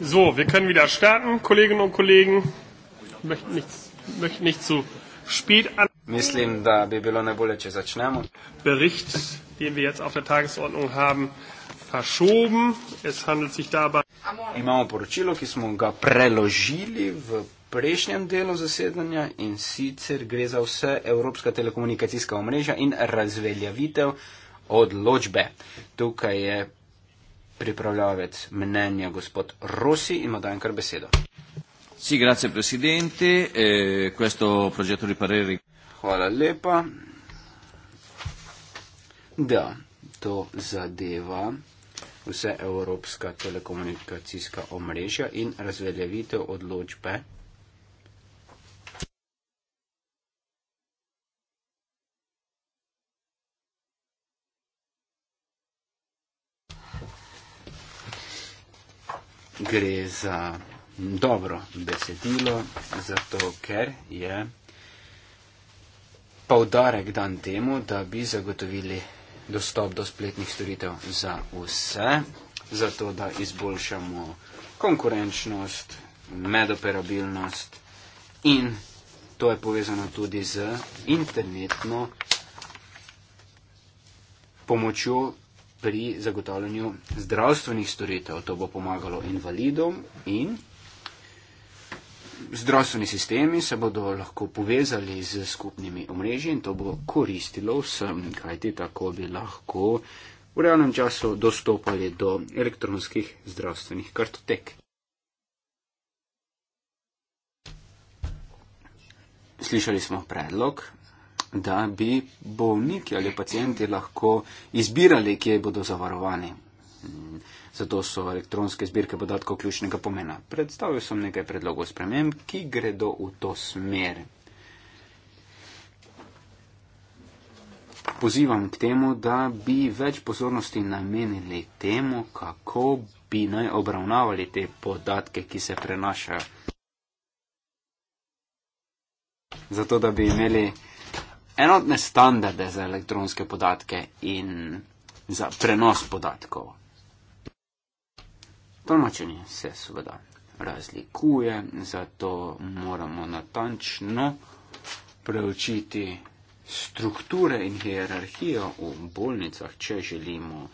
So, wir können wieder starten, Kolleginnen und Kollegen. Ich möchte nicht, möchte nicht zu spät an. Mislim, da bi bilo najbolje, če začnemo. Bericht, den wir jetzt auf der Tagesordnung haben, verschoben. Es handelt sich dabei. Imamo poročilo, ki smo ga preložili v prejšnjem delu zasedanja in sicer gre za vse evropska telekomunikacijska omrežja in razveljavitev odločbe. Tukaj je pripravljavec mnenja, gospod Rossi, ima dan kar besedo. Sì, grazie Presidente, eh, questo progetto di pareri. Hvala lepa. Da, to zadeva vse evropska telekomunikacijska omrežja in razveljavitev odločbe gre za dobro besedilo, zato ker je povdarek dan temu, da bi zagotovili dostop do spletnih storitev za vse, zato da izboljšamo konkurenčnost, medoperabilnost in to je povezano tudi z internetno pomočjo pri zagotavljanju zdravstvenih storitev. To bo pomagalo invalidom in zdravstveni sistemi se bodo lahko povezali z skupnimi omrežji in to bo koristilo vsem, kajti tako bi lahko v realnem času dostopali do elektronskih zdravstvenih kartotek. Slišali smo predlog, da bi bolniki ali pacijenti lahko izbirali, kje bodo zavarovani. Zato so elektronske zbirke podatkov ključnega pomena. Predstavil sem nekaj predlogov sprememb, ki gredo v to smer. Pozivam k temu, da bi več pozornosti namenili temu, kako bi naj obravnavali te podatke, ki se prenašajo. Zato, da bi imeli enotne standarde za elektronske podatke in za prenos podatkov. Tolmačenje se seveda razlikuje, zato moramo natančno preučiti strukture in hierarhijo v bolnicah, če želimo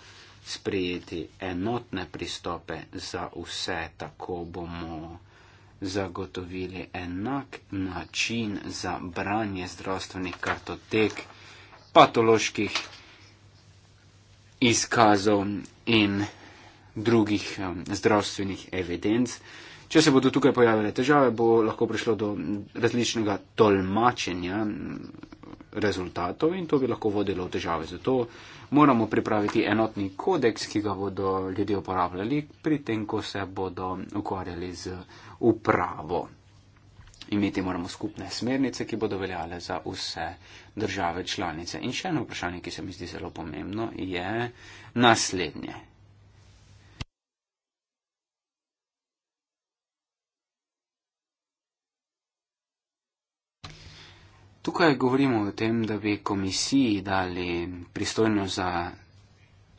sprejeti enotne pristope za vse, tako bomo zagotovili enak način za branje zdravstvenih kartotek, patoloških izkazov in drugih um, zdravstvenih evidenc. Če se bodo tukaj pojavile težave, bo lahko prišlo do različnega tolmačenja rezultatov in to bi lahko vodilo v težave. Zato moramo pripraviti enotni kodeks, ki ga bodo ljudje uporabljali pri tem, ko se bodo ukvarjali z upravo. Imeti moramo skupne smernice, ki bodo veljale za vse države članice. In še eno vprašanje, ki se mi zdi zelo pomembno, je naslednje. Tukaj govorimo o tem, da bi komisiji dali pristojnost za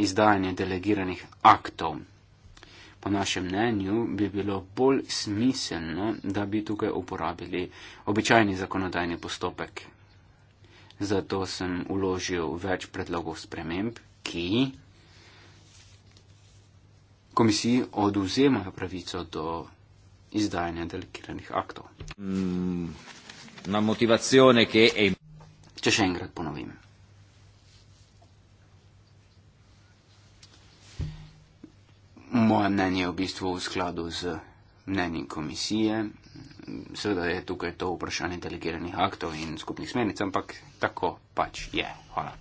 izdajanje delegiranih aktov. Po našem mnenju bi bilo bolj smiselno, da bi tukaj uporabili običajni zakonodajni postopek. Zato sem uložil več predlogov sprememb, ki komisiji oduzemajo pravico do izdajanja delegiranih aktov. Mm una motivazione che è... Če še enkrat ponovim. Moje mnenje je v bistvu v skladu z mnenjem komisije. Seveda je tukaj to vprašanje delegiranih aktov in skupnih smernic, ampak tako pač je. Hvala.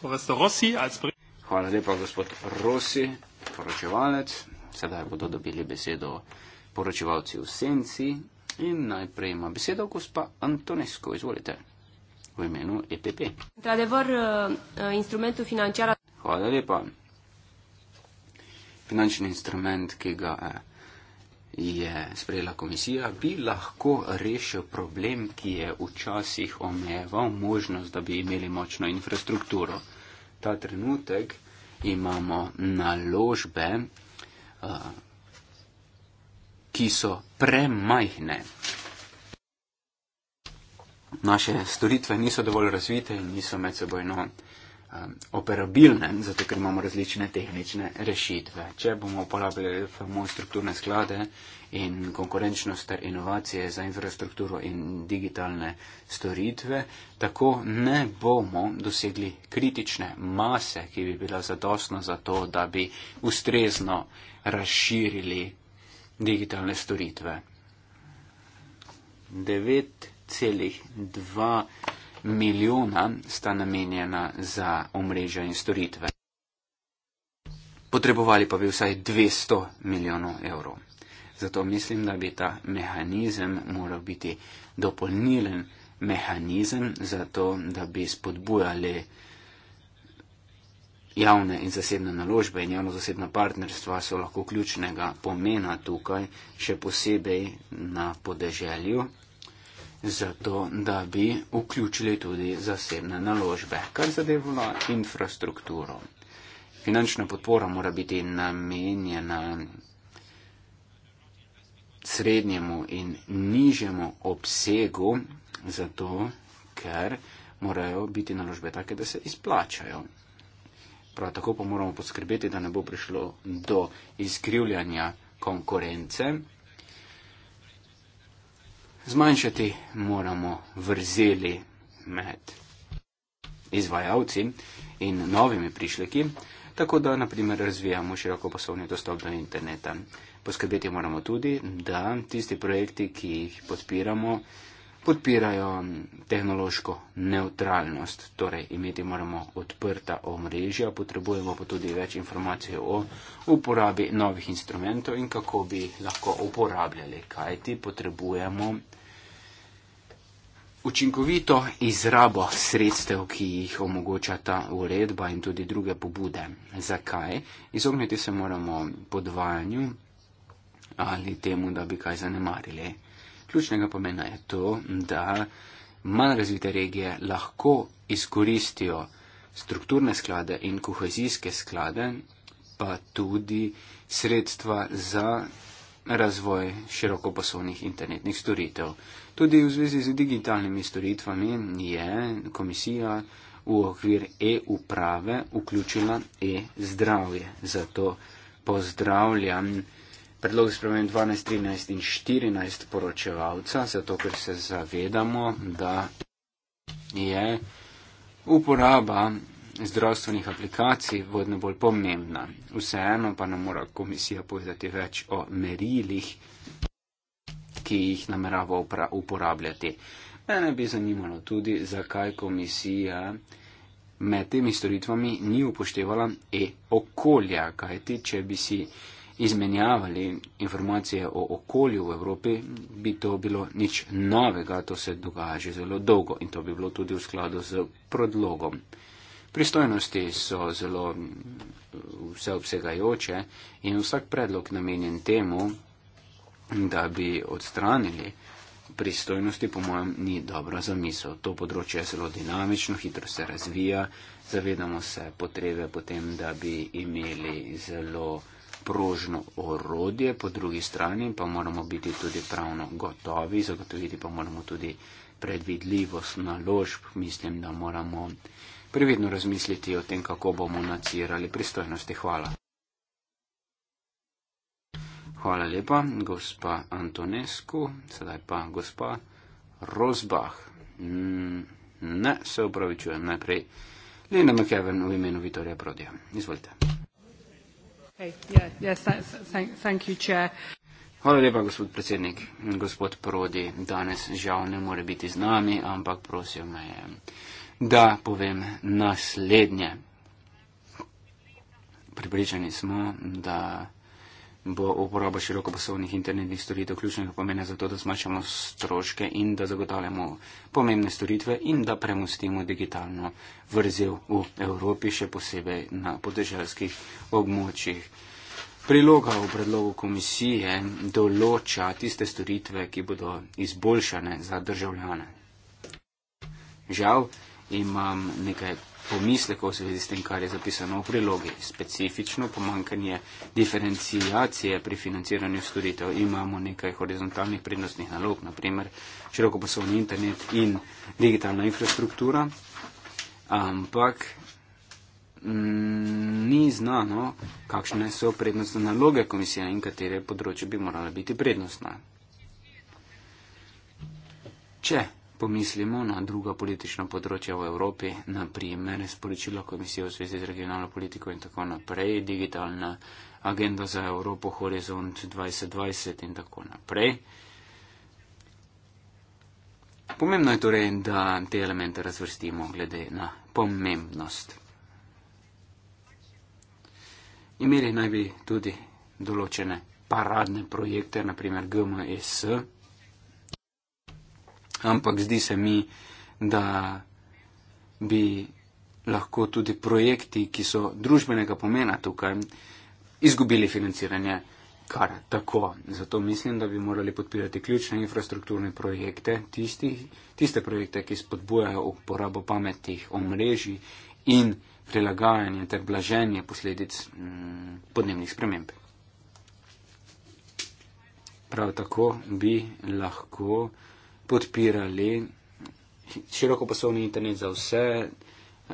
Hvala. Hvala lepa, gospod Rosi, poročevalec. Sedaj bodo dobili besedo poročevalci v senci. In najprej ima besedo gospa Antonesko, izvolite, v imenu EPP. Uh, Hvala lepa. Finančni instrument, ki ga eh, je sprejela komisija, bi lahko rešil problem, ki je včasih omejeval možnost, da bi imeli močno infrastrukturo ta trenutek imamo naložbe, uh, ki so premajhne. Naše storitve niso dovolj razvite in niso med sebojno uh, um, operabilne, zato ker imamo različne tehnične rešitve. Če bomo uporabljali samo strukturne sklade in konkurenčnost ter inovacije za infrastrukturo in digitalne storitve, tako ne bomo dosegli kritične mase, ki bi bila zadostna za to, da bi ustrezno razširili digitalne storitve. 9,2 milijona sta namenjena za omrežja in storitve. Potrebovali pa bi vsaj 200 milijonov evrov. Zato mislim, da bi ta mehanizem moral biti dopolnilen mehanizem, zato da bi spodbujali javne in zasebne naložbe in javno-zasebna partnerstva so lahko ključnega pomena tukaj, še posebej na podeželju zato, da bi vključili tudi zasebne naložbe, kar zadevalo infrastrukturo. Finančna podpora mora biti namenjena srednjemu in nižjemu obsegu, zato ker morajo biti naložbe take, da se izplačajo. Prav tako pa moramo poskrbeti, da ne bo prišlo do izkrivljanja konkurence. Zmanjšati moramo vrzeli med izvajalci in novimi prišleki, tako da naprimer razvijamo široko poslovni dostop do interneta. Poskrbeti moramo tudi, da tisti projekti, ki jih podpiramo, podpirajo tehnološko neutralnost. Torej, imeti moramo odprta omrežja, potrebujemo pa tudi več informacij o uporabi novih instrumentov in kako bi lahko uporabljali, kajti potrebujemo učinkovito izrabo sredstev, ki jih omogoča ta uredba in tudi druge pobude. Zakaj? Izogniti se moramo podvajanju ali temu, da bi kaj zanemarili. Ključnega pomena je to, da manj razvite regije lahko izkoristijo strukturne sklade in kohezijske sklade, pa tudi sredstva za razvoj širokoposovnih internetnih storitev. Tudi v zvezi z digitalnimi storitvami je komisija v okvir e-uprave vključila e-zdravje. Zato pozdravljam predlog spremenj 12, 13 in 14 poročevalca, zato ker se zavedamo, da je uporaba zdravstvenih aplikacij vodno bolj pomembna. Vseeno pa nam mora komisija povedati več o merilih ki jih namerava uporabljati. Mene bi zanimalo tudi, zakaj komisija med temi storitvami ni upoštevala e-okolja, kajti če bi si izmenjavali informacije o okolju v Evropi, bi to bilo nič novega, to se dogaja že zelo dolgo in to bi bilo tudi v skladu z predlogom. Pristojnosti so zelo mm, vseobsegajoče in vsak predlog namenjen temu, da bi odstranili pristojnosti, po mojem, ni dobra zamisel. To področje je zelo dinamično, hitro se razvija, zavedamo se potrebe potem, da bi imeli zelo prožno orodje, po drugi strani pa moramo biti tudi pravno gotovi, zagotoviti pa moramo tudi predvidljivost naložb. Mislim, da moramo previdno razmisliti o tem, kako bomo nacirali pristojnosti. Hvala. Hvala lepa, gospa Antonescu. Sedaj pa gospa Rozbah. Mm, ne, se upravičujem najprej. Lena McKeven v imenu Vitorija Prodija. Izvolite. Hey, yeah, yes, thank, thank, thank you, Hvala lepa, gospod predsednik. Gospod Prodi danes žal ne more biti z nami, ampak prosil me je, da povem naslednje. Pripričani smo, da bo uporaba širokopasovnih internetnih storitev ključnega pomena za to, da zmačamo stroške in da zagotavljamo pomembne storitve in da premustimo digitalno vrzel v Evropi, še posebej na podeželskih območjih. Priloga v predlogu komisije določa tiste storitve, ki bodo izboljšane za državljane. Žal imam nekaj pomislekov v zvezi s tem, kar je zapisano v prilogi. Specifično pomankanje diferencijacije pri financiranju storitev. Imamo nekaj horizontalnih prednostnih nalog, naprimer širokopasovni internet in digitalna infrastruktura, ampak mm, ni znano, kakšne so prednostne naloge komisije in katere področje bi morale biti prednostne. Če pomislimo na druga politična področja v Evropi, naprimer sporočilo komisije v zvezi z regionalno politiko in tako naprej, digitalna agenda za Evropo, horizont 2020 in tako naprej. Pomembno je torej, da te elemente razvrstimo glede na pomembnost. Imeli naj bi tudi določene paradne projekte, naprimer GMS ampak zdi se mi, da bi lahko tudi projekti, ki so družbenega pomena tukaj, izgubili financiranje kar tako. Zato mislim, da bi morali podpirati ključne infrastrukturne projekte, tisti, tiste projekte, ki spodbujajo uporabo pametnih omrežij in prilagajanje ter blaženje posledic mm, podnebnih sprememb. Prav tako bi lahko podpirali širokopasovni internet za vse,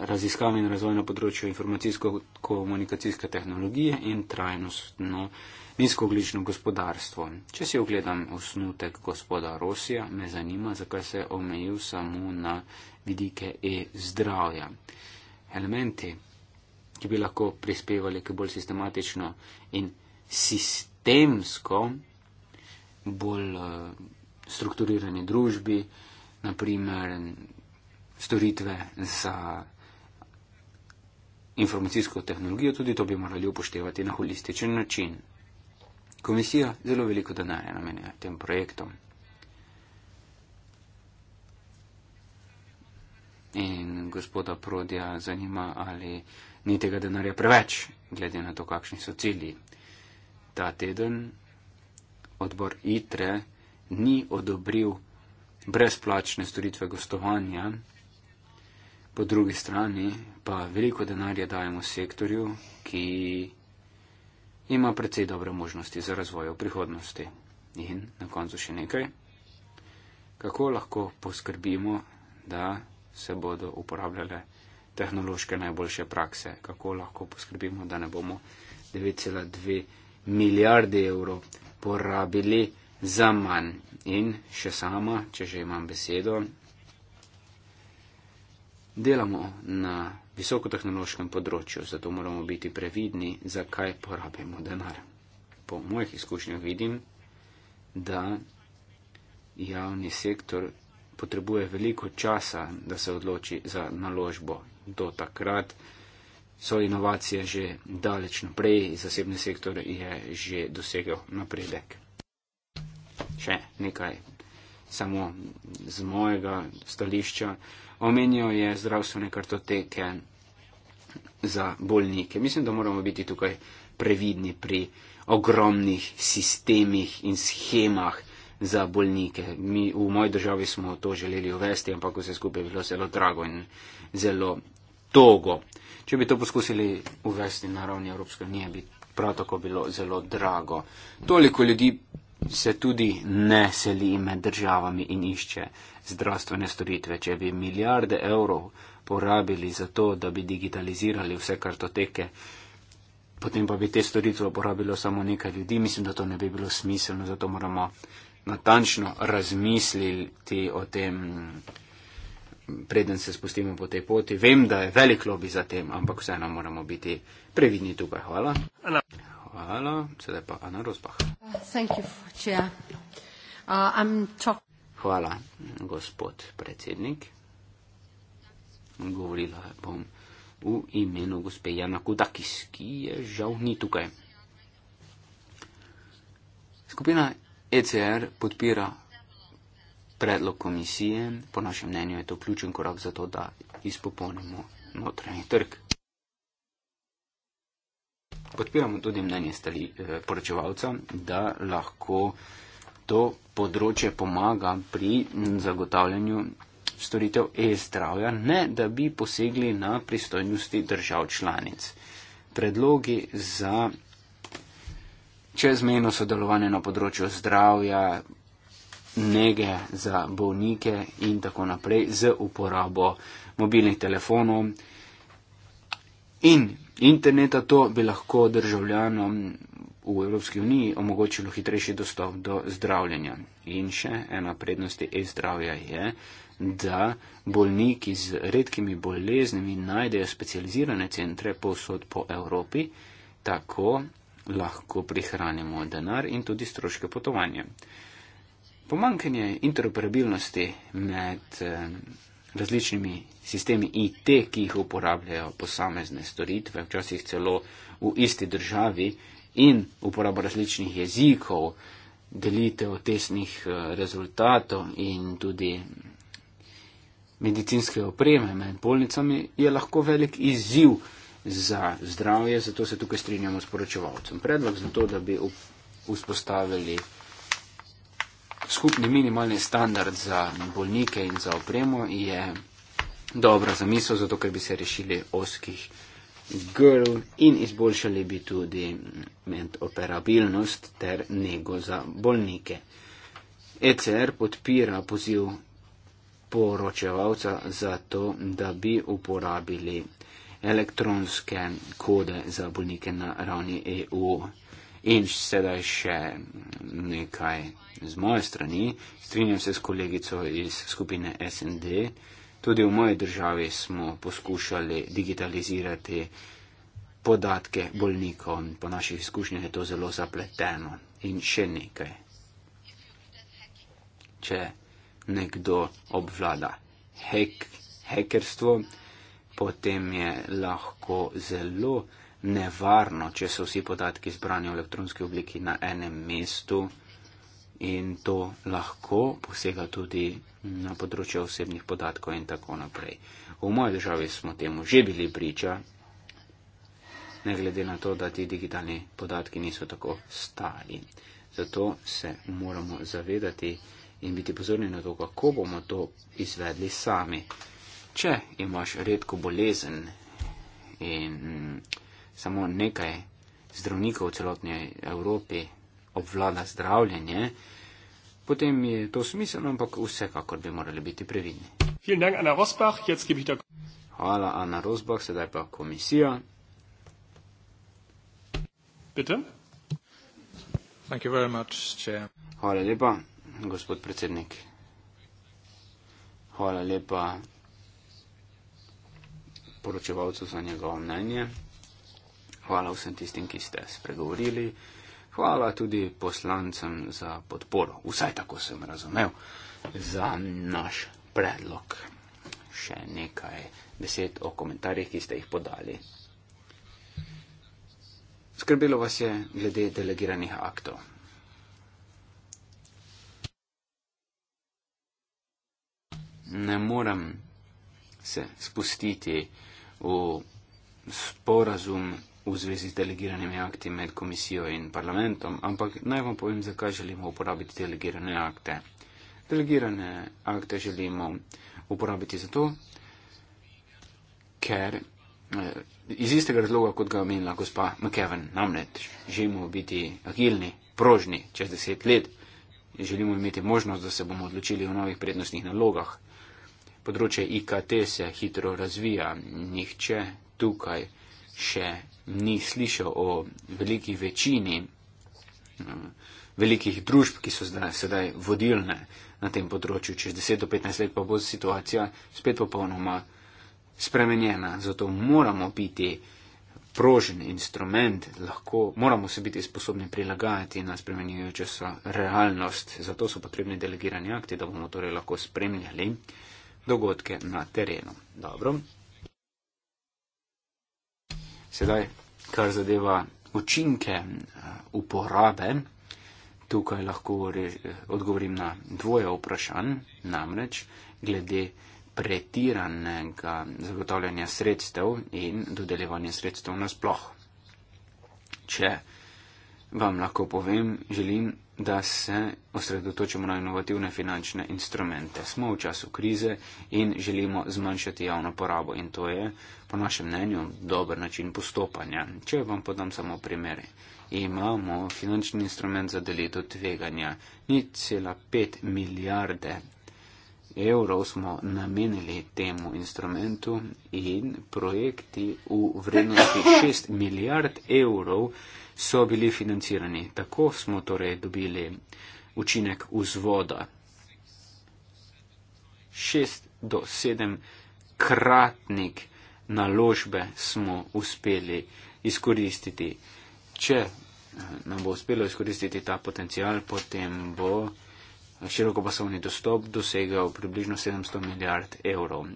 raziskave in razvoj na področju informacijsko-komunikacijske tehnologije in trajnostno nizkoglično gospodarstvo. Če si ogledam osnutek gospoda Rosija, me zanima, zakaj se je omejil samo na vidike e-zdravja. Elementi, ki bi lahko prispevali k bolj sistematično in sistemsko, bolj uh, strukturirani družbi, naprimer storitve za informacijsko tehnologijo, tudi to bi morali upoštevati na holističen način. Komisija zelo veliko denarja namenja tem projektom. In gospoda Prodja zanima, ali ni tega denarja preveč, glede na to, kakšni so cilji. Ta teden odbor ITRE ni odobril brezplačne storitve gostovanja, po drugi strani pa veliko denarja dajemo sektorju, ki ima precej dobre možnosti za razvoj v prihodnosti. In na koncu še nekaj, kako lahko poskrbimo, da se bodo uporabljale tehnološke najboljše prakse, kako lahko poskrbimo, da ne bomo 9,2 milijarde evrov porabili za manj. In še sama, če že imam besedo, delamo na visokotehnološkem področju, zato moramo biti previdni, zakaj porabimo denar. Po mojih izkušnjah vidim, da javni sektor potrebuje veliko časa, da se odloči za naložbo. Do takrat so inovacije že daleč naprej, zasebni sektor je že dosegel napredek še nekaj, samo z mojega stališča. Omenijo je zdravstvene kartoteke za bolnike. Mislim, da moramo biti tukaj previdni pri ogromnih sistemih in schemah za bolnike. Mi v moji državi smo to želeli uvesti, ampak vse skupaj je bilo zelo drago in zelo togo. Če bi to poskusili uvesti na ravni Evropske unije, bi prav tako bilo zelo drago. Toliko ljudi se tudi ne seli med državami in išče zdravstvene storitve. Če bi milijarde evrov porabili za to, da bi digitalizirali vse kartoteke, potem pa bi te storitve uporabilo samo nekaj ljudi, mislim, da to ne bi bilo smiselno, zato moramo natančno razmisliti o tem, preden se spustimo po tej poti. Vem, da je velik lobby za tem, ampak vseeno moramo biti previdni tukaj. Hvala. Hvala. Sedaj pa Ana Rozbah. Uh, talk... Hvala, gospod predsednik. Govorila bom v imenu gospe Jana Kudakis, ki je žal ni tukaj. Skupina ECR podpira predlog komisije. Po našem mnenju je to ključen korak za to, da izpopolnimo notranji trg podpiramo tudi mnenje stali eh, poročevalca, da lahko to področje pomaga pri zagotavljanju storitev e-zdravja, ne da bi posegli na pristojnosti držav članic. Predlogi za čezmejno sodelovanje na področju zdravja, nege za bolnike in tako naprej z uporabo mobilnih telefonov, in interneta, to bi lahko državljanom v Evropski uniji omogočilo hitrejši dostop do zdravljenja. In še ena prednosti e-zdravja je, da bolniki z redkimi boleznimi najdejo specializirane centre povsod po Evropi, tako lahko prihranimo denar in tudi stroške potovanja. Pomankanje interoperabilnosti med. Eh, različnimi sistemi IT, ki jih uporabljajo posamezne storitve, včasih celo v isti državi in uporabo različnih jezikov, delitev tesnih eh, rezultatov in tudi medicinske opreme med bolnicami je lahko velik izziv za zdravje, zato se tukaj strinjamo s poročevalcem. Predlog za to, da bi vzpostavili up skupni minimalni standard za bolnike in za opremo je dobra zamisel, zato ker bi se rešili oskih grl in izboljšali bi tudi medoperabilnost ter nego za bolnike. ECR podpira poziv poročevalca za to, da bi uporabili elektronske kode za bolnike na ravni EU. In sedaj še nekaj z moje strani. Strinjam se s kolegico iz skupine SND. Tudi v moji državi smo poskušali digitalizirati podatke bolnikov. Po naših izkušnjah je to zelo zapleteno. In še nekaj. Če nekdo obvlada hek, hekerstvo, potem je lahko zelo nevarno, če so vsi podatki zbrani v elektronski obliki na enem mestu in to lahko posega tudi na področje osebnih podatkov in tako naprej. V moji državi smo temu že bili priča, ne glede na to, da ti digitalni podatki niso tako stari. Zato se moramo zavedati in biti pozorni na to, kako bomo to izvedli sami. Če imaš redko bolezen in samo nekaj zdravnikov v celotni Evropi obvlada zdravljenje, potem je to smiselno, ampak vsekakor bi morali biti previdni. Hvala, Ana Rosbach, sedaj pa komisija. Hvala lepa, gospod predsednik. Hvala lepa poročevalcu za njegovo mnenje hvala vsem tistim, ki ste spregovorili, hvala tudi poslancem za podporo, vsaj tako sem razumev, za naš predlog. Še nekaj besed o komentarjih, ki ste jih podali. Skrbelo vas je glede delegiranih aktov. Ne morem se spustiti v sporazum v zvezi z delegiranimi akti med komisijo in parlamentom, ampak naj vam povem, zakaj želimo uporabiti delegirane akte. Delegirane akte želimo uporabiti zato, ker eh, iz istega razloga, kot ga omenila gospa McKevin, namreč želimo biti agilni, prožni čez deset let, želimo imeti možnost, da se bomo odločili o novih prednostnih nalogah. Področje IKT se hitro razvija, nihče tukaj še ni slišal o veliki večini eh, velikih družb, ki so zdaj, sedaj vodilne na tem področju. Čez 10 do 15 let pa bo situacija spet popolnoma spremenjena. Zato moramo biti prožen instrument, lahko, moramo se biti sposobni prilagajati na spremenjujočo se realnost. Zato so potrebni delegirani akti, da bomo torej lahko spremljali dogodke na terenu. Dobro. Sedaj, kar zadeva učinke eh, uporabe, tukaj lahko eh, odgovorim na dvoje vprašanj, namreč glede pretiranega zagotavljanja sredstev in dodeljevanja sredstev nasploh. Če vam lahko povem, želim da se osredotočimo na inovativne finančne instrumente. Smo v času krize in želimo zmanjšati javno porabo in to je, po našem mnenju, dober način postopanja. Če vam podam samo primere. Imamo finančni instrument za delitev tveganja. Ni cela pet milijarde evrov smo namenili temu instrumentu in projekti v vrednosti šest milijard evrov so bili financirani. Tako smo torej dobili učinek vzvoda. Šest do sedem kratnik naložbe smo uspeli izkoristiti. Če eh, nam bo uspelo izkoristiti ta potencial, potem bo širokopasovni dostop dosegel približno 700 milijard evrov.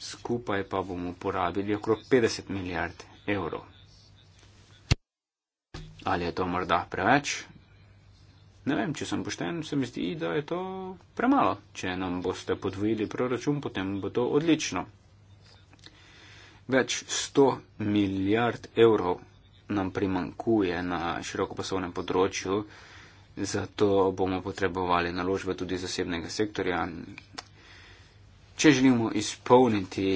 Skupaj pa bomo porabili okrog 50 milijard evrov. Ali je to morda preveč? Ne vem, če sem pošten, se mi zdi, da je to premalo. Če nam boste podvojili proračun, potem bo to odlično. Več 100 milijard evrov nam primankuje na širokoposobnem področju, zato bomo potrebovali naložbe tudi zasebnega sektorja. Če želimo izpolniti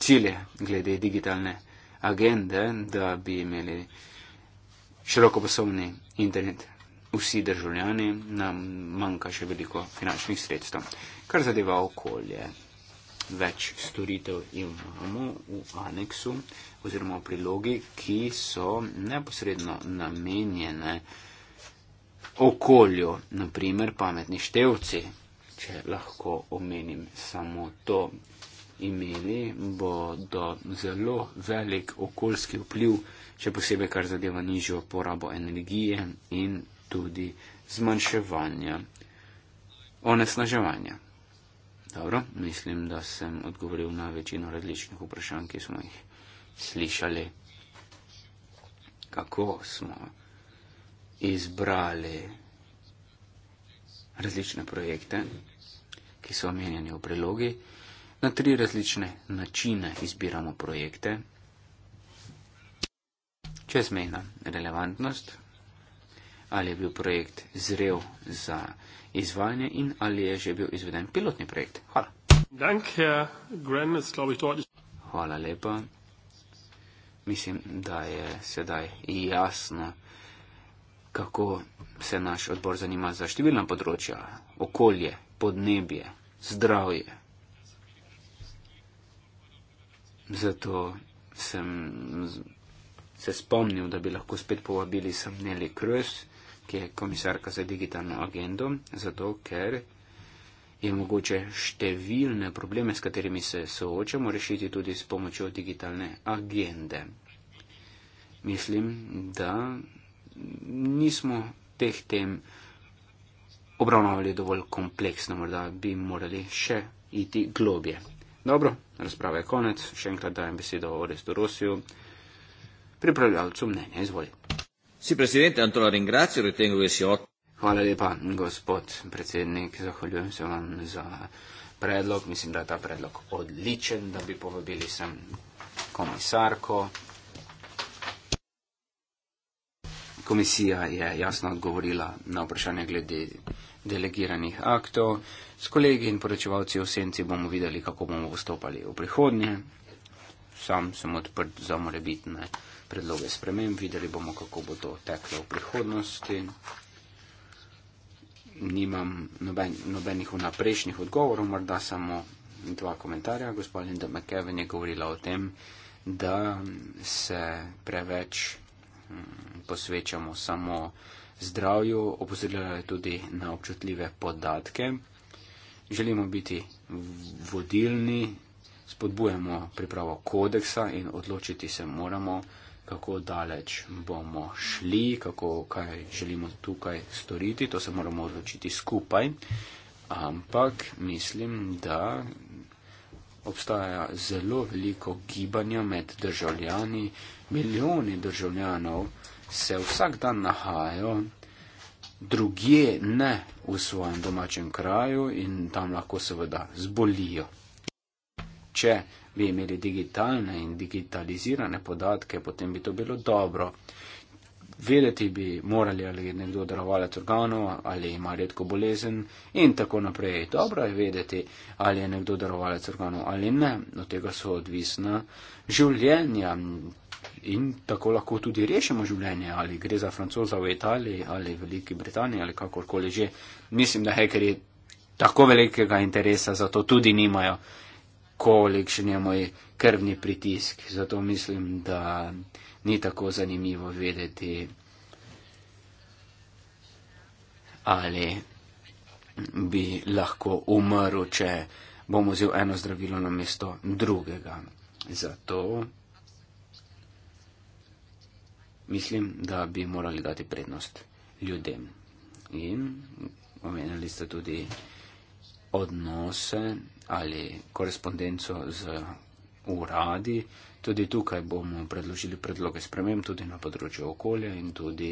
cilje glede digitalne agende, da bi imeli širokopasovni internet vsi državljani, nam manjka še veliko finančnih sredstev. Kar zadeva okolje, več storitev imamo v aneksu oziroma v prilogi, ki so neposredno namenjene okolju, naprimer pametni števci. Če lahko omenim samo to, imeli, bodo zelo velik okoljski vpliv, še posebej kar zadeva nižjo porabo energije in tudi zmanjševanja onesnaževanja. Dobro, mislim, da sem odgovoril na večino različnih vprašanj, ki smo jih slišali, kako smo izbrali različne projekte, ki so omenjeni v prilogi. Na tri različne načine izbiramo projekte. Čezmejna relevantnost, ali je bil projekt zrel za izvajanje in ali je že bil izveden pilotni projekt. Hvala. Dank, Gren, Hvala lepa. Mislim, da je sedaj jasno, kako se naš odbor zanima za številna področja. Okolje, podnebje, zdravje. Zato sem se spomnil, da bi lahko spet povabili Samneli Kröz, ki je komisarka za digitalno agendo, zato ker je mogoče številne probleme, s katerimi se soočamo, rešiti tudi s pomočjo digitalne agende. Mislim, da nismo teh tem obravnavali dovolj kompleksno, morda bi morali še iti globje. Dobro, razprava je konec. Še enkrat dajem besedo Orestu Rosiju, pripravljalcu mnenja. Izvoli. Si predsednik Antona Ringracijo, retengo vesiot. Hvala lepa, gospod predsednik. Zahvaljujem se vam za predlog. Mislim, da je ta predlog odličen, da bi povabili sem komisarko. Komisija je jasno odgovorila na vprašanje glede delegiranih aktov. S kolegi in poročevalci v senci bomo videli, kako bomo vstopali v prihodnje. Sam sem odprt za morebitne predloge sprememb, videli bomo, kako bo to teklo v prihodnosti. Nimam noben, nobenih vnaprejšnjih odgovorov, morda samo dva komentarja. Gospod Linda McKeven je govorila o tem, da se preveč hm, posvečamo samo uh, zdravju, opozorila je tudi na občutljive podatke. Želimo biti vodilni, spodbujamo pripravo kodeksa in odločiti se moramo, kako daleč bomo šli, kako kaj želimo tukaj storiti. To se moramo odločiti skupaj. Ampak mislim, da obstaja zelo veliko gibanja med državljani, milijoni državljanov se vsak dan nahajajo, drugje ne v svojem domačem kraju in tam lahko seveda zbolijo. Če bi imeli digitalne in digitalizirane podatke, potem bi to bilo dobro. Vedeti bi morali, ali je nekdo darovalec organov, ali ima redko bolezen in tako naprej. Dobro je vedeti, ali je nekdo darovalec organov ali ne. Od tega so odvisna življenja in tako lahko tudi rešimo življenje, ali gre za francoza v Italiji ali Veliki Britaniji ali kakorkoli že. Mislim, da hekeri tako velikega interesa za to tudi nimajo, kolikšen je moj krvni pritisk. Zato mislim, da ni tako zanimivo vedeti, ali bi lahko umrl, če bom vzel eno zdravilo na mesto drugega. Zato mislim, da bi morali dati prednost ljudem. In omenjali ste tudi odnose ali korespondenco z uradi. Tudi tukaj bomo predložili predloge sprememb, tudi na področju okolja in tudi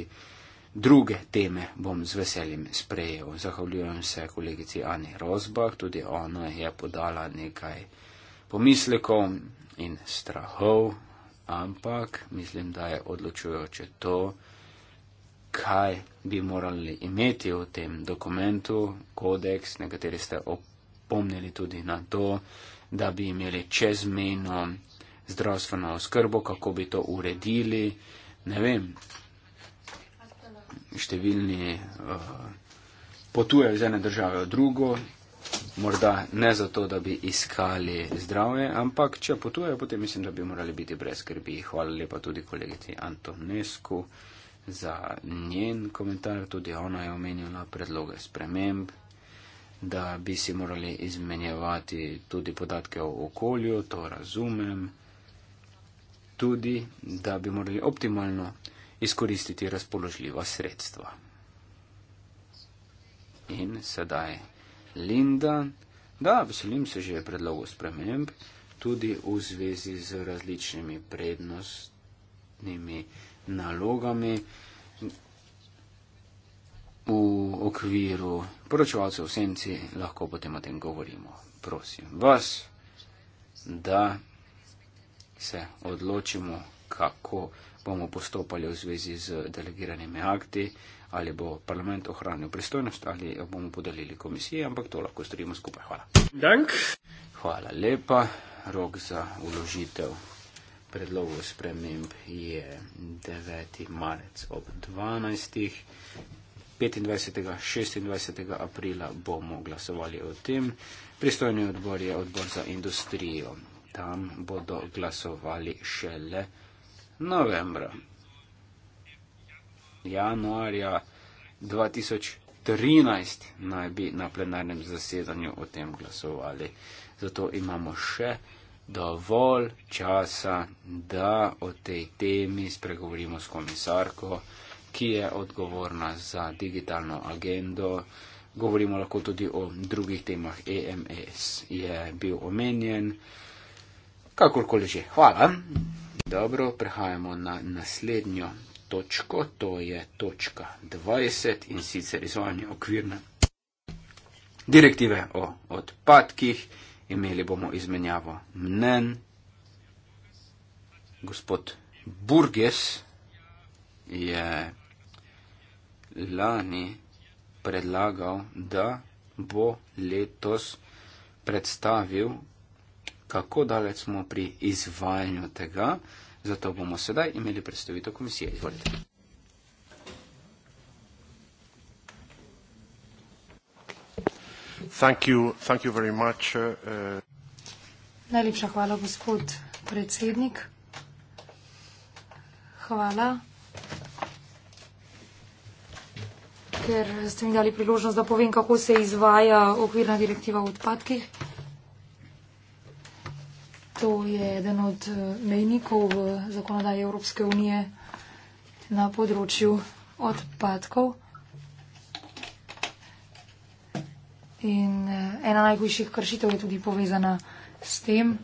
druge teme bom z veseljem sprejel. Zahvaljujem se kolegici Ani Rozbah, tudi ona je podala nekaj pomislekov in strahov ampak mislim, da je odločujoče to, kaj bi morali imeti v tem dokumentu, kodeks, nekateri ste opomnili tudi na to, da bi imeli čezmejno zdravstveno oskrbo, kako bi to uredili, ne vem. Številni uh, potujejo iz ene države v drugo morda ne zato, da bi iskali zdravje, ampak če potujejo, potem mislim, da bi morali biti brez skrbi. Hvala lepa tudi kolegici Antonescu za njen komentar, tudi ona je omenila predloge sprememb, da bi si morali izmenjevati tudi podatke o okolju, to razumem, tudi da bi morali optimalno izkoristiti razpoložljiva sredstva. In sedaj Linda. Da, veselim se že predlogov sprememb, tudi v zvezi z različnimi prednostnimi nalogami v okviru poročevalcev v senci, lahko potem o tem govorimo. Prosim vas, da se odločimo, kako bomo postopali v zvezi z delegiranimi akti ali bo parlament ohranil pristojnost ali bomo podelili komisije, ampak to lahko storimo skupaj. Hvala. Dank. Hvala lepa. Rok za uložitev predlogov sprememb je 9. marec ob 12. 25. 26. aprila bomo glasovali o tem. Pristojni odbor je odbor za industrijo. Tam bodo glasovali šele novembra januarja 2013 naj bi na plenarnem zasedanju o tem glasovali. Zato imamo še dovolj časa, da o tej temi spregovorimo s komisarko, ki je odgovorna za digitalno agendo. Govorimo lahko tudi o drugih temah. EMS e je bil omenjen. Kakorkoli že. Hvala. Dobro, prehajamo na naslednjo točko, to je točka 20 in sicer izvajanje okvirne direktive o odpadkih. Imeli bomo izmenjavo mnen. Gospod Burges je lani predlagal, da bo letos predstavil, kako daleč smo pri izvajanju tega, Zato bomo sedaj imeli predstavitev komisije. Izvolite. Thank you, thank you very much. Uh, uh, Najlepša hvala, gospod predsednik. Hvala. Ker ste mi dali priložnost, da povem, kako se izvaja okvirna direktiva o odpadkih. To je eden od eh, mejnikov v zakonodaji Evropske unije na področju odpadkov. In eh, ena najhujših kršitev je tudi povezana s tem.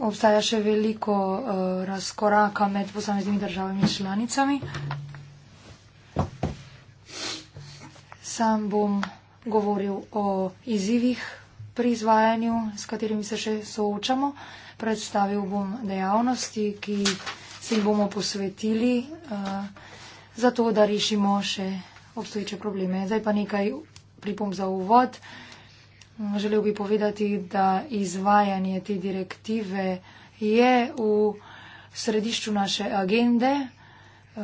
Obstaja še veliko uh, razkoraka med posameznimi državami in članicami. Sam bom govoril o izzivih pri izvajanju, s katerimi se še soočamo. Predstavil bom dejavnosti, ki se jim bomo posvetili, uh, zato da rešimo še obstoječe probleme. Zdaj pa nekaj pripom za uvod. Želel bi povedati, da izvajanje te direktive je v središču naše agende. Uh,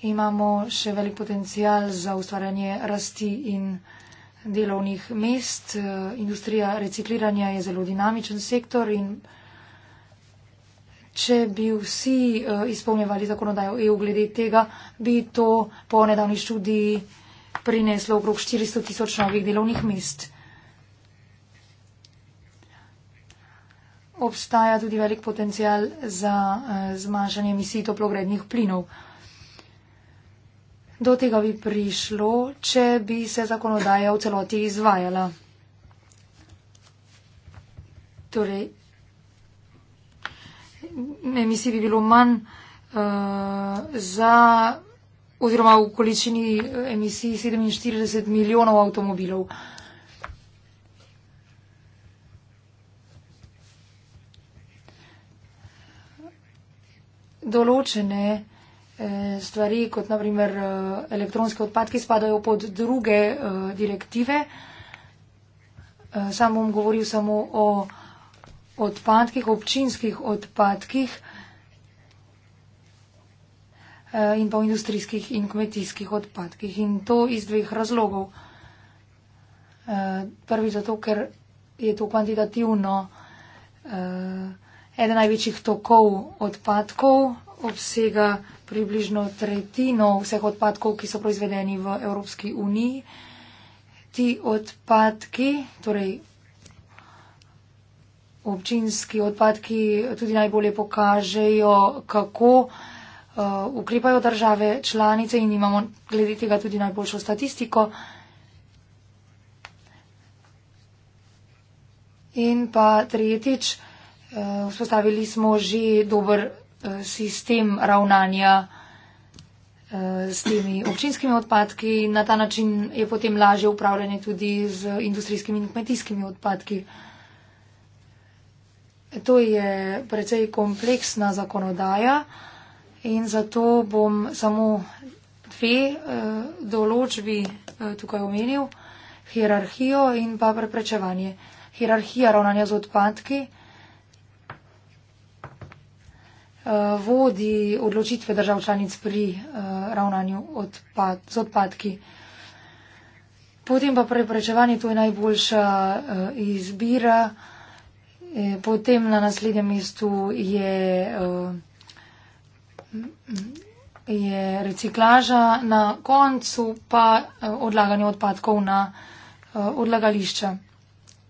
imamo še velik potencial za ustvarjanje rasti in delovnih mest. Eh, industrija recikliranja je zelo dinamičen sektor in če bi vsi eh, izpolnjevali zakonodajo EU glede tega, bi to po nedavni študiji prineslo okrog 400 tisoč novih delovnih mest. Obstaja tudi velik potencial za eh, zmanjšanje emisij toplogrednih plinov do tega bi prišlo, če bi se zakonodaja v celoti izvajala. Torej, emisij bi bilo manj uh, za oziroma v količini eh, emisij 47 milijonov avtomobilov. Določene Eh, stvari, kot naprimer eh, elektronske odpadke, spadajo pod druge eh, direktive. Sam bom govoril samo o odpadkih, občinskih odpadkih in pa o industrijskih in kmetijskih odpadkih. In to iz dveh razlogov. Prvi zato, ker je to kvantitativno eden največjih tokov odpadkov, obsega približno tretjino vseh odpadkov, ki so proizvedeni v Evropski uniji. Ti odpadki, torej občinski odpadki, tudi najbolje pokažejo, kako uh, ukrepajo države članice in imamo glede tega tudi najboljšo statistiko. In pa tretjič, uh, vzpostavili smo že dober sistem ravnanja eh, s temi občinskimi odpadki. Na ta način je potem lažje upravljanje tudi z industrijskimi in kmetijskimi odpadki. To je precej kompleksna zakonodaja in zato bom samo dve eh, določbi eh, tukaj omenil. Hierarhijo in pa preprečevanje. Hierarhija ravnanja z odpadki. Eh, vodi odločitve držav članic pri eh, ravnanju odpad, z odpadki. Potem pa preprečevanje, to je najboljša eh, izbira. Potem na naslednjem mestu je, je reciklaža, na koncu pa odlaganje odpadkov na odlagališča.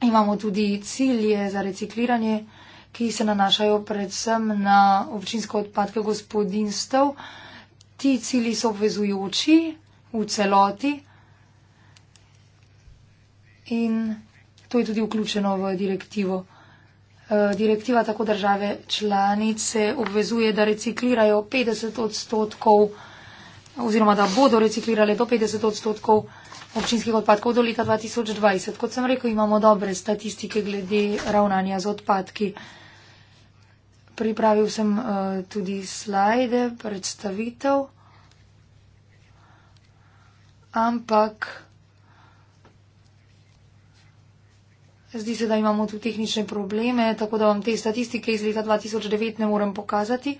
Imamo tudi cilje za recikliranje ki se nanašajo predvsem na občinske odpadke gospodinstv. Ti cili so obvezujoči v celoti in to je tudi vključeno v direktivo. E, direktiva tako države članice obvezuje, da reciklirajo 50 odstotkov oziroma da bodo reciklirale do 50 odstotkov občinskih odpadkov do leta 2020. Kot sem rekel, imamo dobre statistike glede ravnanja z odpadki pripravil sem uh, tudi slide, predstavitev, ampak zdi se, da imamo tu tehnične probleme, tako da vam te statistike iz leta 2009 ne morem pokazati.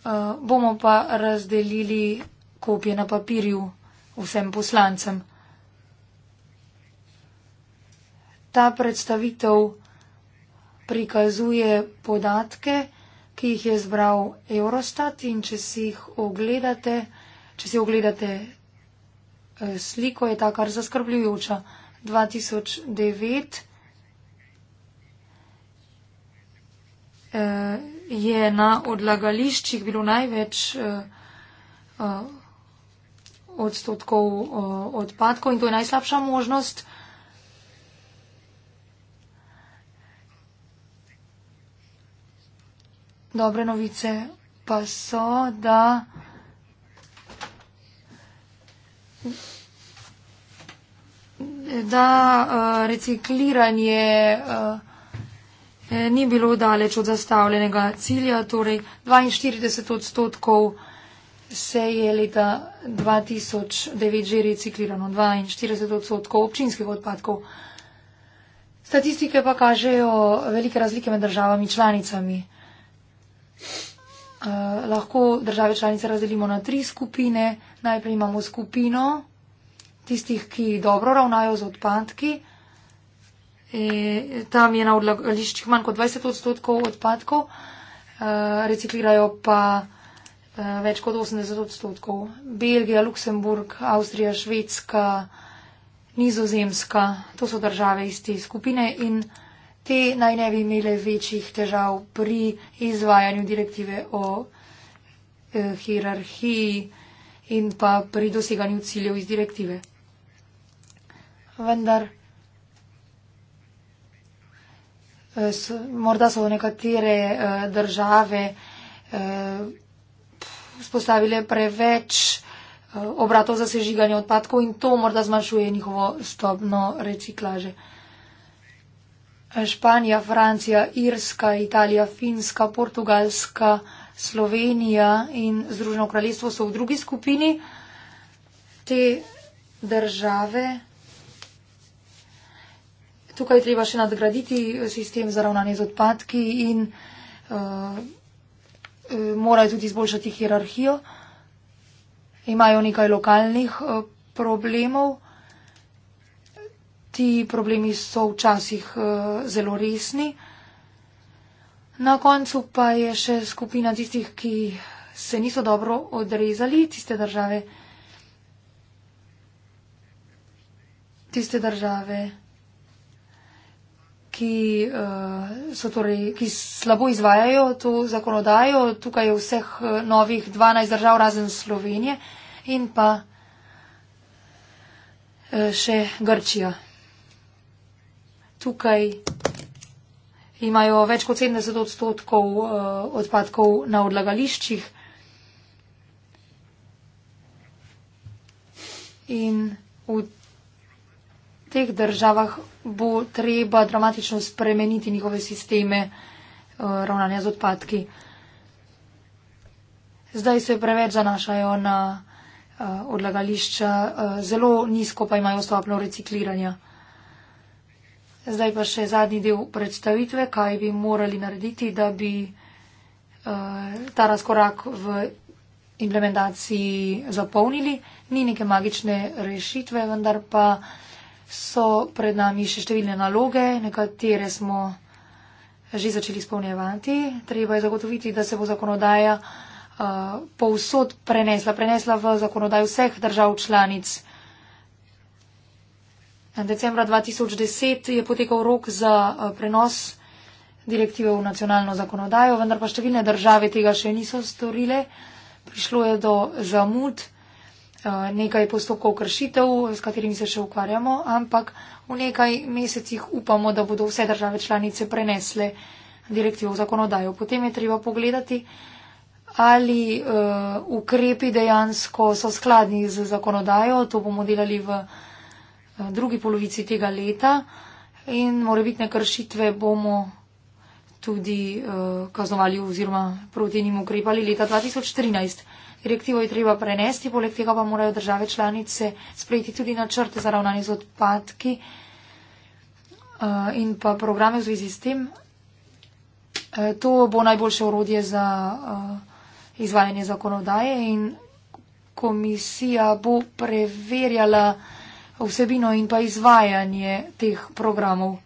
Uh, bomo pa razdelili kopije na papirju vsem poslancem. Ta predstavitev prikazuje podatke, ki jih je zbral Eurostat in če si jih ogledate, če si ogledate e, sliko, je ta kar zaskrbljujoča. 2009 e, je na odlagališčih bilo največ e, odstotkov odpadkov in to je najslabša možnost dobre novice pa so, da da eh, recikliranje eh, ni bilo daleč od zastavljenega cilja, torej 42 odstotkov se je leta 2009 že reciklirano, 42 odstotkov občinskih odpadkov. Statistike pa kažejo velike razlike med državami članicami. Eh, lahko države članice razdelimo na tri skupine. Najprej imamo skupino tistih, ki dobro ravnajo z odpadki. E, tam je na odlagališčih manj kot 20 odstotkov odpadkov, e, reciklirajo pa e, več kot 80 odstotkov. Belgija, Luksemburg, Avstrija, Švedska, Nizozemska, to so države iz te skupine in te naj ne bi imele večjih težav pri izvajanju direktive o eh, hierarhiji in pa pri doseganju ciljev iz direktive. Vendar eh, so, morda so nekatere eh, države eh, spostavile preveč eh, obratov za sežiganje odpadkov in to morda zmanjšuje njihovo stopno reciklaže. Eh, Španija, Francija, Irska, Italija, Finska, Portugalska, Slovenija in Združeno kraljestvo so v drugi skupini. Te države. Tukaj treba še nadgraditi sistem za ravnanje z odpadki in uh, morajo tudi izboljšati hierarhijo. Imajo nekaj lokalnih uh, problemov ti problemi so včasih eh, zelo resni. Na koncu pa je še skupina tistih, ki se niso dobro odrezali, tiste države, tiste države ki, eh, torej, ki slabo izvajajo to zakonodajo. Tukaj je vseh eh, novih 12 držav razen Slovenije in pa še Grčija tukaj imajo več kot 70 odstotkov eh, odpadkov na odlagališčih. In v teh državah bo treba dramatično spremeniti njihove sisteme eh, ravnanja z odpadki. Zdaj se preveč zanašajo na eh, odlagališča, zelo nizko pa imajo stopno recikliranja. Zdaj pa še zadnji del predstavitve, kaj bi morali narediti, da bi uh, ta razkorak v implementaciji zapolnili. Ni neke magične rešitve, vendar pa so pred nami še številne naloge, nekatere smo že začeli izpolnjevati. Treba je zagotoviti, da se bo zakonodaja uh, povsod prenesla, prenesla v zakonodajo vseh držav članic. Decembra 2010 je potekal rok za eh, prenos direktive v nacionalno zakonodajo, vendar pa številne države tega še niso storile. Prišlo je do zamud, eh, nekaj postopkov kršitev, s katerimi se še ukvarjamo, ampak v nekaj mesecih upamo, da bodo vse države članice prenesle direktivo v zakonodajo. Potem je treba pogledati, ali uh, ukrepi dejansko so skladni z zakonodajo. To bomo delali v. Eh, drugi polovici tega leta in morebitne kršitve bomo tudi uh, kaznovali oziroma proti njim ukrepali leta 2013. Direktivo je treba prenesti, poleg tega pa morajo države članice sprejeti tudi načrte za ravnanje z odpadki uh, in pa programe v zvezi s tem. Uh, to bo najboljše urodje za uh, izvajanje zakonodaje in komisija bo preverjala, vsebino in pa izvajanje teh programov.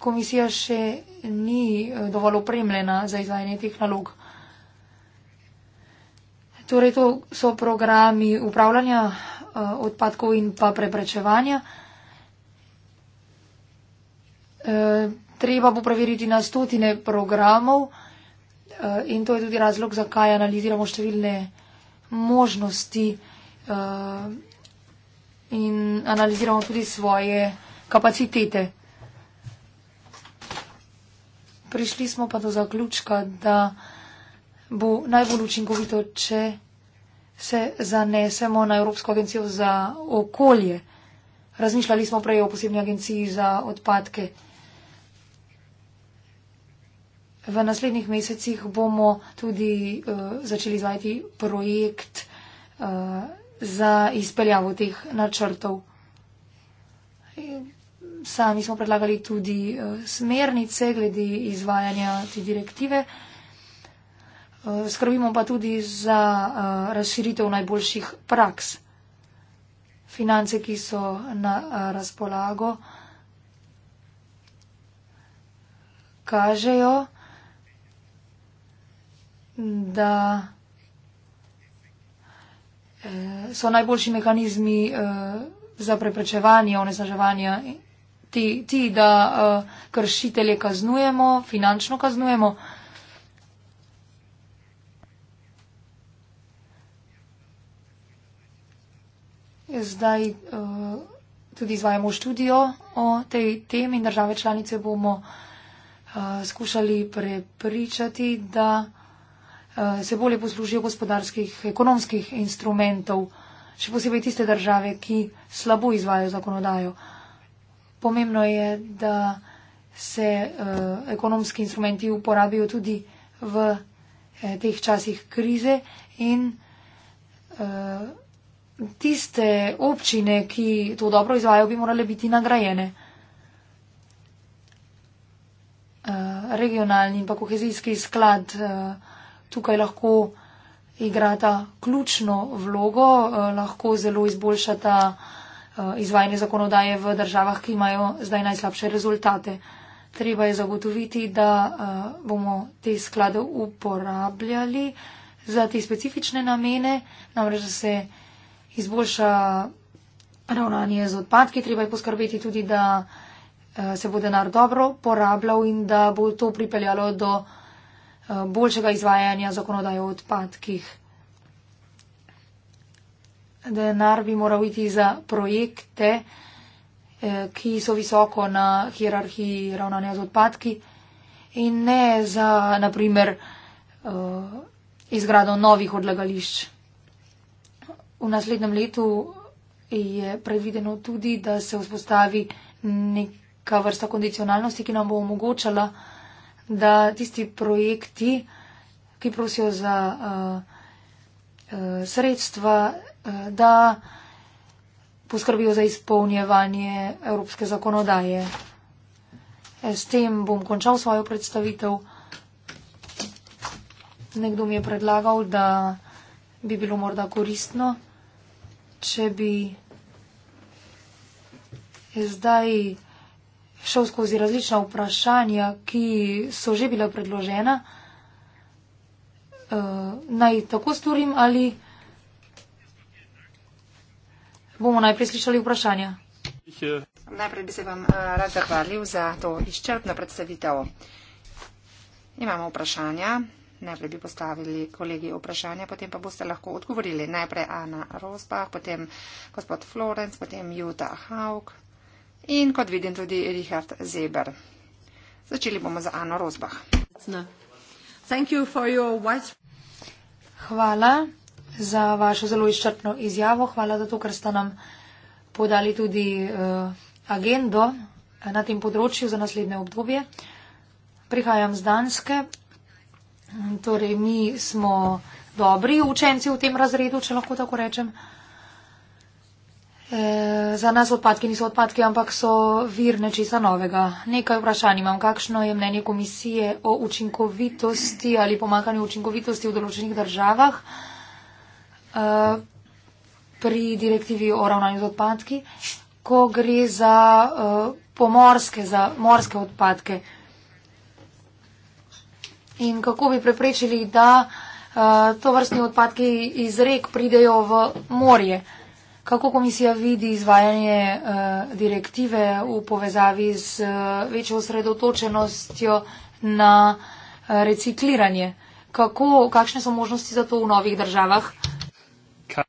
Komisija še ni eh, dovolj opremljena za izvajanje teh nalog. Torej, to so programi upravljanja eh, odpadkov in pa preprečevanja. Eh, treba bo preveriti na stotine programov in to je tudi razlog, zakaj analiziramo številne možnosti in analiziramo tudi svoje kapacitete. Prišli smo pa do zaključka, da bo najbolj učinkovito, če se zanesemo na Evropsko agencijo za okolje. Razmišljali smo prej o posebni agenciji za odpadke. V naslednjih mesecih bomo tudi uh, začeli izvajati projekt uh, za izpeljavo teh načrtov. Sami smo predlagali tudi eh, smernice glede izvajanja te direktive. Eh, skrbimo pa tudi za eh, razširitev najboljših praks. Finance, ki so na razpolago, kažejo, da. Eh, so najboljši mehanizmi eh, za preprečevanje onesnaževanja ti, ti da eh, kršitelje kaznujemo, finančno kaznujemo. Zdaj tudi izvajamo študijo o tej temi in države članice bomo skušali prepričati, da. Eh, se bolje poslužijo gospodarskih, ekonomskih instrumentov, še posebej tiste države, ki slabo izvajo zakonodajo. Pomembno je, da se eh, ekonomski instrumenti uporabijo tudi v eh, teh časih krize in tiste občine, ki to dobro izvajo, bi morale biti nagrajene. Regionalni in pa kohezijski sklad uh, tukaj lahko igrata ključno vlogo, eh, lahko zelo izboljšata eh, izvajanje zakonodaje v državah, ki imajo zdaj najslabše rezultate. Treba je zagotoviti, da eh, bomo te sklade uporabljali za te specifične namene, namreč, da se izboljša ravnanje z odpadki. Treba je poskrbeti tudi, da se bo denar dobro porabljal in da bo to pripeljalo do Eh, boljšega izvajanja zakonodaje o odpadkih. Denar bi moral iti za projekte, eh, ki so visoko na hierarhiji ravnanja z odpadki in ne za, naprimer, eh, izgrado novih odlagališč. V naslednjem letu je predvideno tudi, da se vzpostavi neka vrsta kondicionalnosti, ki nam bo omogočala, da tisti projekti, ki prosijo za eh, eh, sredstva, eh, da poskrbijo za izpolnjevanje evropske zakonodaje. S tem bom končal svojo predstavitev. Nekdo mi je predlagal, da bi bilo morda koristno, če bi zdaj šel skozi različna vprašanja, ki so že bila predložena, uh, naj tako storim ali bomo najprej slišali vprašanja. Najprej bi se vam eh, rad zahvalil za to izčrpno predstavitev. Imamo vprašanja. Najprej bi postavili kolegi vprašanja, potem pa boste lahko odgovorili. Najprej Ana Rosbach, potem gospod Florenc, potem Juta Hauk, in kot vidim tudi Richard Zeber. Začeli bomo z Ano Rozbah. Hvala za vašo zelo izčrpno izjavo. Hvala za to, ker ste nam podali tudi uh, agendo eh, na tem področju za naslednje obdobje. Prihajam z Danske. Torej, mi smo dobri učenci v tem razredu, če lahko tako rečem. Uh, Eh, za nas odpadki niso odpadki, ampak so vir nečesa novega. Nekaj vprašanj imam, kakšno je mnenje komisije o učinkovitosti ali pomankanju učinkovitosti v določenih državah eh, pri direktivi o ravnanju z odpadki, ko gre za eh, pomorske, za morske odpadke. In kako bi preprečili, da to vrstni odpadki iz rek pridejo v morje? Uh, Kako komisija vidi izvajanje uh, direktive v povezavi z uh, večjo osredotočenostjo na uh, recikliranje? Kako, kakšne so možnosti za to v novih državah?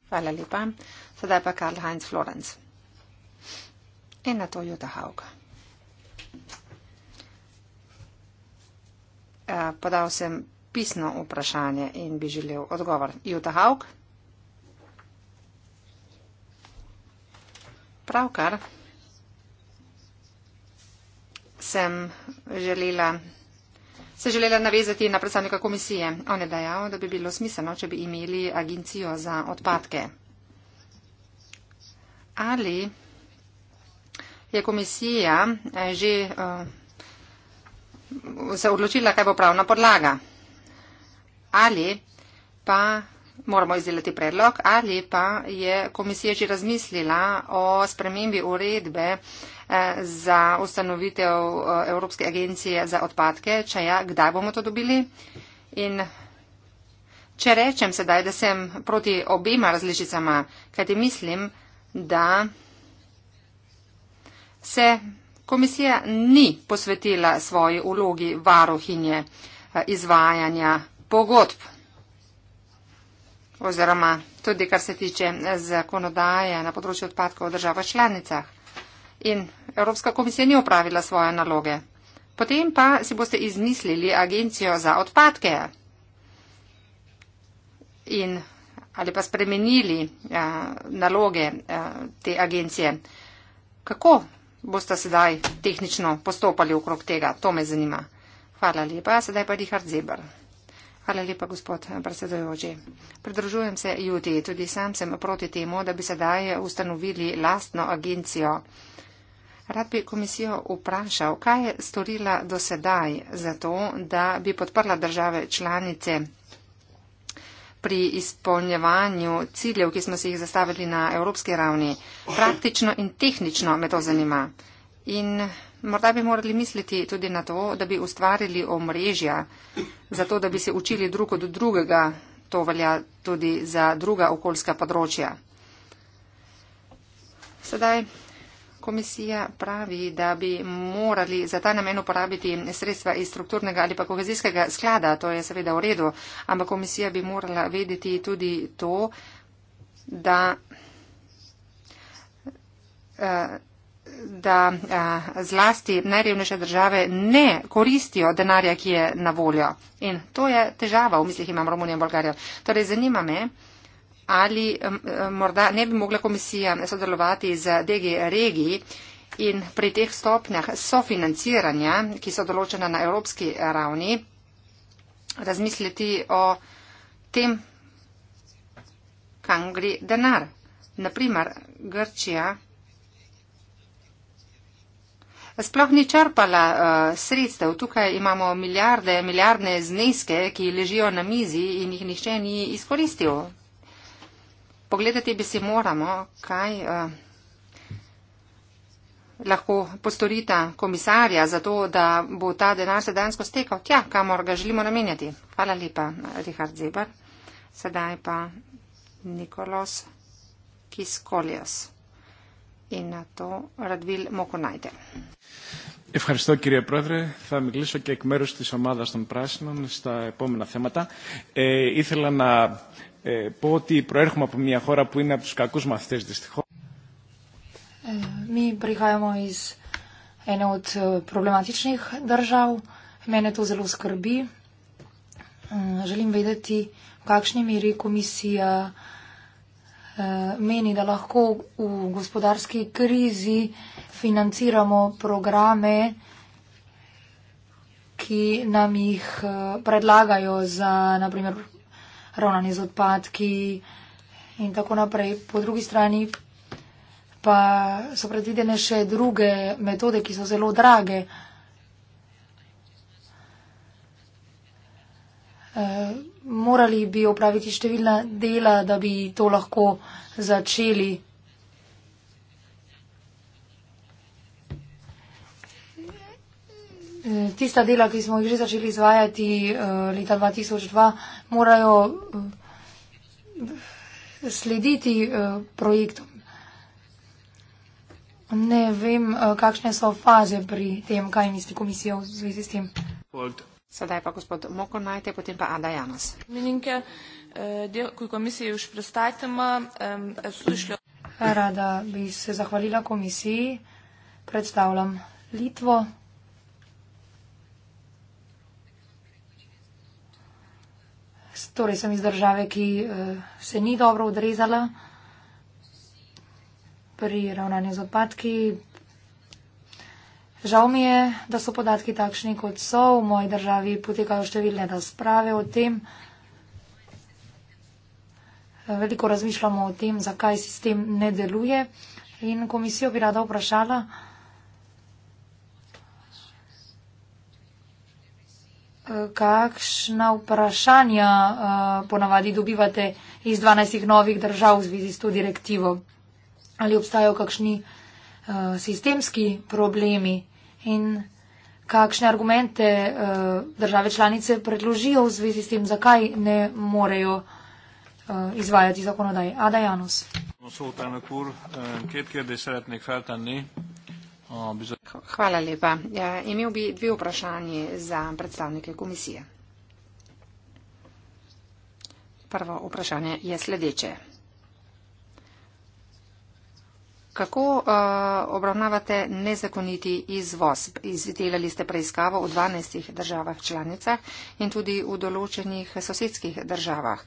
Hvala lepa. Sedaj pa Karl Heinz Florenc. In na to Juta Haug. Podal sem pisno vprašanje in bi želel odgovor. Juta Haug. pravkar sem želela, se želela navezati na predstavnika komisije. On je dejal, da bi bilo smiselno, če bi imeli agencijo za odpadke. Ali je komisija eh, že uh, se odločila, kaj bo pravna podlaga? Ali pa moramo izdelati predlog ali pa je komisija že razmislila o spremembi uredbe eh, za ustanovitev eh, Evropske agencije za odpadke, če ja, kdaj bomo to dobili. In če rečem sedaj, da sem proti obima različicama, kajti mislim, da se komisija ni posvetila svoji ulogi varohinje eh, izvajanja pogodb oziroma tudi kar se tiče eh, zakonodaje na področju odpadkov v državah članicah. In Evropska komisija ni opravila svoje naloge. Potem pa si boste izmislili agencijo za odpadke in ali pa spremenili a, eh, naloge a, eh, te agencije. Kako boste sedaj tehnično postopali okrog tega? To me zanima. Hvala lepa. Sedaj pa Richard Zeber. Hvala lepa, gospod predsedojoči. Pridružujem se Judi, tudi sam sem proti temu, da bi sedaj ustanovili lastno agencijo. Rad bi komisijo vprašal, kaj je storila do sedaj za to, da bi podprla države članice pri izpolnjevanju ciljev, ki smo si jih zastavili na evropski ravni. Praktično in tehnično me to zanima. In Morda bi morali misliti tudi na to, da bi ustvarili omrežja, zato da bi se učili drug od drugega, to velja tudi za druga okoljska področja. Sedaj komisija pravi, da bi morali za ta namen uporabiti sredstva iz strukturnega ali pa kohezijskega sklada, to je seveda v redu, ampak komisija bi morala vedeti tudi to, da. Uh, da a, zlasti najrevnejše države ne koristijo denarja, ki je na voljo. In to je težava, v mislih imam Romunijo in Bolgarijo. Torej, zanima me, ali a, morda ne bi mogla komisija sodelovati z DG regiji in pri teh stopnjah sofinanciranja, ki so določena na evropski ravni, razmisliti o tem, kam gre denar. Naprimer, Grčija sploh ni črpala uh, sredstev. Tukaj imamo milijarde, milijardne zneske, ki ležijo na mizi in jih nihče ni izkoristil. Pogledati bi si moramo, kaj uh, lahko postorita komisarja za to, da bo ta denar se dansko stekal tja, kamor ga želimo namenjati. Hvala lepa, Richard Zeber. Sedaj pa Nikolos Kiskolios in na to Radvil Mokonajte. Ευχαριστώ κύριε Πρόεδρε. Θα μιλήσω και εκ μέρους της ομάδας των Πράσινων στα επόμενα θέματα. Ε, ήθελα να ε, πω ότι προέρχομαι από μια χώρα που είναι από τους κακούς μαθητές δυστυχώς. Μη πριγάμω εις ένα ότ προβληματίσνιχ δαρζάου. Μένε το ζελού σκρμπή. Ζελίμ βέδετη κάξνη μυρή κομισία... Uh, Eh, meni, da lahko v gospodarski krizi financiramo programe, ki nam jih eh, predlagajo za naprimer ravnanje z odpadki in tako naprej. Po drugi strani pa so predvidene še druge metode, ki so zelo drage. Eh, morali bi opraviti številna dela, da bi to lahko začeli. Eh, tista dela, ki smo jih že začeli izvajati eh, leta 2002, morajo slediti projektom. Ne vem, kakšne so faze pri tem, kaj misli komisija v zvezi s tem. Hvala. Sedaj pa gospod Moko najte, potem pa Ada Janas. Meninke, eh, kuj komisiji už predstavitem, eh, slušljo. Rada bi se zahvalila komisiji, predstavljam Litvo. Torej sem iz države, ki eh, se ni dobro odrezala pri ravnanju z odpadki, Žal mi je, da so podatki takšni, kot so. V moji državi potekajo številne razprave o tem. Veliko razmišljamo o tem, zakaj sistem ne deluje. In komisijo bi rada vprašala, kakšna vprašanja eh, ponavadi dobivate iz 12 novih držav v zvezi s to direktivo. Ali obstajajo kakšni eh, sistemski problemi? in kakšne argumente eh, države članice predložijo v zvezi s tem, zakaj ne morejo eh, izvajati zakonodaje. Ada Janus. Hvala lepa. Ja, imel bi dve vprašanje za predstavnike komisije. Prvo vprašanje je sledeče. Kako uh, obravnavate nezakoniti izvoz? Izdelali ste preiskavo v 12 državah članicah in tudi v določenih sosedskih državah.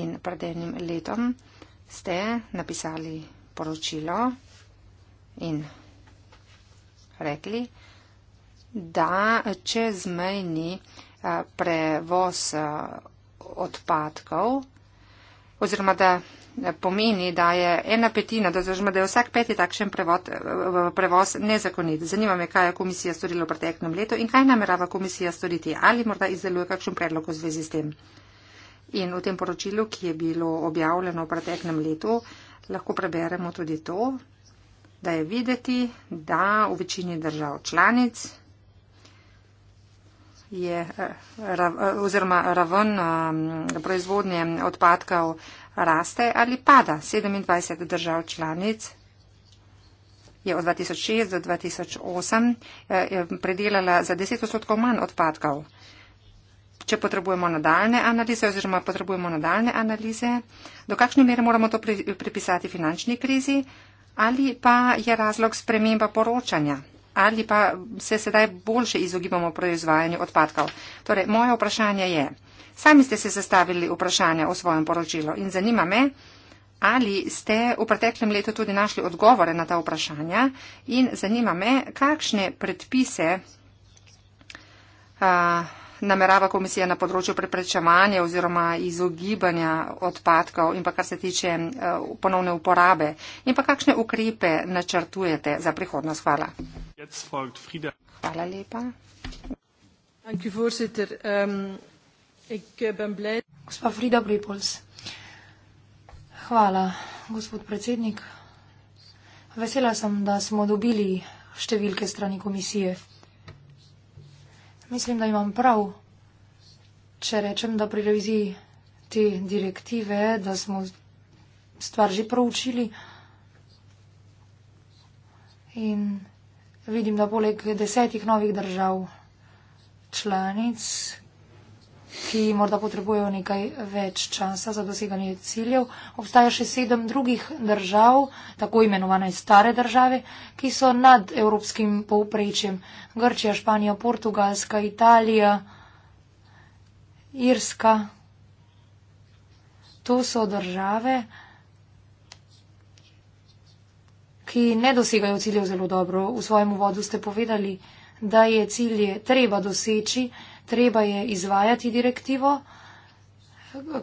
In pred enim letom ste napisali poročilo in rekli, da če zmejni uh, prevoz uh, odpadkov, oziroma da pomeni, da je ena petina, da, zažma, da je vsak peti takšen prevod, prevoz nezakonit. Zanima me, kaj je komisija storila v preteklem letu in kaj namerava komisija storiti ali morda izdeluje kakšen predlog v zvezi s tem. In v tem poročilu, ki je bilo objavljeno v preteklem letu, lahko preberemo tudi to, da je videti, da v večini držav članic je, eh, rav, oziroma raven eh, proizvodnje odpadkov, raste ali pada. 27 držav članic je od 2006 do 2008 eh, predelala za 10 odstotkov manj odpadkov. Če potrebujemo nadaljne analize oziroma potrebujemo nadaljne analize, do kakšne mere moramo to pripisati finančni krizi ali pa je razlog sprememba poročanja ali pa se sedaj boljše izogibamo proizvajanju odpadkov. Torej, moje vprašanje je, Sami ste se zastavili vprašanje o svojem poročilu in zanima me, ali ste v preteklem letu tudi našli odgovore na ta vprašanja in zanima me, kakšne predpise uh, namerava komisija na področju preprečevanja oziroma izogibanja odpadkov in pa kar se tiče uh, ponovne uporabe in pa kakšne ukrepe načrtujete za prihodnost. Hvala. Hvala lepa. Thank you, Ik eh, ben blij. Gospa Frida Brepols. Hvala, gospod predsednik. Vesela sem, da smo dobili številke strani komisije. Mislim, da imam prav, če rečem, da pri reviziji te direktive, da smo stvar že proučili in vidim, da poleg desetih novih držav članic, ki morda potrebujejo nekaj več časa za doseganje ciljev. Obstaja še sedem drugih držav, tako imenovane stare države, ki so nad evropskim povprečjem. Grčija, Španija, Portugalska, Italija, Irska. To so države, ki ne dosegajo ciljev zelo dobro. V svojem uvodu ste povedali, da je cilje treba doseči, treba je izvajati direktivo,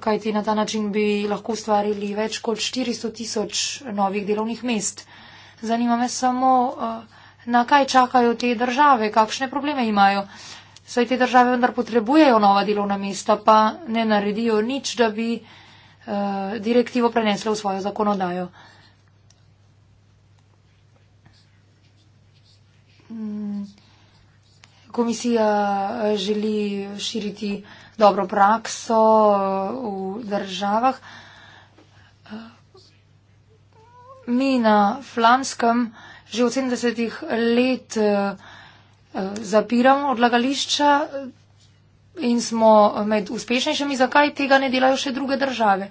kajti na ta način bi lahko ustvarili več kot 400 tisoč novih delovnih mest. Zanima me samo, eh, na kaj čakajo te države, kakšne probleme imajo. Saj te države vendar potrebujejo nova delovna mesta, pa ne naredijo nič, da bi eh, direktivo prenesle v svojo zakonodajo. Hmm komisija eh, želi širiti dobro prakso eh, v državah. Eh, mi na Flanskem že v 70-ih let zapiramo odlagališča in smo med uspešnejšimi. Zakaj tega ne delajo še druge države?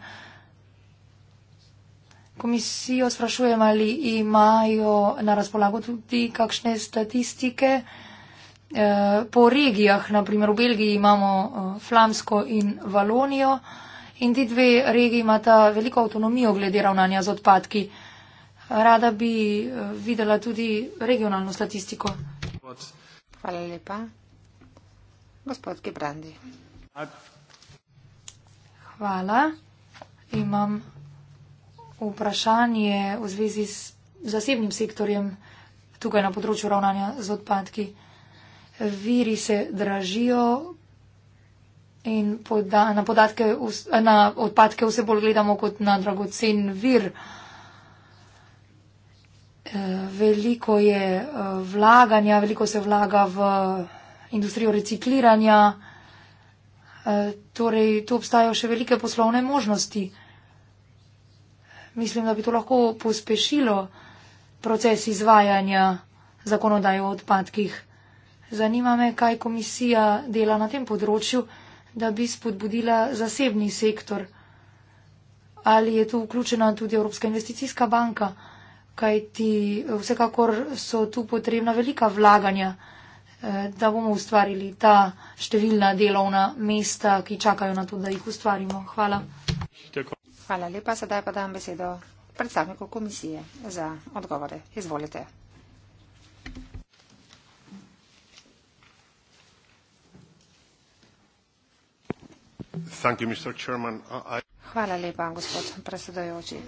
Komisijo sprašujem, ali imajo na razpolago tudi kakšne statistike. Eh, po regijah, naprimer v Belgiji imamo eh, Flamsko in Valonijo in ti dve regiji imata veliko avtonomijo glede ravnanja z odpadki. Rada bi eh, videla tudi regionalno statistiko. Hvala lepa. Gospod Gibrandi. Hvala. Imam vprašanje v zvezi z zasebnim sektorjem tukaj na področju ravnanja z odpadki viri se dražijo in poda, na, podatke, na odpadke vse bolj gledamo kot na dragocen vir. Eh, veliko je eh, vlaganja, veliko se vlaga v industrijo recikliranja, eh, torej tu obstajajo še velike poslovne možnosti. Mislim, da bi to lahko pospešilo proces izvajanja zakonodaje o odpadkih. Zanima me, kaj komisija dela na tem področju, da bi spodbudila zasebni sektor. Ali je tu vključena tudi Evropska investicijska banka, kajti vsekakor so tu potrebna velika vlaganja, eh, da bomo ustvarili ta številna delovna mesta, ki čakajo na to, da jih ustvarimo. Hvala. Hvala lepa. Sedaj pa dam besedo predstavniku komisije za odgovore. Izvolite. Uh, Hvala lepa, gospod predsedojoči.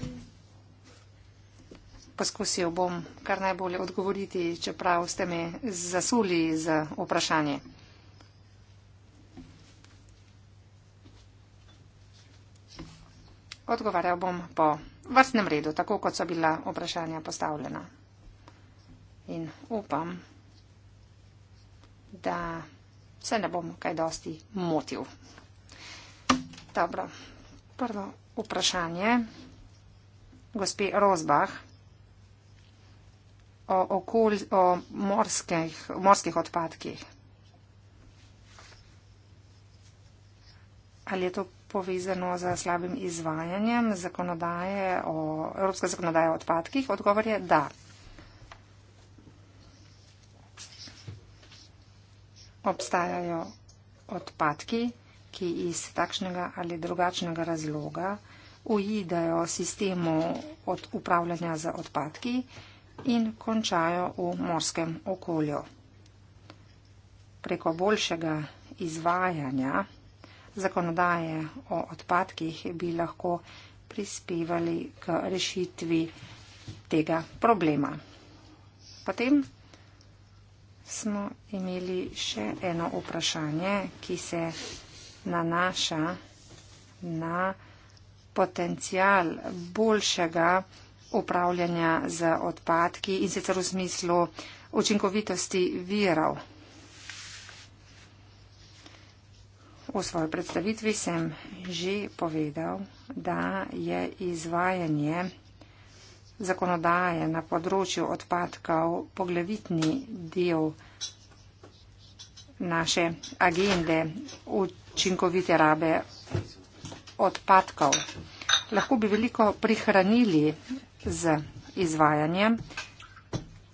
Poskusil bom kar najbolje odgovoriti, čeprav ste me zasuli z vprašanje. Odgovarjal bom po vrstnem redu, tako kot so bila vprašanja postavljena. In upam, da se ne bom kaj dosti motil. Dobro. Prvo vprašanje gospe Rozbah o, okol, o morskih, morskih odpadkih. Ali je to povezano z slabim izvajanjem zakonodaje o Evropske zakonodaje o odpadkih? Odgovor je da. Obstajajo odpadki, ki iz takšnega ali drugačnega razloga uidejo sistemu od upravljanja z odpadki in končajo v morskem okolju. Preko boljšega izvajanja zakonodaje o odpadkih bi lahko prispevali k rešitvi tega problema. Potem smo imeli še eno vprašanje, ki se nanaša na potencial boljšega upravljanja z odpadki in sicer v smislu učinkovitosti virov. V svoji predstavitvi sem že povedal, da je izvajanje zakonodaje na področju odpadkov poglavitni del naše agende učinkovite rabe odpadkov. Lahko bi veliko prihranili z izvajanjem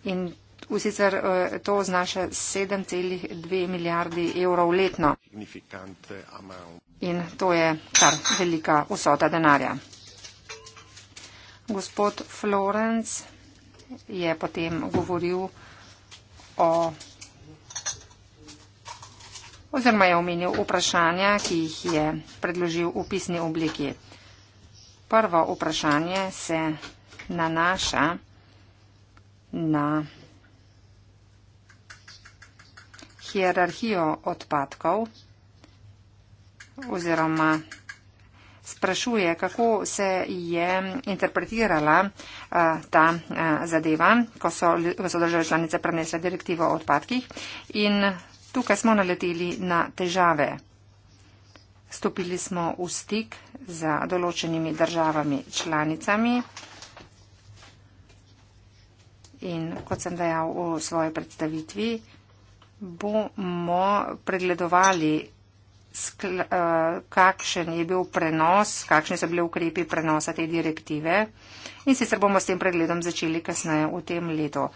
in sicer eh, to znaša 7,2 milijardi evrov letno. In to je kar velika vsota denarja. Gospod Florence je potem govoril o oziroma je omenil vprašanja, ki jih je predložil v pisni obliki. Prvo vprašanje se nanaša na hierarhijo odpadkov oziroma sprašuje, kako se je interpretirala uh, ta uh, zadeva, ko so, so države članice prenesle direktivo o odpadkih in Tukaj smo naleteli na težave. Stopili smo v stik z določenimi državami članicami in kot sem dejal v svoji predstavitvi, bomo pregledovali, eh, kakšen je bil prenos, kakšni so bili ukrepi prenosa te direktive in sicer bomo s tem pregledom začeli kasneje v tem letu,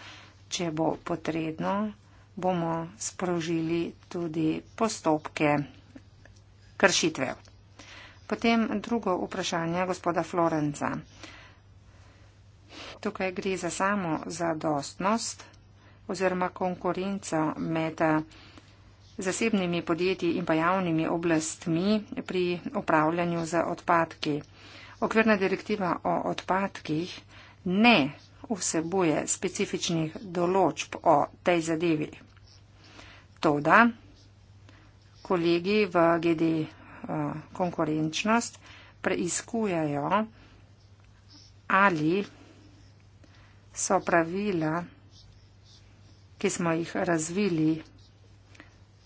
če bo potrebno bomo sprožili tudi postopke kršitve. Potem drugo vprašanje gospoda Florenca. Tukaj gre za samo zadostnost oziroma konkurenco med zasebnimi podjetji in pa javnimi oblastmi pri upravljanju z odpadki. Okvirna direktiva o odpadkih ne vsebuje specifičnih določb o tej zadevi. To, da kolegi v GD uh, eh, konkurenčnost preizkujajo, ali so pravila, ki smo jih razvili,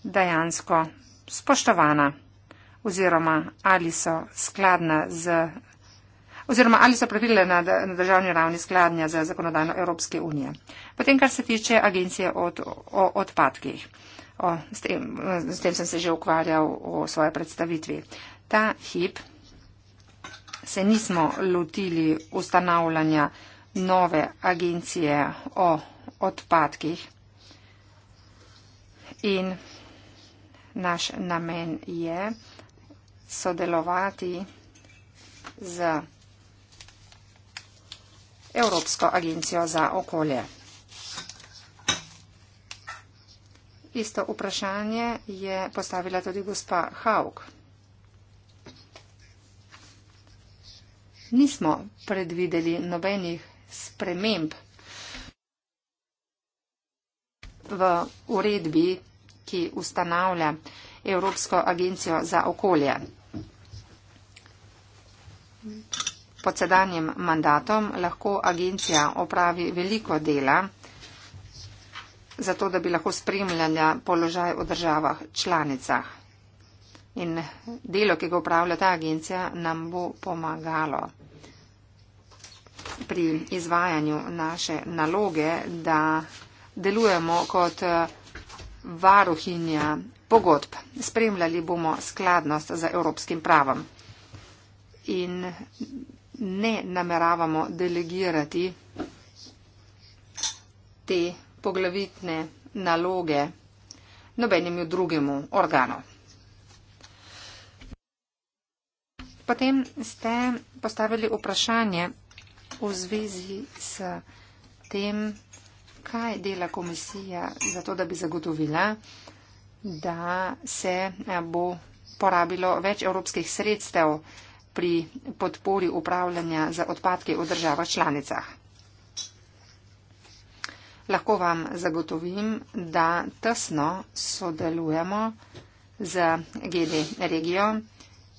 dejansko spoštovana oziroma ali so skladna z. Oziroma, ali so pravile na državni ravni skladnja za zakonodajno Evropske unije. Potem, kar se tiče agencije od, o odpadkih o, s, tem, s tem sem se že ukvarjal v svoji predstavitvi. Ta hip se nismo lotili ustanavljanja nove agencije o odpadkih in naš namen je sodelovati z Evropsko agencijo za okolje. Isto vprašanje je postavila tudi gospa Haug. Nismo predvideli nobenih sprememb v uredbi, ki ustanavlja Evropsko agencijo za okolje. Pod sedanjem mandatom lahko agencija opravi veliko dela zato da bi lahko spremljala položaj v državah članicah. In delo, ki ga upravlja ta agencija, nam bo pomagalo pri izvajanju naše naloge, da delujemo kot eh, varuhinja pogodb. Spremljali bomo skladnost z evropskim pravom in ne nameravamo delegirati te poglavitne naloge nobenemu drugemu organu. Potem ste postavili vprašanje v zvezi s tem, kaj dela komisija za to, da bi zagotovila, da se eh, bo porabilo več evropskih sredstev pri podpori upravljanja za odpadke v državah članicah lahko vam zagotovim, da tesno sodelujemo z GD regijo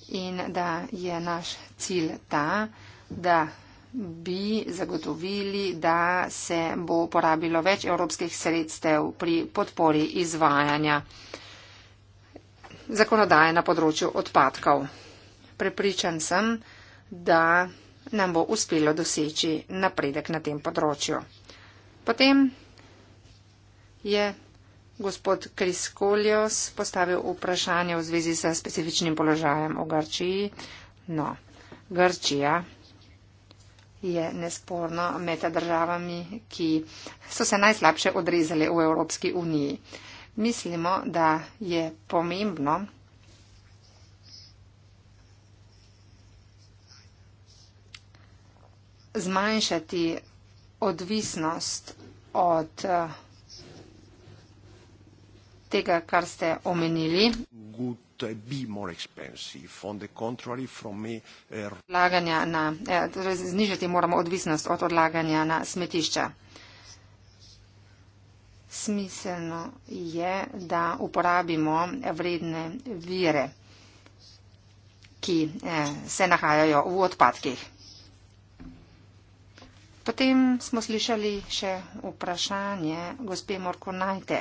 in da je naš cilj ta, da bi zagotovili, da se bo porabilo več evropskih sredstev pri podpori izvajanja zakonodaje na področju odpadkov. Prepričan sem, da nam bo uspelo doseči napredek na tem področju. Potem je gospod Kriskolios postavil vprašanje v zvezi s specifičnim položajem v Grčiji. No, Grčija je nesporno med državami, ki so se najslabše odrezali v Evropski uniji. Mislimo, da je pomembno, zmanjšati odvisnost od eh, tega, kar ste omenili. Eh, eh, torej znižati moramo odvisnost od odlaganja na smetišča. Smiselno je, da uporabimo vredne vire, ki se nahajajo v odpadkih. Potem smo slišali še vprašanje gospe Morkonajte.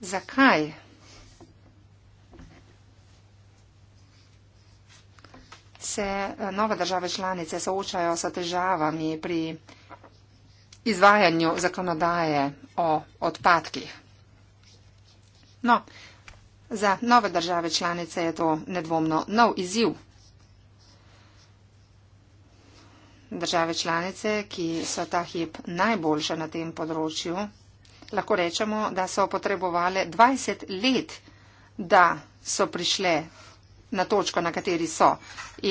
Zakaj? se eh, nove države članice soočajo s težavami pri izvajanju zakonodaje o odpadkih. No, za nove države članice je to nedvomno nov izziv. Države članice, ki so ta hip najboljše na tem področju, lahko rečemo, da so potrebovali 20 let, da so prišle na točko, na kateri so.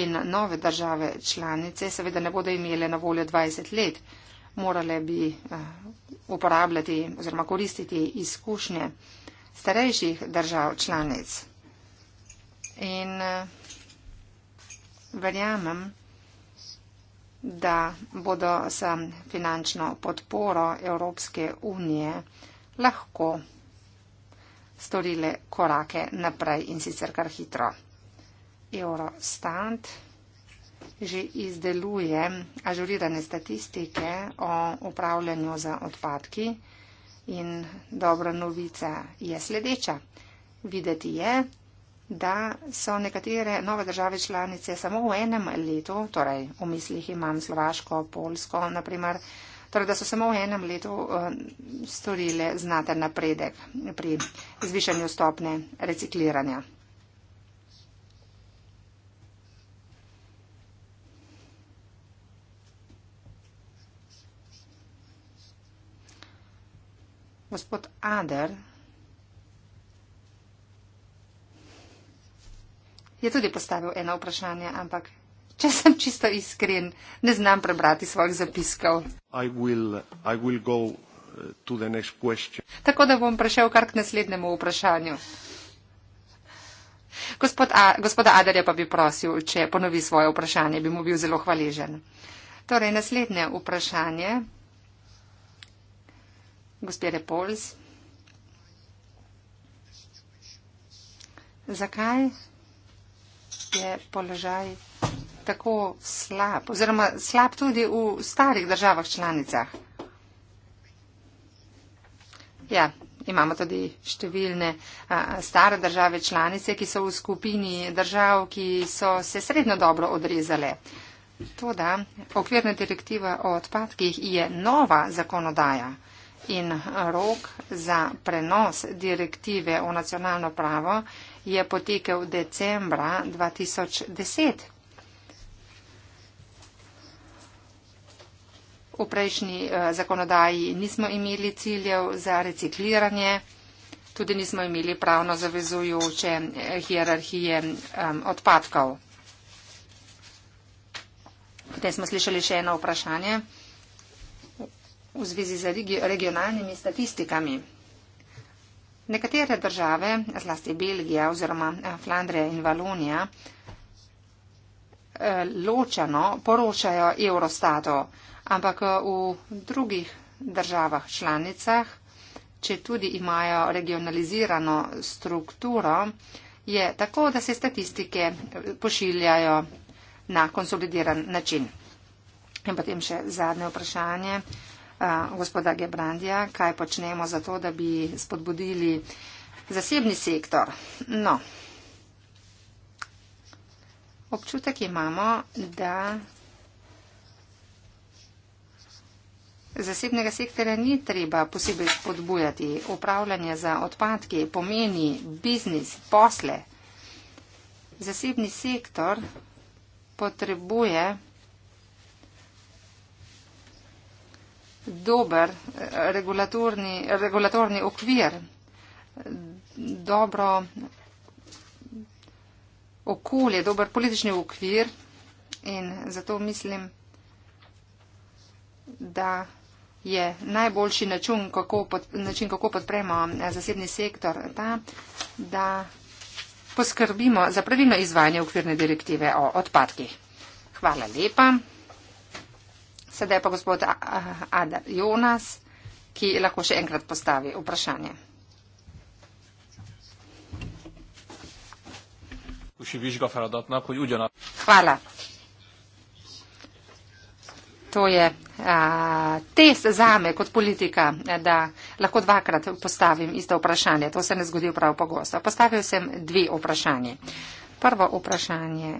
In nove države članice seveda ne bodo imele na voljo 20 let, morale bi eh, uporabljati oziroma koristiti izkušnje starejših držav članic. In eh, verjamem, da bodo s finančno podporo Evropske unije lahko storile korake naprej in sicer kar hitro. Eurostat že izdeluje ažurirane statistike o upravljanju za odpadki in dobra novica je sledeča. Videti je, da so nekatere nove države članice samo v enem letu, torej v mislih imam Slovaško, Polsko, naprimer, torej da so samo v enem letu uh, storile znaten napredek pri zvišanju stopne recikliranja. Gospod Ader je tudi postavil eno vprašanje, ampak če sem čisto iskren, ne znam prebrati svojih zapiskov. I will, I will uh, Tako da bom prešel kar k naslednjemu vprašanju. Gospod A, gospoda Adarja pa bi prosil, če ponovi svoje vprašanje, bi mu bil zelo hvaležen. Torej, naslednje vprašanje. Gospere Pols. Zakaj je položaj tako slab, oziroma slab tudi v starih državah članicah. Ja, imamo tudi številne a, stare države članice, ki so v skupini držav, ki so se sredno dobro odrezale. To, da okvirna direktiva o odpadkih je nova zakonodaja in rok za prenos direktive o nacionalno pravo je potekel decembra 2010. V prejšnji eh, zakonodaji nismo imeli ciljev za recikliranje, tudi nismo imeli pravno zavezujoče eh, hierarhije odpadkov. Potem smo slišali še eno vprašanje v zvezi z regionalnimi statistikami. Nekatere države, zlasti Belgija oziroma eh, Flandrija in Valonija, eh, ločeno poročajo Eurostatu, ampak eh, v drugih državah članicah, če tudi imajo regionalizirano strukturo, je tako, da se statistike pošiljajo na konsolidiran način. In potem še zadnje vprašanje gospoda Gebrandija, kaj počnemo za to, da bi spodbudili zasebni sektor. No, občutek imamo, da zasebnega sektora ni treba posebej spodbujati. Upravljanje za odpadki pomeni biznis, posle. Zasebni sektor potrebuje dober eh, regulatorni, regulatorni okvir, dobro okolje, dober politični okvir in zato mislim, da je najboljši način, kako, pod, način, kako podpremo eh, zasebni sektor ta, da poskrbimo za pravilno izvajanje okvirne direktive o odpadkih. Hvala lepa. Sedaj pa gospod Adar Jonas, ki lahko še enkrat postavi vprašanje. Hvala. To je a, test zame kot politika, da lahko dvakrat postavim isto vprašanje. To se ne zgodi prav pogosto. Postavil sem dve vprašanje. Prvo vprašanje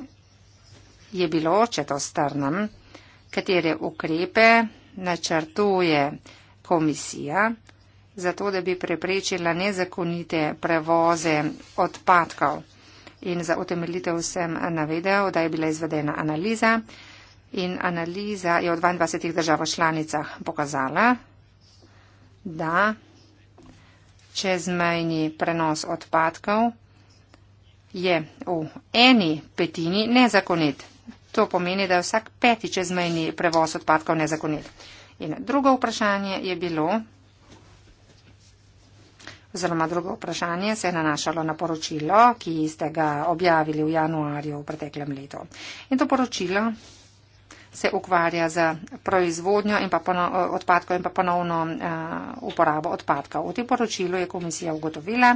je bilo, če to strnem, katere ukrepe načrtuje komisija, zato da bi preprečila nezakonite prevoze odpadkov. In za utemeljitev sem navedel, da je bila izvedena analiza in analiza je v 22 državah članicah pokazala, da čezmejni prenos odpadkov je v eni petini nezakonit. To pomeni, da je vsak peti čezmejni prevoz odpadkov nezakonit. In drugo vprašanje je bilo, oziroma drugo vprašanje se je nanašalo na poročilo, ki ste ga objavili v januarju v preteklem letu. In to poročilo se ukvarja z proizvodnjo in odpadkov in pa ponovno uh, uporabo odpadkov. V tem poročilu je komisija ugotovila,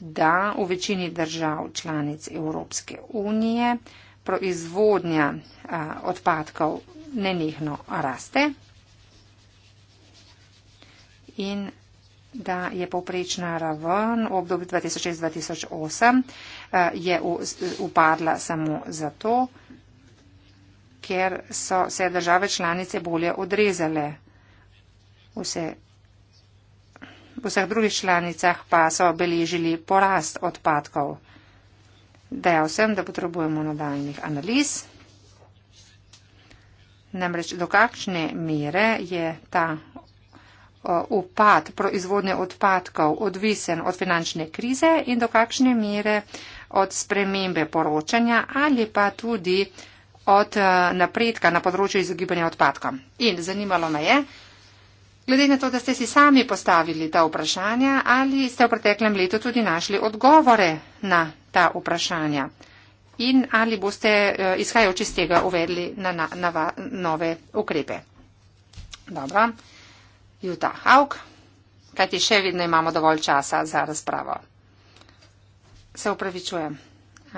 da v večini držav članic Evropske unije uh, proizvodnja a, odpadkov nenehno raste in da je povprečna raven v obdobju 2006-2008 je upadla samo zato, ker so se države članice bolje odrezale. Vse, v vseh drugih članicah pa so beležili porast odpadkov dejal sem, da potrebujemo nadaljnih analiz. Namreč do kakšne mere je ta upad proizvodnje odpadkov odvisen od finančne krize in do kakšne mere od spremembe poročanja ali pa tudi od e, napredka na področju izogibanja odpadkom. In zanimalo me je, glede na to, da ste si sami postavili ta vprašanja, ali ste v preteklem letu tudi našli odgovore na ta vprašanja in ali boste eh, izhajajoč iz tega uvedli na, na, na va, nove ukrepe. Dobro, Juta Hauk, kajti še vedno imamo dovolj časa za razpravo. Se upravičujem,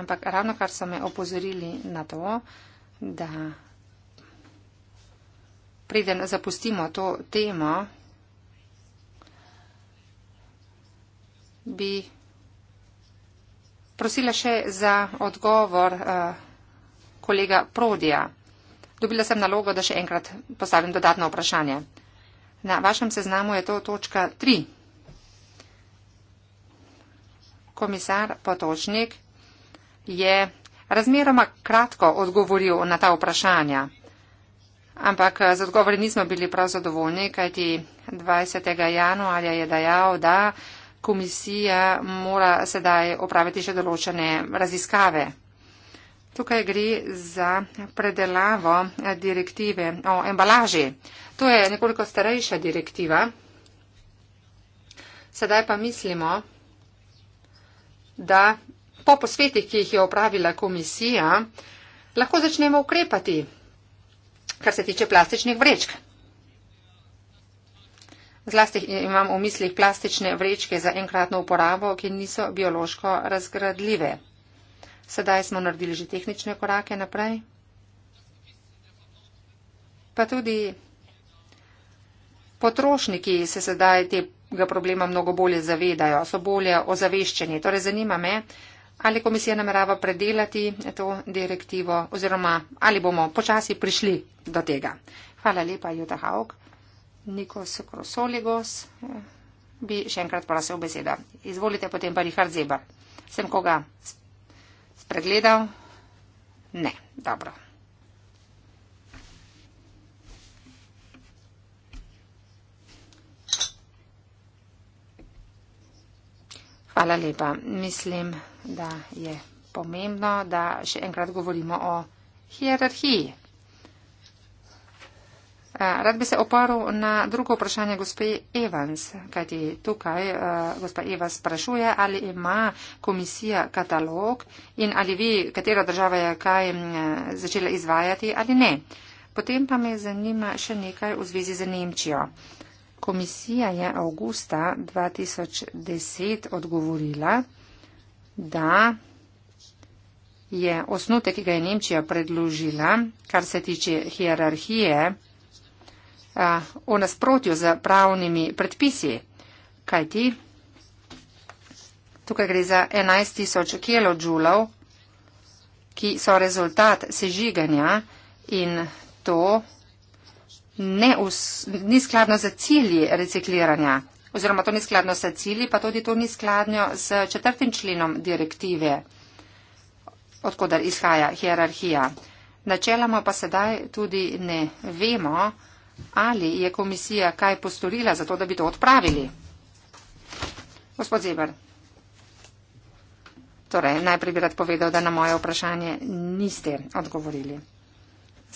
ampak ravno kar so me opozorili na to, da preden zapustimo to temo, bi Prosila še za odgovor uh, kolega Prodija. Dobila sem nalogo, da še enkrat postavim dodatno vprašanje. Na vašem seznamu je to točka 3. Komisar Potočnik je razmeroma kratko odgovoril na ta vprašanja, ampak eh, z odgovori nismo bili prav zadovoljni, kajti 20. januarja je dejal, da komisija mora sedaj opraviti še določene raziskave. Tukaj gre za predelavo eh, direktive o embalaži. To je nekoliko starejša direktiva. Sedaj pa mislimo, da po posvetih, ki jih je opravila komisija, lahko začnemo ukrepati, kar se tiče plastičnih vrečk. Zlasti imam v mislih plastične vrečke za enkratno uporabo, ki niso biološko razgradljive. Sedaj smo naredili že tehnične korake naprej. Pa tudi potrošniki se sedaj tega problema mnogo bolje zavedajo, so bolje ozaveščeni. Torej zanima me, ali komisija namerava predelati to direktivo oziroma ali bomo počasi prišli do tega. Hvala lepa, Juta Haug. Nikos Krosoligos, eh, bi še enkrat prosil beseda. Izvolite potem pa Richard Zeba. Sem koga spregledal? Ne, dobro. Hvala lepa. Mislim, da je pomembno, da še enkrat govorimo o hierarhiji. Rad bi se oparil na drugo vprašanje gospe Evans, kajti tukaj gospa Evans sprašuje, ali ima komisija katalog in ali vi, katera država je kaj začela izvajati ali ne. Potem pa me zanima še nekaj v zvezi z Nemčijo. Komisija je avgusta 2010 odgovorila, da je osnutek, ki ga je Nemčija predložila, kar se tiče hierarhije, v nasprotju z pravnimi predpisi, kajti tukaj gre za 11 tisoč kilojulov, ki so rezultat sežiganja in to ne us, ni skladno za cilji recikliranja oziroma to ni skladno s cilji, pa tudi to ni skladno s četrtim členom direktive, odkudar izhaja hierarhija. Načeloma pa sedaj tudi ne vemo, Ali je komisija kaj postorila za to, da bi to odpravili? Gospod Zeber. Torej, najprej bi rad povedal, da na moje vprašanje niste odgovorili.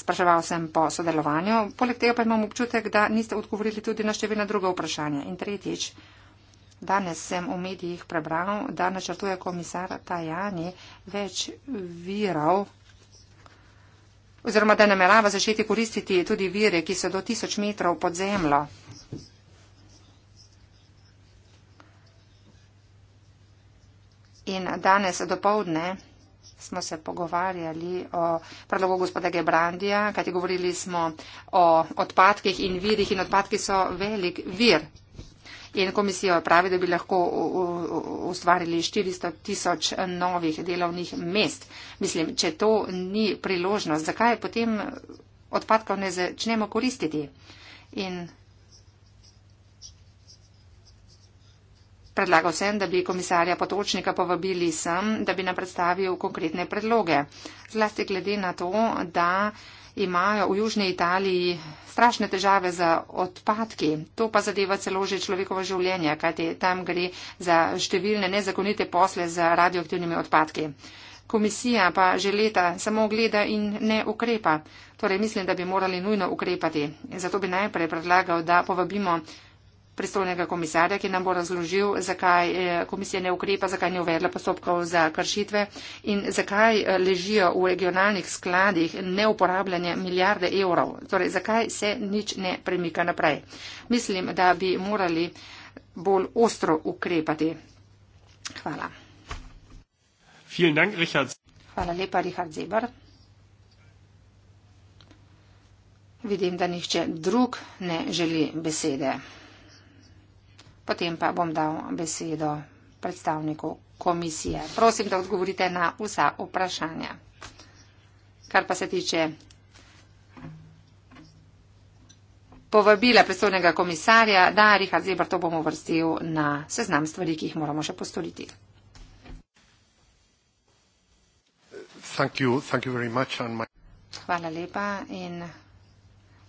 Spraševal sem po sodelovanju, poleg tega pa imam občutek, da niste odgovorili tudi na številna druga vprašanja. In tretjič, danes sem v medijih prebral, da načrtuje komisar Tajani več virov oziroma da namerava začeti koristiti tudi vire, ki so do tisoč metrov pod zemljo. In danes do povdne smo se pogovarjali o predlogu gospoda Gebrandija, kajti govorili smo o odpadkih in virih in odpadki so velik vir in komisija pravi, da bi lahko ustvarili 400 tisoč novih delovnih mest. Mislim, če to ni priložnost, zakaj potem odpadkov ne začnemo koristiti? In predlagal sem, da bi komisarja Potočnika povabili sem, da bi nam predstavil konkretne predloge. Zlasti glede na to, da imajo v Južni Italiji strašne težave za odpadki. To pa zadeva celo že človekovo življenje, kajti tam gre za številne nezakonite posle z radioaktivnimi odpadki. Komisija pa že leta samo gleda in ne ukrepa. Torej mislim, da bi morali nujno ukrepati. Zato bi najprej predlagal, da povabimo pristolnega komisarja, ki nam bo razložil, zakaj eh, komisija ne ukrepa, zakaj ni uvedla postopkov za kršitve in zakaj eh, ležijo v regionalnih skladih neuporabljanje milijarde evrov. Torej, zakaj se nič ne premika naprej. Mislim, da bi morali bolj ostro ukrepati. Hvala. Dank, Hvala lepa, Richard Zebar. Vidim, da nihče drug ne želi besede. Potem pa bom dal besedo predstavniku komisije. Prosim, da odgovorite na vsa vprašanja. Kar pa se tiče povabila predstavnega komisarja, da Richard Zebr to bomo vrstil na seznam stvari, ki jih moramo še postoriti. Thank you, thank you very much on my... Hvala lepa in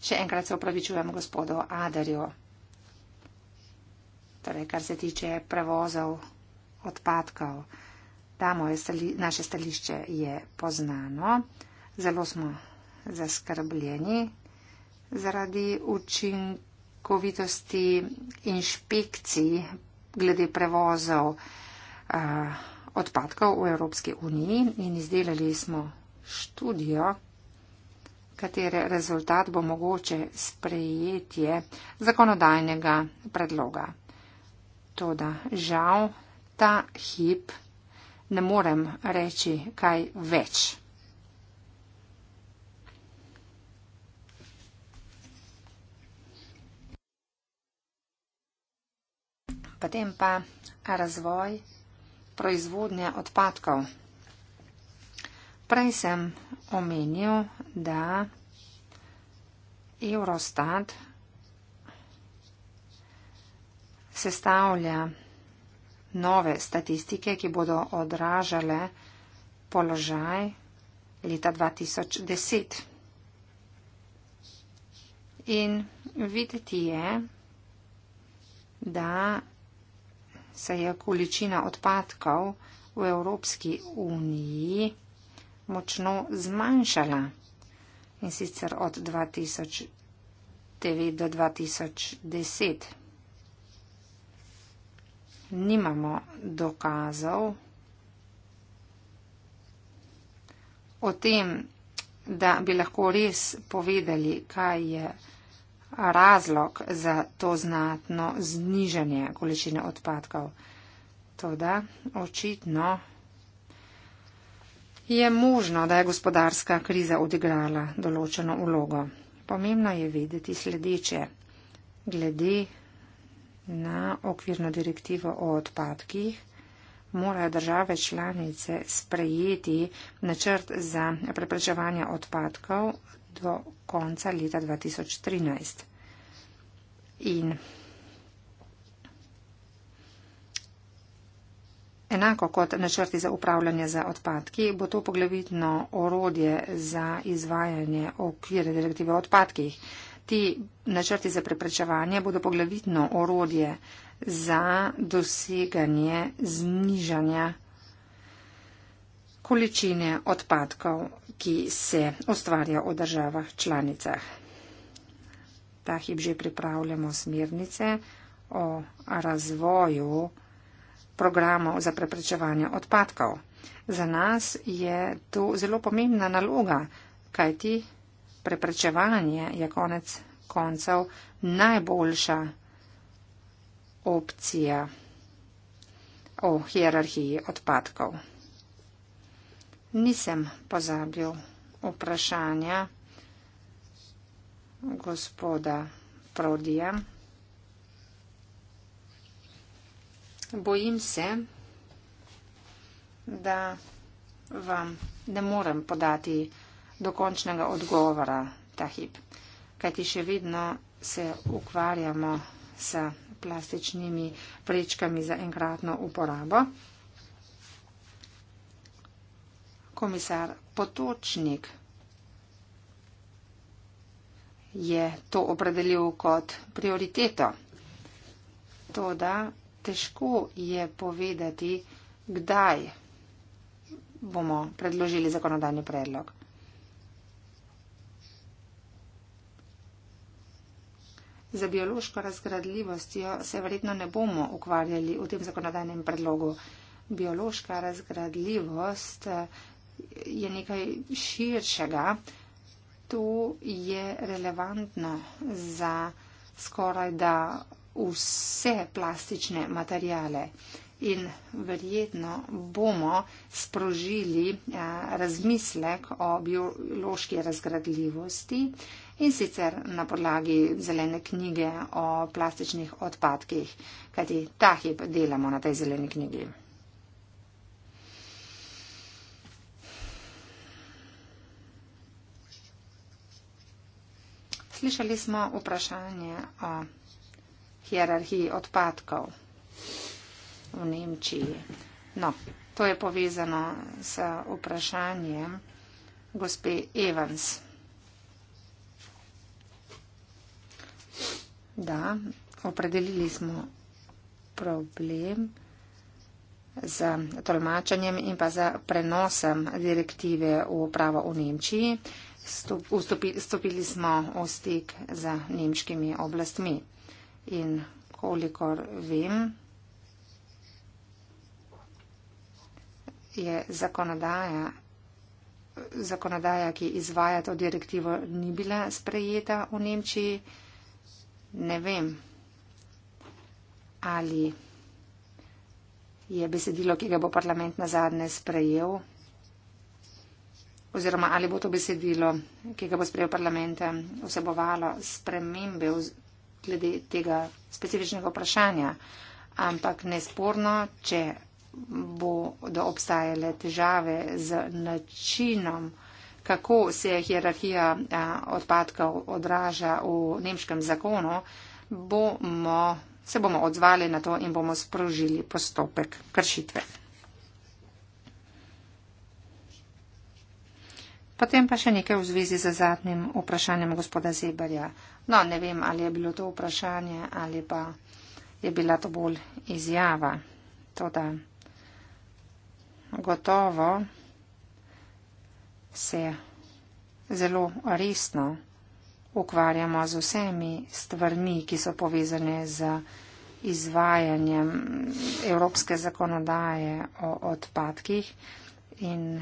še enkrat se opravičujem gospodu Aderju torej kar se tiče prevozov odpadkov. Damo je stali, naše stališče je poznano, zelo smo zaskrbljeni zaradi učinkovitosti inšpekcij glede prevozov uh, odpadkov v Evropski uniji in izdelali smo študijo, katere rezultat bo mogoče sprejetje zakonodajnega predloga. Toda žal ta hip ne morem reči kaj več. Potem pa razvoj proizvodnje odpadkov. Prej sem omenil, da Eurostat sestavlja nove statistike, ki bodo odražale položaj leta 2010. In videti je, da se je količina odpadkov v Evropski uniji močno zmanjšala in sicer od 2009 do 2010 nimamo dokazov o tem, da bi lahko res povedali, kaj je razlog za to znatno znižanje količine odpadkov. Toda očitno je možno, da je gospodarska kriza odigrala določeno ulogo. Pomembno je vedeti sledeče. Glede na okvirno direktivo o odpadkih, morajo države članice sprejeti načrt za preprečevanje odpadkov do konca leta 2013. In enako kot načrti za upravljanje za odpadki, bo to poglavitno orodje za izvajanje okvirne direktive o odpadkih. Ti načrti za preprečevanje bodo poglavitno orodje za doseganje znižanja količine odpadkov, ki se ustvarja v državah članicah. Ta hip že pripravljamo smernice o razvoju programov za preprečevanje odpadkov. Za nas je to zelo pomembna naloga, kajti preprečevanje je konec koncev najboljša opcija o hierarhiji odpadkov. Nisem pozabil vprašanja gospoda Prodija. Bojim se, da vam ne morem podati dokončnega odgovora ta hip. Kajti še vedno se ukvarjamo s plastičnimi prečkami za enkratno uporabo. Komisar Potočnik je to opredelil kot prioriteto. Toda težko je povedati, kdaj bomo predložili zakonodajni predlog. Za biološko razgradljivostjo se verjetno ne bomo ukvarjali v tem zakonodajnem predlogu. Biološka razgradljivost eh, je nekaj širšega. To je relevantno za skoraj da vse plastične materijale in verjetno bomo sprožili eh, razmislek o biološki razgradljivosti in sicer na podlagi zelene knjige o plastičnih odpadkih, kajti ta hip delamo na tej zeleni knjigi. Slišali smo vprašanje o hierarhiji odpadkov v Nemčiji. No, to je povezano s vprašanjem gospe Evans. Da, opredelili smo problem z tolmačenjem in pa z prenosem direktive v pravo v Nemčiji. Stopi, stopili smo v stik z nemškimi oblastmi. In kolikor vem, je zakonodaja, zakonodaja, ki izvaja to direktivo, ni bila sprejeta v Nemčiji ne vem, ali je besedilo, ki ga bo parlament na zadnje sprejel, oziroma ali bo to besedilo, ki ga bo sprejel parlament, vsebovalo spremembe glede tega specifičnega vprašanja. Ampak nesporno, če bodo obstajale težave z načinom, kako se hierarhija odpadkov odraža v nemškem zakonu, bomo, se bomo odzvali na to in bomo sprožili postopek kršitve. Potem pa še nekaj v zvezi z zadnjim vprašanjem gospoda Zebarja. No, ne vem, ali je bilo to vprašanje ali pa je bila to bolj izjava. Toda gotovo se zelo resno ukvarjamo z vsemi stvarmi, ki so povezane z izvajanjem evropske zakonodaje o odpadkih in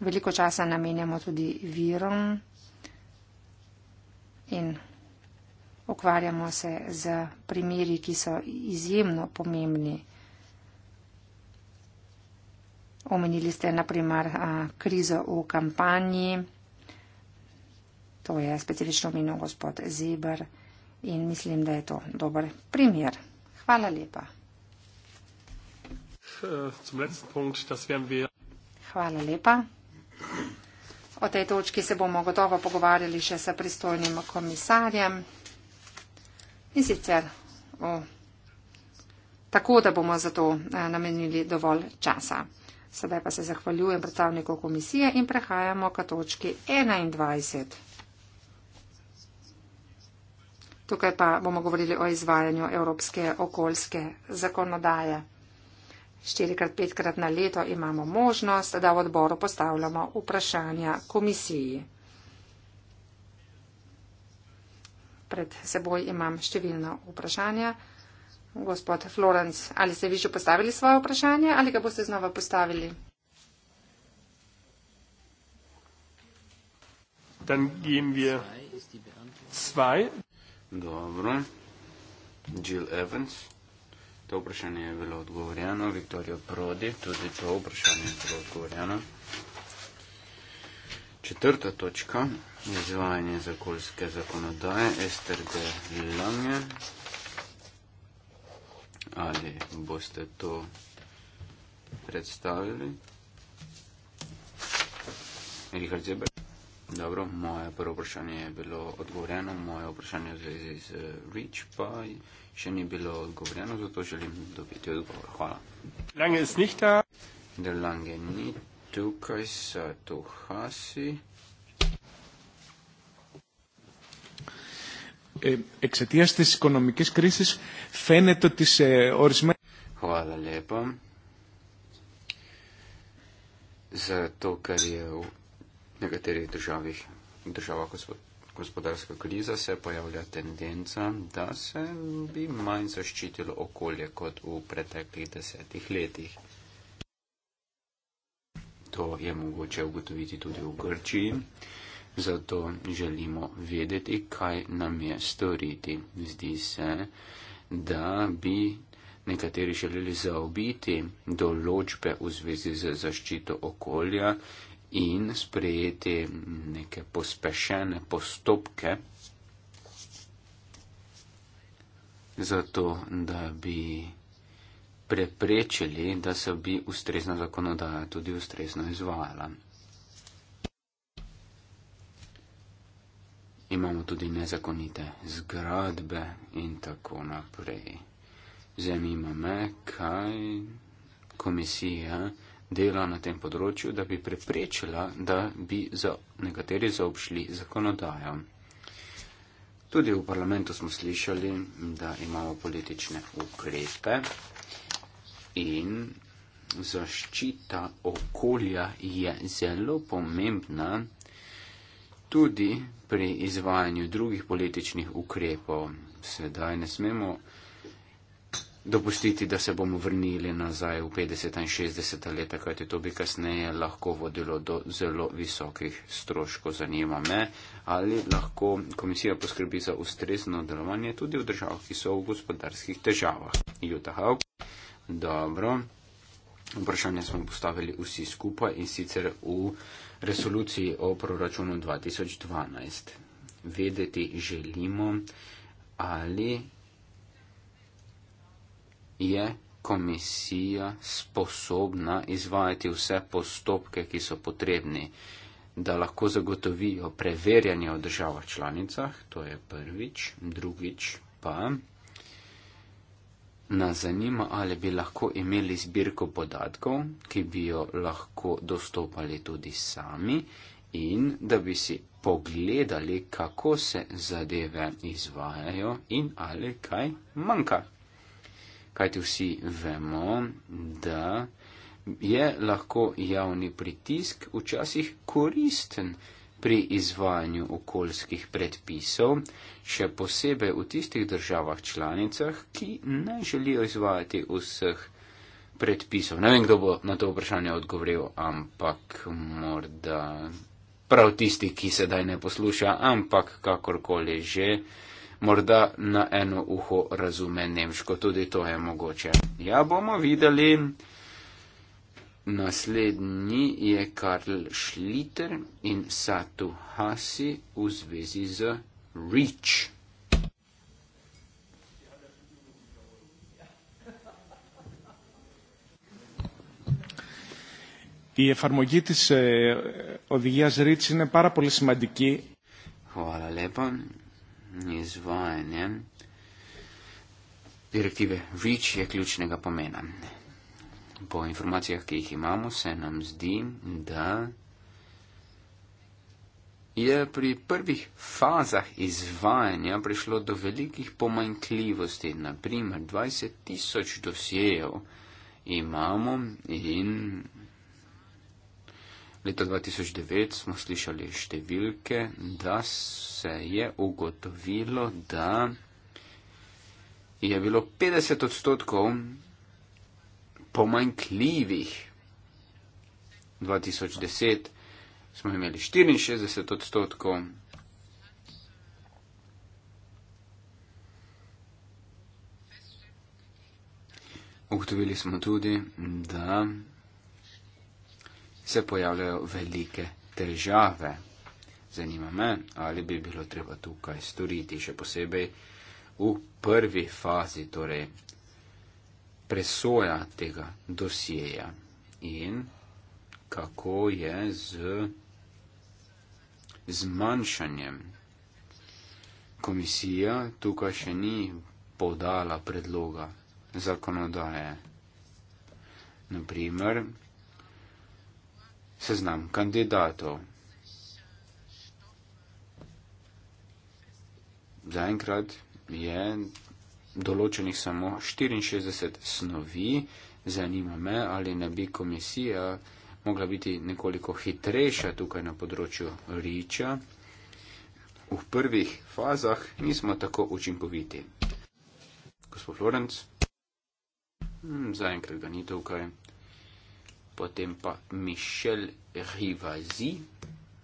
veliko časa namenjamo tudi virom in ukvarjamo se z primeri, ki so izjemno pomembni. Omenili ste naprimer krizo v kampanji, to je specifično omenil gospod Zibr in mislim, da je to dober primer. Hvala lepa. Hvala lepa. O tej točki se bomo gotovo pogovarjali še s pristojnim komisarjem in sicer o, tako, da bomo za to namenili dovolj časa. Sedaj pa se zahvaljujem predstavnikov komisije in prehajamo k točki 21. Tukaj pa bomo govorili o izvajanju evropske okoljske zakonodaje. Štirikrat, petkrat na leto imamo možnost, da v odboru postavljamo vprašanja komisiji. Pred seboj imam številna vprašanja. Gospod Florence, ali ste vi že postavili svoje vprašanje ali ga boste znova postavili? Dan gehen wir zwei. Dobro. Jill Evans. To vprašanje je bilo odgovorjeno. Viktorijo Prodi, tudi to vprašanje je bilo odgovorjeno. Četrta točka. Izvajanje zakolske zakonodaje. Ester de Lange ali boste to predstavili. Richard Zeber. Dobro, moje prvo vprašanje je bilo odgovorjeno, moje vprašanje v zvezi z REACH pa še ni bilo odgovorjeno, zato želim dobiti odgovor. Hvala. Lange je snihta. Der Lange ni tukaj, sa tu hasi. εξαιτία τη οικονομική κρίση φαίνεται ότι σε ορισμένα. Χωρά λέπα. За то, кар je v nekaterih državah, državah gospodarska kriza, se pojavlja tendenca, da se bi manj zaščitilo okolje kot v preteklih desetih letih. To je mogoče ugotoviti tudi v Grčiji zato želimo vedeti, kaj nam je storiti. Zdi se, da bi nekateri želeli zaobiti določbe v zvezi z zaščito okolja in sprejeti neke pospešene postopke, zato da bi preprečili, da se bi ustrezna zakonodaja tudi ustrezno izvajala. imamo tudi nezakonite zgradbe in tako naprej. Zanima me, kaj komisija dela na tem področju, da bi preprečila, da bi za nekateri zaobšli zakonodajo. Tudi v parlamentu smo slišali, da imamo politične ukrepe in zaščita okolja je zelo pomembna tudi pri izvajanju drugih političnih ukrepov. Sedaj ne smemo dopustiti, da se bomo vrnili nazaj v 50 in 60 leta, kajte to bi kasneje lahko vodilo do zelo visokih stroškov. Zanima me, ali lahko komisija poskrbi za ustrezno delovanje tudi v državah, ki so v gospodarskih težavah. Jutahauk. Dobro vprašanje smo postavili vsi skupaj in sicer v resoluciji o proračunu 2012. Vedeti želimo, ali je komisija sposobna izvajati vse postopke, ki so potrebni, da lahko zagotovijo preverjanje v državah članicah, to je prvič, drugič pa nas zanima, ali bi lahko imeli zbirko podatkov, ki bi jo lahko dostopali tudi sami in da bi si pogledali, kako se zadeve izvajajo in ali kaj manjka. Kajti vsi vemo, da je lahko javni pritisk včasih koristen pri izvajanju okoljskih predpisov, še posebej v tistih državah članicah, ki ne želijo izvajati vseh predpisov. Ne vem, kdo bo na to vprašanje odgovoril, ampak morda prav tisti, ki sedaj ne posluša, ampak kakorkoli že, morda na eno uho razume nemško, tudi to je mogoče. Ja, bomo videli. Naslednji je Karl Schlitter in Satu Hasi v zvezi z REACH. Η εφαρμογή της ε, οδηγίας REACH είναι πάρα πολύ σημαντική. Χωρά λοιπόν, νησβάνε, διεκτήβε REACH για κλούτσινε καπομένα po informacijah, ki jih imamo, se nam zdi, da je pri prvih fazah izvajanja prišlo do velikih pomanjkljivosti. Naprimer, 20 tisoč dosjejev imamo in leta 2009 smo slišali številke, da se je ugotovilo, da je bilo 50 odstotkov pomanjkljivih. 2010 smo imeli 64 odstotkov. Ugotovili smo tudi, da se pojavljajo velike težave. Zanima me, ali bi bilo treba tukaj storiti, še posebej v prvi fazi, torej presoja tega dosjeja in kako je z zmanjšanjem. Komisija tukaj še ni podala predloga zakonodaje. Naprimer, seznam kandidatov. Zaenkrat je določenih samo 64 snovi. Zanima me, ali ne bi komisija mogla biti nekoliko hitrejša tukaj na področju riča. V prvih fazah nismo tako učinkoviti. Gospod Florenc, hm, zaenkrat ga ni tukaj. Potem pa Michel Rivazi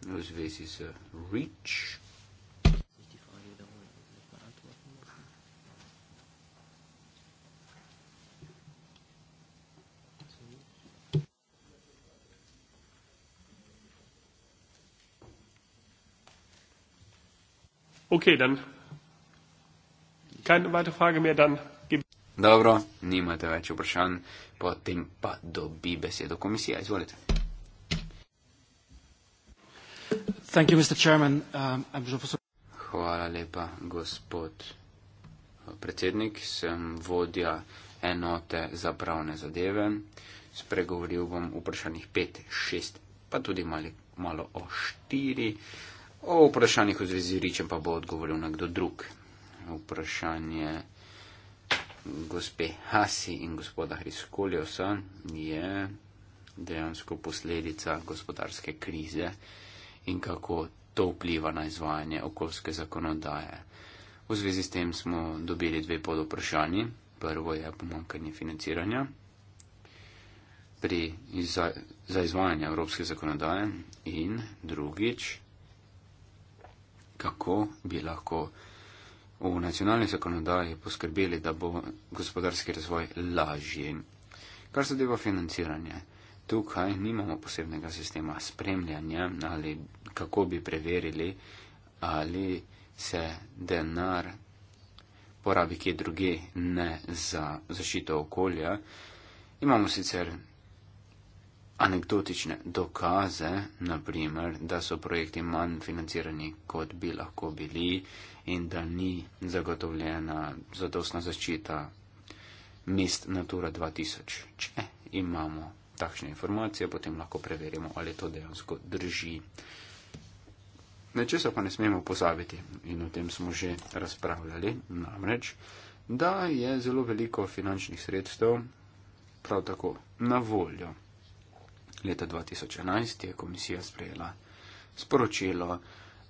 v zvezi z Rich. Okay, dann. Keine weitere Frage mehr, dann. Dobro, nimate več vprašanj, potem pa dobi besedo komisija. Izvolite. Thank you, Mr. Chairman. Um, Hvala lepa, gospod predsednik. Sem vodja enote za pravne zadeve. Spregovoril bom o vprašanjih 5, 6, pa tudi mali, malo o 4. O vprašanjih v zvezi z Ričem pa bo odgovoril nekdo drug. Vprašanje gospe Hasi in gospoda Hriskoljosa je dejansko posledica gospodarske krize in kako to vpliva na izvajanje okoljske zakonodaje. V zvezi s tem smo dobili dve pod vprašanji. Prvo je pomankanje financiranja pri, za, za izvajanje evropske zakonodaje in drugič kako bi lahko v nacionalni zakonodaji poskrbeli, da bo gospodarski razvoj lažji. Kar se deva financiranje, tukaj nimamo posebnega sistema spremljanja ali kako bi preverili, ali se denar porabi kje druge, ne za zašito okolja. Imamo sicer anekdotične dokaze, naprimer, da so projekti manj financirani, kot bi lahko bili in da ni zagotovljena zadostna zaščita mest Natura 2000. Če imamo takšne informacije, potem lahko preverimo, ali to dejansko drži. Nečesa pa ne smemo pozabiti in o tem smo že razpravljali, namreč, da je zelo veliko finančnih sredstev prav tako na voljo. Leta 2011 je komisija sprejela sporočilo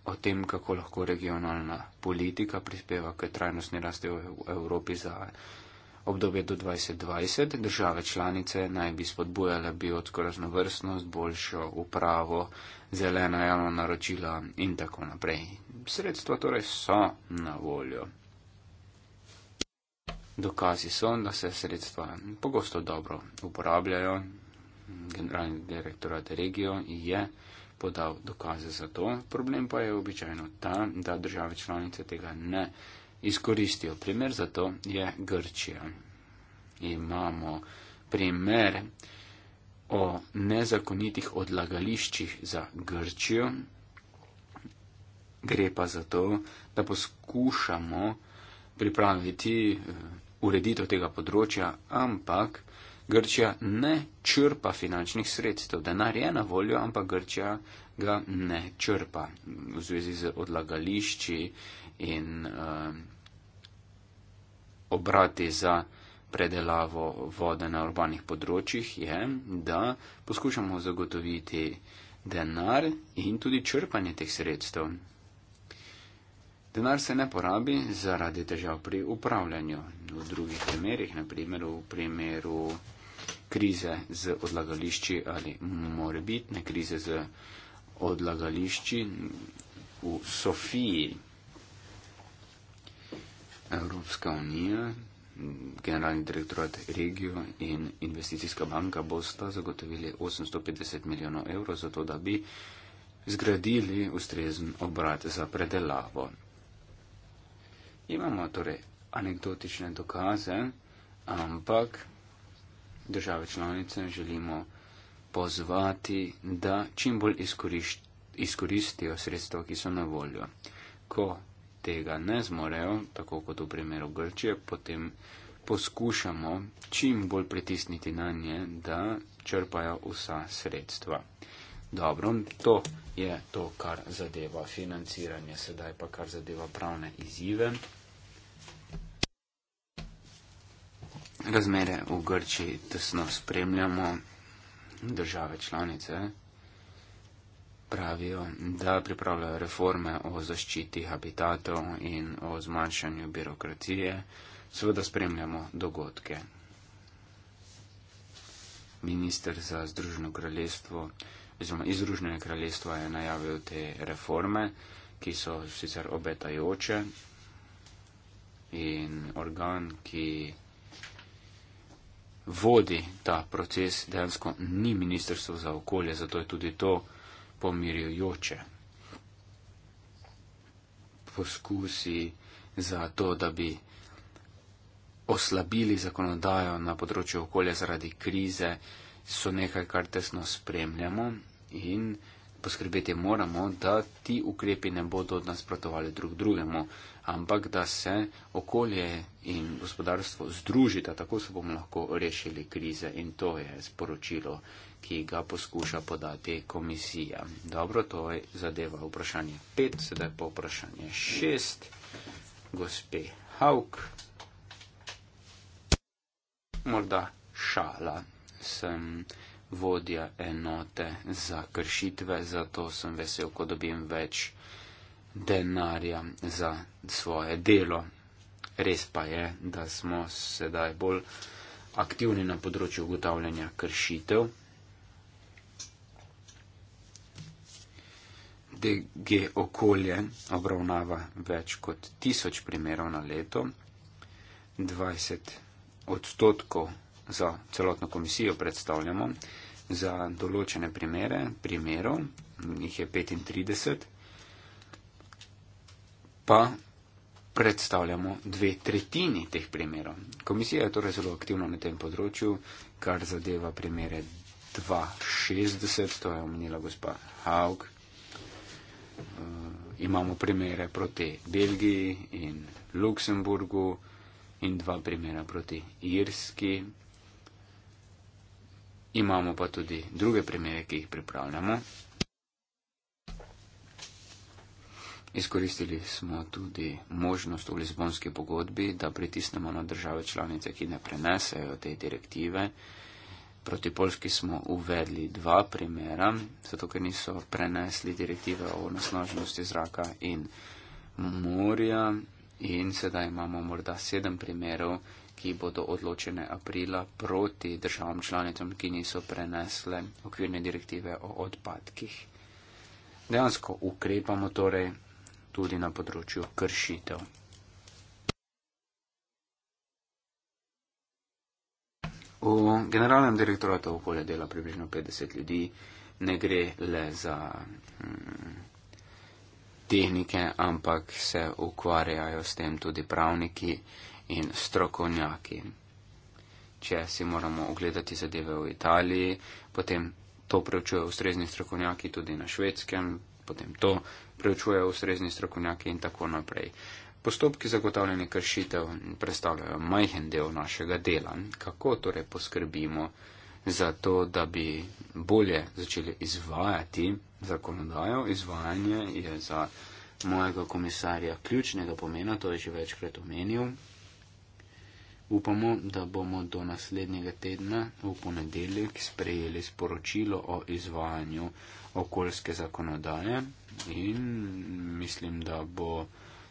o tem, kako lahko regionalna politika prispeva k trajnostni rasti v Evropi za obdobje do 2020. Države članice naj bi spodbujale biotsko raznovrstnost, boljšo upravo, zelena javna naročila in tako naprej. Sredstva torej so na voljo. Dokazi so, da se sredstva pogosto dobro uporabljajo, generalni direktorat regijo je podal dokaze za to. Problem pa je običajno ta, da države članice tega ne izkoristijo. Primer za to je Grčija. Imamo primer o nezakonitih odlagališčih za Grčijo. Gre pa za to, da poskušamo pripraviti eh, ureditev tega področja, ampak Grčija ne črpa finančnih sredstev, denar je na voljo, ampak Grčija ga ne črpa v zvezi z odlagališči in uh, obrati za predelavo vode na urbanih področjih, je, da poskušamo zagotoviti denar in tudi črpanje teh sredstev. Denar se ne porabi zaradi težav pri upravljanju. V drugih primerih, naprimer v primeru krize z odlagališči ali morebitne krize z odlagališči v Sofiji. Evropska unija, generalni direktorat regijo in investicijska banka bosta zagotovili 850 milijonov evrov za to, da bi zgradili ustrezen obrat za predelavo. Imamo torej anekdotične dokaze, ampak države članice želimo pozvati, da čim bolj izkoristijo sredstva, ki so na voljo. Ko tega ne zmorejo, tako kot v primeru Grčije, potem poskušamo čim bolj pritisniti na nje, da črpajo vsa sredstva. Dobro, to je to, kar zadeva financiranje, sedaj pa kar zadeva pravne izzive. Razmere v Grčiji tesno spremljamo. Države članice pravijo, da pripravljajo reforme o zaščiti habitatov in o zmanjšanju birokracije. Seveda spremljamo dogodke. Minister za Združeno kraljestvo, oziroma iz Združenega kraljestva je najavil te reforme, ki so sicer obetajoče in organ, ki vodi ta proces, dejansko ni ministrstvo za okolje, zato je tudi to pomirjujoče. Poskusi za to, da bi oslabili zakonodajo na področju okolja zaradi krize, so nekaj, kar tesno spremljamo in poskrbeti moramo, da ti ukrepi ne bodo nasprotovali drug drugemu, ampak da se okolje in gospodarstvo združita, tako se bomo lahko rešili krize in to je sporočilo, ki ga poskuša podati komisija. Dobro, to je zadeva vprašanje 5, sedaj pa vprašanje 6. Gospe Hauk, morda šala sem vodja enote za kršitve, zato sem vesel, ko dobim več denarja za svoje delo. Res pa je, da smo sedaj bolj aktivni na področju ugotavljanja kršitev. DG okolje obravnava več kot tisoč primerov na leto, 20 odstotkov za celotno komisijo predstavljamo za določene primere, primerov, jih je 35, pa predstavljamo dve tretjini teh primerov. Komisija je torej zelo aktivna na tem področju, kar zadeva primere 260, to je omenila gospa Haug. Uh, imamo primere proti Belgiji in Luksemburgu in dva primera proti Irski, Imamo pa tudi druge primere, ki jih pripravljamo. Izkoristili smo tudi možnost v Lizbonski pogodbi, da pritisnemo na države članice, ki ne prenesejo te direktive. Proti Polski smo uvedli dva primera, zato ker niso prenesli direktive o nasnoženosti zraka in morja. In sedaj imamo morda sedem primerov, ki bodo odločene aprila proti državam članicam, ki niso prenesle okvirne direktive o odpadkih. Dejansko ukrepamo torej tudi na področju kršitev. V generalnem direktoratu okolja dela približno 50 ljudi, ne gre le za hmm, tehnike, ampak se ukvarjajo s tem tudi pravniki in strokovnjaki. Če si moramo ogledati zadeve v Italiji, potem to preučuje ustrezni strokovnjaki tudi na švedskem, potem to preučuje ustrezni strokovnjaki in tako naprej. Postopki zagotavljanja kršitev predstavljajo majhen del našega dela. Kako torej poskrbimo za to, da bi bolje začeli izvajati zakonodajo? Izvajanje je za mojega komisarja ključnega pomena, to je že večkrat omenil. Upamo, da bomo do naslednjega tedna v ponedeljek sprejeli sporočilo o izvajanju okoljske zakonodaje in mislim, da bo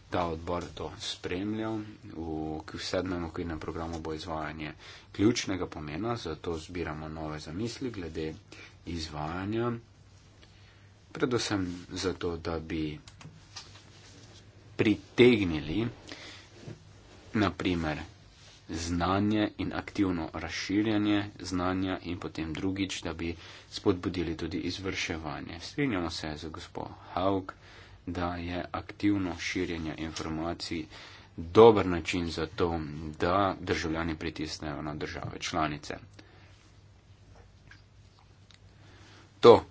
ta odbor to spremljal. V sedmem okvirnem programu bo izvajanje ključnega pomena, zato zbiramo nove zamisli glede izvajanja. Predvsem zato, da bi pritegnili, naprimer, znanje in aktivno razširjanje znanja in potem drugič, da bi spodbudili tudi izvrševanje. Strinjamo se z gospod Haug, da je aktivno širjenje informacij dober način za to, da državljani pritisnejo na države članice. To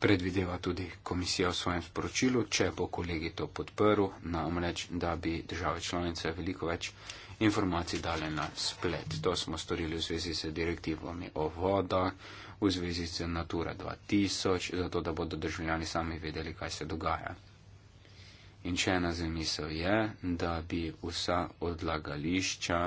predvideva tudi komisija v svojem sporočilu, če bo kolegi to podprl, namreč, da bi države članice veliko več informacij dale na splet. To smo storili v zvezi z direktivami o vodah, v zvezi z Natura 2000, zato da bodo državljani sami vedeli, kaj se dogaja. In še ena zamisel je, da bi vsa odlagališča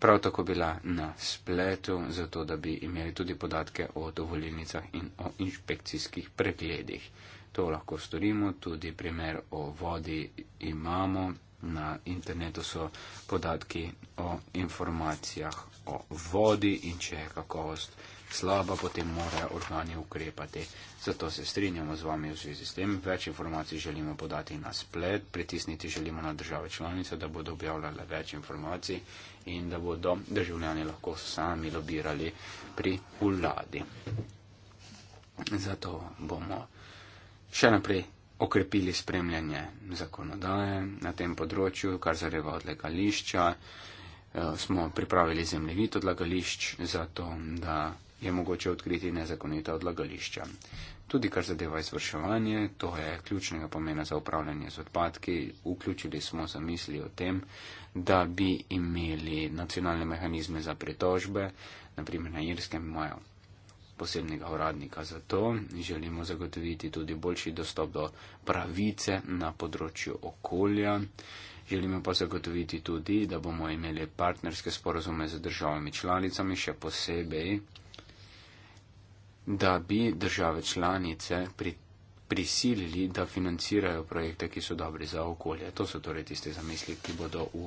prav tako bila na spletu, zato da bi imeli tudi podatke o dovoljenicah in o inšpekcijskih pregledih. To lahko storimo, tudi primer o vodi imamo, na internetu so podatki o informacijah o vodi in če je kakovost slaba, potem morajo organi ukrepati. Zato se strinjamo z vami v zvezi s tem. Več informacij želimo podati na splet, pritisniti želimo na države članice, da bodo objavljale več informacij in da bodo državljani lahko sami lobirali pri vladi. Zato bomo še naprej okrepili spremljanje zakonodaje na tem področju, kar zareva odlagališča. Eh, smo pripravili zemljevid odlagališč za to, da je mogoče odkriti nezakonita odlagališča. Tudi kar zadeva izvrševanje, to je ključnega pomena za upravljanje z odpadki, vključili smo zamisli o tem, da bi imeli nacionalne mehanizme za pritožbe, naprimer na Irskem imajo posebnega uradnika za to. Želimo zagotoviti tudi boljši dostop do pravice na področju okolja. Želimo pa zagotoviti tudi, da bomo imeli partnerske sporozume z državami članicami, še posebej, da bi države članice pri, prisilili, da financirajo projekte, ki so dobri za okolje. To so torej tiste zamisli, ki bodo v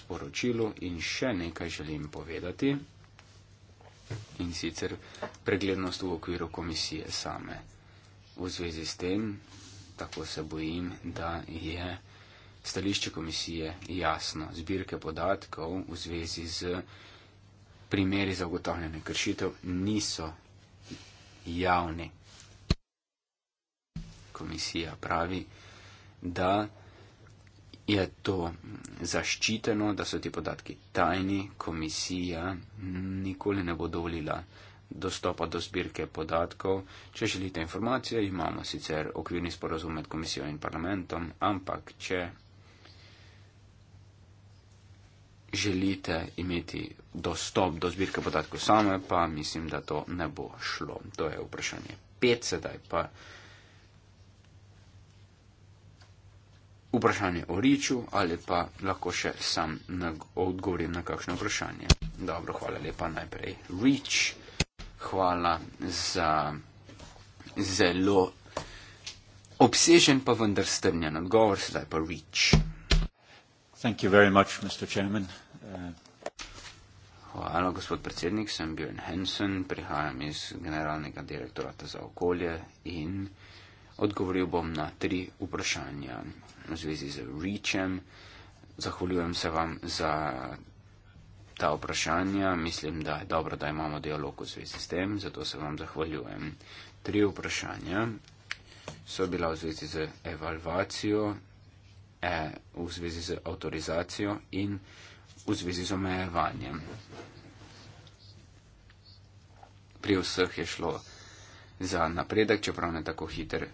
sporočilu in še nekaj želim povedati in sicer preglednost v okviru komisije same. V zvezi s tem, tako se bojim, da je stališče komisije jasno. Zbirke podatkov v zvezi z primeri zagotavljanja kršitev niso javni. Komisija pravi, da je to zaščiteno, da so ti podatki tajni, komisija nikoli ne bo dovolila dostopa do zbirke podatkov. Če želite informacije, imamo sicer okvirni sporozum med komisijo in parlamentom, ampak če želite imeti dostop do zbirke podatkov same, pa mislim, da to ne bo šlo. To je vprašanje. Pet sedaj pa. vprašanje o Riču ali pa lahko še sam na, odgovorim na kakšno vprašanje. Dobro, hvala lepa najprej. Rič, hvala za zelo obsežen pa vendar strnjen odgovor, sedaj pa Rič. Thank you very much, Mr. Chairman. Uh... Hvala, gospod predsednik, sem Björn Hansen, prihajam iz generalnega direktorata za okolje in uh, Odgovoril bom na tri vprašanja v zvezi z REACHEM. Zahvaljujem se vam za ta vprašanja. Mislim, da je dobro, da imamo dialog v zvezi s tem, zato se vam zahvaljujem. Tri vprašanja so bila v zvezi z evalvacijo, e, v zvezi z avtorizacijo in v zvezi z omejevanjem. Pri vseh je šlo za napredek, čeprav ne tako hiter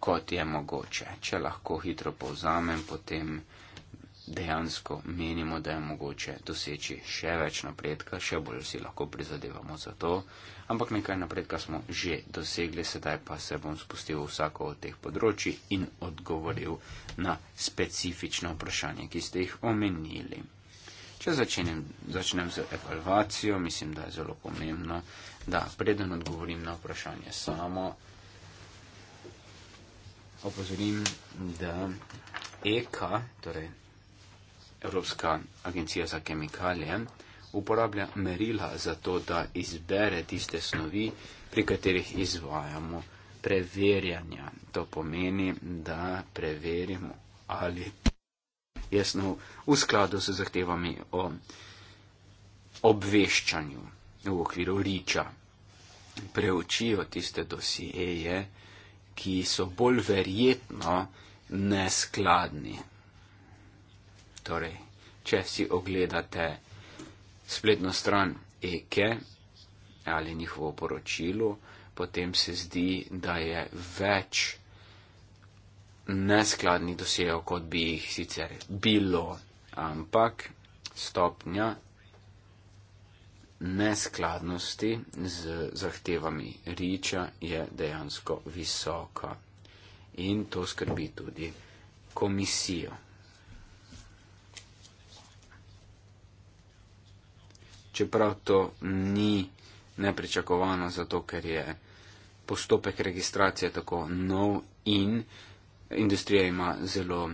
kot je mogoče. Če lahko hitro povzamem, potem dejansko menimo, da je mogoče doseči še več napredka, še bolj si lahko prizadevamo za to, ampak nekaj napredka smo že dosegli, sedaj pa se bom spustil v vsako od teh področji in odgovoril na specifično vprašanje, ki ste jih omenili. Če začenem, začnem z evalvacijo, mislim, da je zelo pomembno, da preden odgovorim na vprašanje samo, opozorim, da EKA, torej Evropska agencija za kemikalije, uporablja merila za to, da izbere tiste snovi, pri katerih izvajamo preverjanja. To pomeni, da preverimo, ali je snov v skladu s zahtevami o obveščanju v okviru riča. Preučijo tiste dosijeje ki so bolj verjetno neskladni. Torej, če si ogledate spletno stran Eke ali njihovo poročilo, potem se zdi, da je več neskladnih dosejev, kot bi jih sicer bilo, ampak stopnja neskladnosti z zahtevami riča je dejansko visoka. In to skrbi tudi komisijo. Čeprav to ni nepričakovano, zato ker je postopek registracije tako nov in industrija ima zelo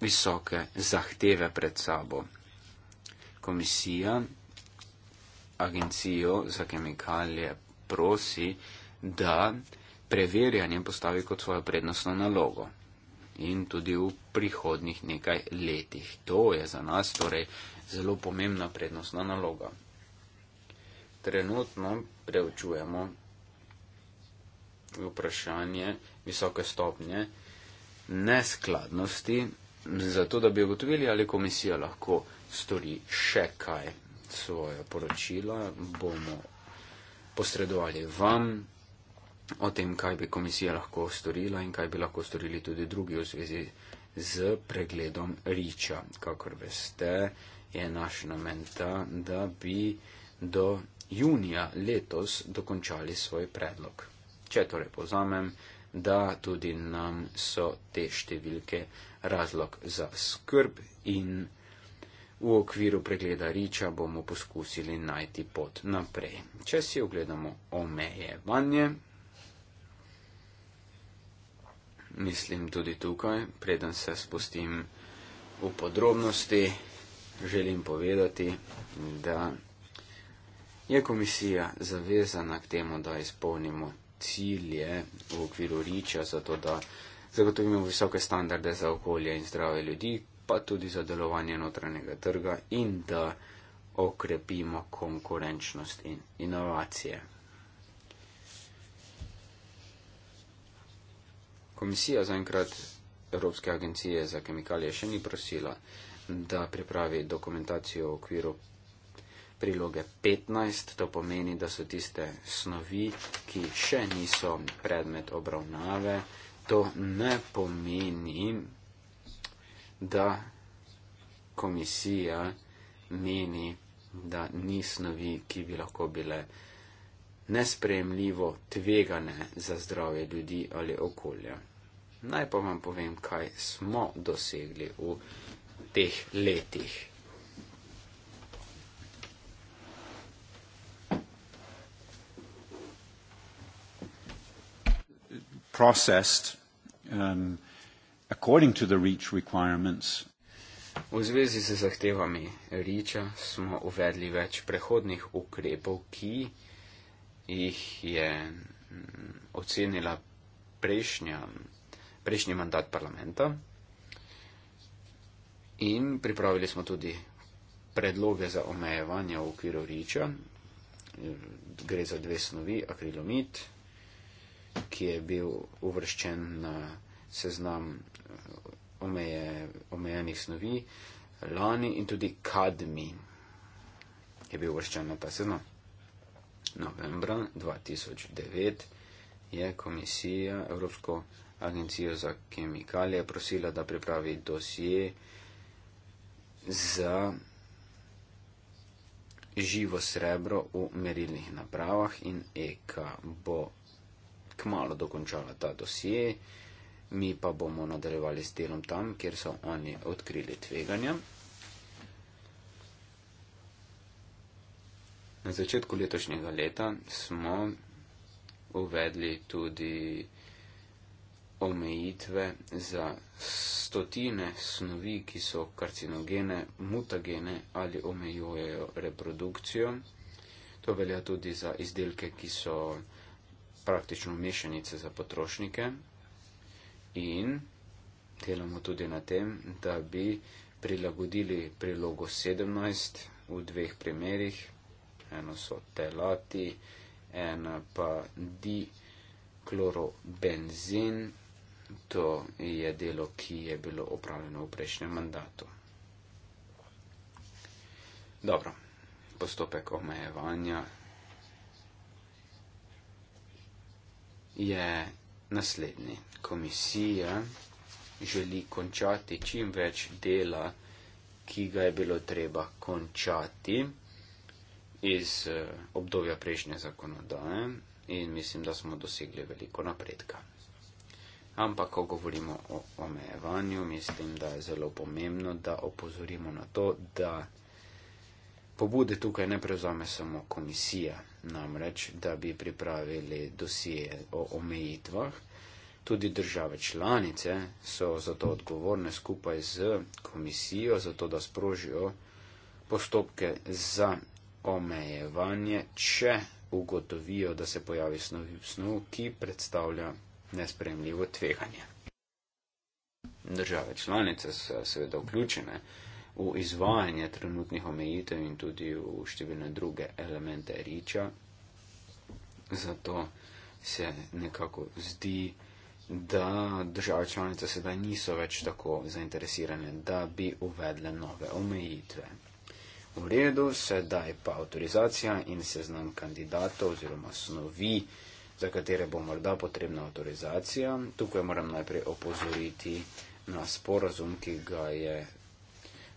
visoke zahteve pred sabo. Komisija agencijo za kemikalije prosi, da preverjanje postavi kot svojo prednostno nalogo in tudi v prihodnih nekaj letih. To je za nas torej zelo pomembna prednostna naloga. Trenutno preučujemo vprašanje visoke stopnje neskladnosti, zato da bi ugotovili, ali komisija lahko stori še kaj svoje poročila, bomo posredovali vam o tem, kaj bi komisija lahko storila in kaj bi lahko storili tudi drugi v zvezi z pregledom riča. Kakor veste, je naš namen ta, da bi do junija letos dokončali svoj predlog. Če torej povzamem, da tudi nam so te številke razlog za skrb in skrb. V okviru pregleda riča bomo poskusili najti pot naprej. Če si ogledamo omejevanje, mislim tudi tukaj, preden se spustim v podrobnosti, želim povedati, da je komisija zavezana k temu, da izpolnimo cilje v okviru riča, zato da zagotovimo visoke standarde za okolje in zdrave ljudi, pa tudi za delovanje notranjega trga in da okrepimo konkurenčnost in inovacije. Komisija za enkrat Evropske agencije za kemikalije še ni prosila, da pripravi dokumentacijo v okviru priloge 15. To pomeni, da so tiste snovi, ki še niso predmet obravnave. To ne pomeni, da komisija meni, da ni snovi, ki bi lahko bile nespremljivo tvegane za zdravje ljudi ali okolja. Naj pa vam povem, kaj smo dosegli v teh letih. Processed um, according to the REACH requirements. V zvezi z zahtevami REACHA smo uvedli več prehodnih ukrepov, ki jih je mm, ocenila prejšnja, prejšnji mandat parlamenta. In pripravili smo tudi predloge za omejevanje v okviru riča. Gre za dve snovi, akrilomit, ki je bil uvrščen na seznam eh, omeje, omejenih snovi, lani in tudi kadmi je bil uvrščen na ta seznam. Novembra 2009 je komisija Evropsko agencijo za kemikalije prosila, da pripravi dosje za živo srebro v merilnih napravah in EK bo kmalo dokončala ta dosje. Uh, mi pa bomo nadaljevali s delom tam, kjer so oni odkrili tveganja. Na začetku letošnjega leta smo uvedli tudi omejitve za stotine snovi, ki so karcinogene, mutagene ali omejujejo reprodukcijo. To velja tudi za izdelke, ki so praktično mešanice za potrošnike in delamo tudi na tem, da bi prilagodili prilogo 17 v dveh primerih. Eno so telati, ena pa di klorobenzin. To je delo, ki je bilo opravljeno v prejšnjem mandatu. Dobro, postopek omejevanja je naslednji. Komisija želi končati čim več dela, ki ga je bilo treba končati iz eh, obdobja prejšnje zakonodaje in mislim, da smo dosegli veliko napredka. Ampak, ko govorimo o omejevanju, mislim, da je zelo pomembno, da opozorimo na to, da pobude tukaj ne prevzame samo komisija, namreč, da bi pripravili dosije o omejitvah. Tudi države članice so zato odgovorne skupaj z komisijo, zato da sprožijo postopke za omejevanje, če ugotovijo, da se pojavi snov, snov ki predstavlja nespremljivo tveganje. Države članice so seveda vključene v izvajanje trenutnih omejitev in tudi v številne druge elemente riča. Zato se nekako zdi, da države članice sedaj niso več tako zainteresirane, da bi uvedle nove omejitve. V redu, sedaj pa avtorizacija in seznam kandidatov oziroma snovi, za katere bo morda potrebna avtorizacija. Tukaj moram najprej opozoriti na sporazum, ki ga je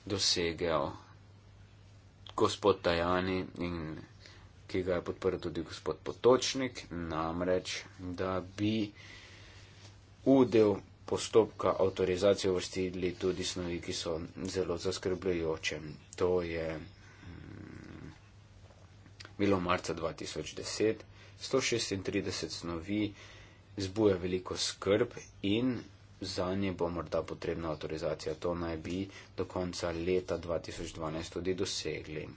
dosegel gospod Tajani in ki ga je podprl tudi gospod Potočnik, namreč, da bi v del postopka avtorizacije vrstili tudi snovi, ki so zelo zaskrbljujoče. To je mm, bilo marca 2010, 136 snovi zbuja veliko skrb in za nje bo morda potrebna avtorizacija. To naj bi do konca leta 2012 tudi dosegli.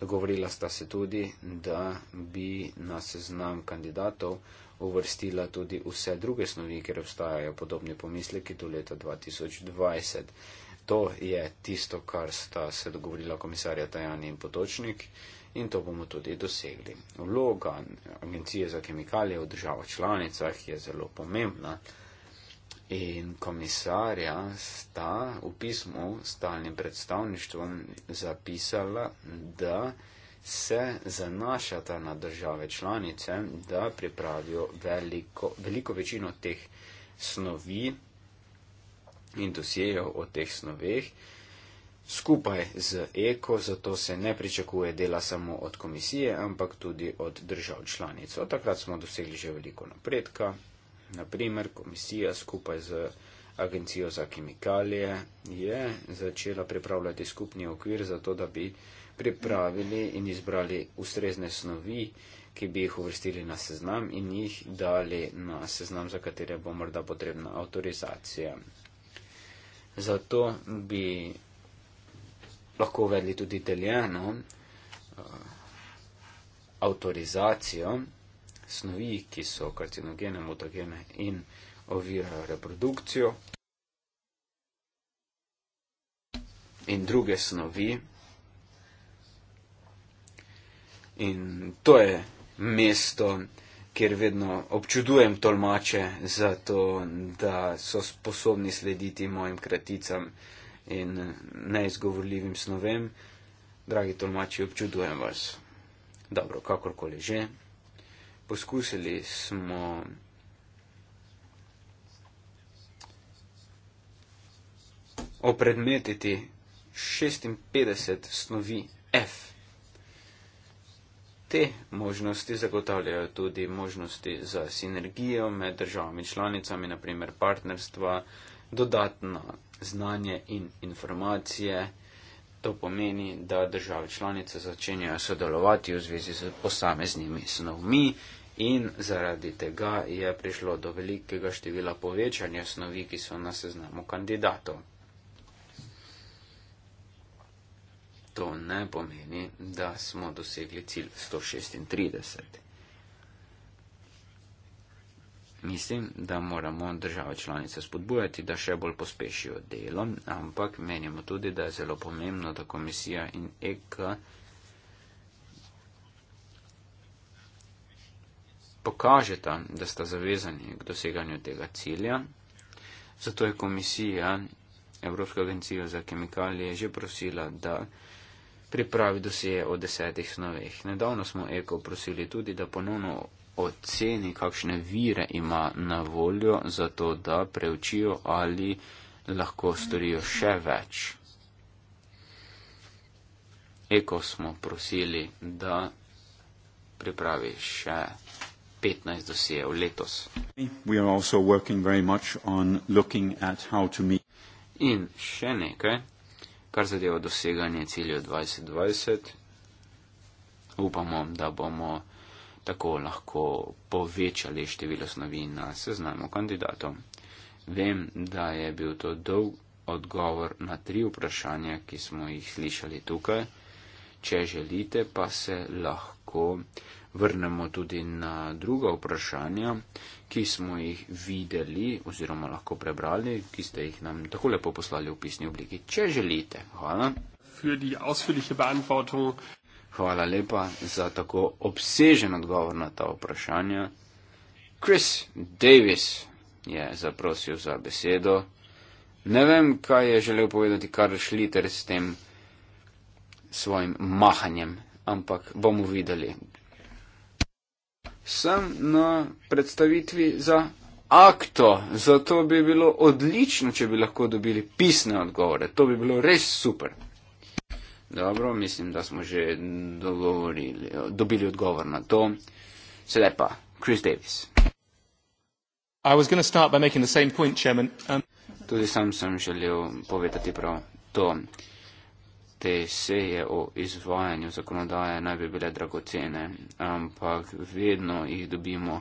Dogovorila sta se tudi, da bi na seznam kandidatov uvrstila tudi vse druge snovi, ker obstajajo podobni pomisleki do leta 2020. To je tisto, kar sta se dogovorila komisarja Tajani in Potočnik in to bomo tudi dosegli. Vloga Agencije za kemikalije v državah članicah je zelo pomembna in komisarja sta v pismu stalnim predstavništvom zapisala, da se zanašata na države članice, da pripravijo veliko, veliko večino teh snovi in dosjejo o teh snoveh skupaj z Eko, zato se ne pričakuje dela samo od komisije, ampak tudi od držav članic. Od takrat smo dosegli že veliko napredka. Naprimer, komisija skupaj z Agencijo za kemikalije je začela pripravljati skupni okvir za to, da bi pripravili in izbrali ustrezne snovi, ki bi jih uvrstili na seznam in jih dali na seznam, za katere bo morda potrebna avtorizacija. Zato bi lahko uvedli tudi italijano eh, avtorizacijo snovi, ki so karcinogene, mutagene in ovirajo reprodukcijo. In druge snovi. In to je mesto, kjer vedno občudujem tolmače za to, da so sposobni slediti mojim kraticam in neizgovorljivim snovem. Dragi tolmači, občudujem vas. Dobro, kakorkoli že. Poskusili smo. opredmetiti 56 snovi F. Te možnosti zagotavljajo tudi možnosti za sinergijo med državami članicami, naprimer partnerstva, dodatna znanje in informacije. To pomeni, da države članice začenjajo sodelovati v zvezi z posameznimi snovmi in zaradi tega je prišlo do velikega števila povečanja snovi, ki so na seznamu kandidatov. To ne pomeni, da smo dosegli cilj 136. Mislim, da moramo države članice spodbujati, da še bolj pospešijo delo, ampak menimo tudi, da je zelo pomembno, da komisija in EK pokažeta, da sta zavezani k doseganju tega cilja. Zato je komisija Evropska agencija za kemikalije že prosila, da pripravi dosije o desetih snoveh. Nedavno smo EKO prosili tudi, da ponovno oceni, kakšne vire ima na voljo, zato da preučijo ali lahko storijo še več. Eko smo prosili, da pripravi še 15 dosijev letos. In še nekaj, kar zadeva doseganje cilja 2020. Upamo, da bomo tako lahko povečali število snovi na seznamu kandidatov. Vem, da je bil to dolg odgovor na tri vprašanja, ki smo jih slišali tukaj. Če želite, pa se lahko vrnemo tudi na druga vprašanja, ki smo jih videli oziroma lahko prebrali, ki ste jih nam tako lepo poslali v pisni obliki. Če želite, hvala. Für die ausführliche Beantwortung. Hvala lepa za tako obsežen odgovor na ta vprašanja. Chris Davis je zaprosil za besedo. Ne vem, kaj je želel povedati Karl Schlitter s tem svojim mahanjem, ampak bomo videli. Sem na predstavitvi za akto, zato bi bilo odlično, če bi lahko dobili pisne odgovore. To bi bilo res super. Dobro, mislim, da smo že dobili odgovor na to. Sedaj pa, Chris Davis. Point, um... Tudi sam sem želel povedati prav to. Te seje o izvajanju zakonodaje naj bi bile dragocene, ampak vedno jih dobimo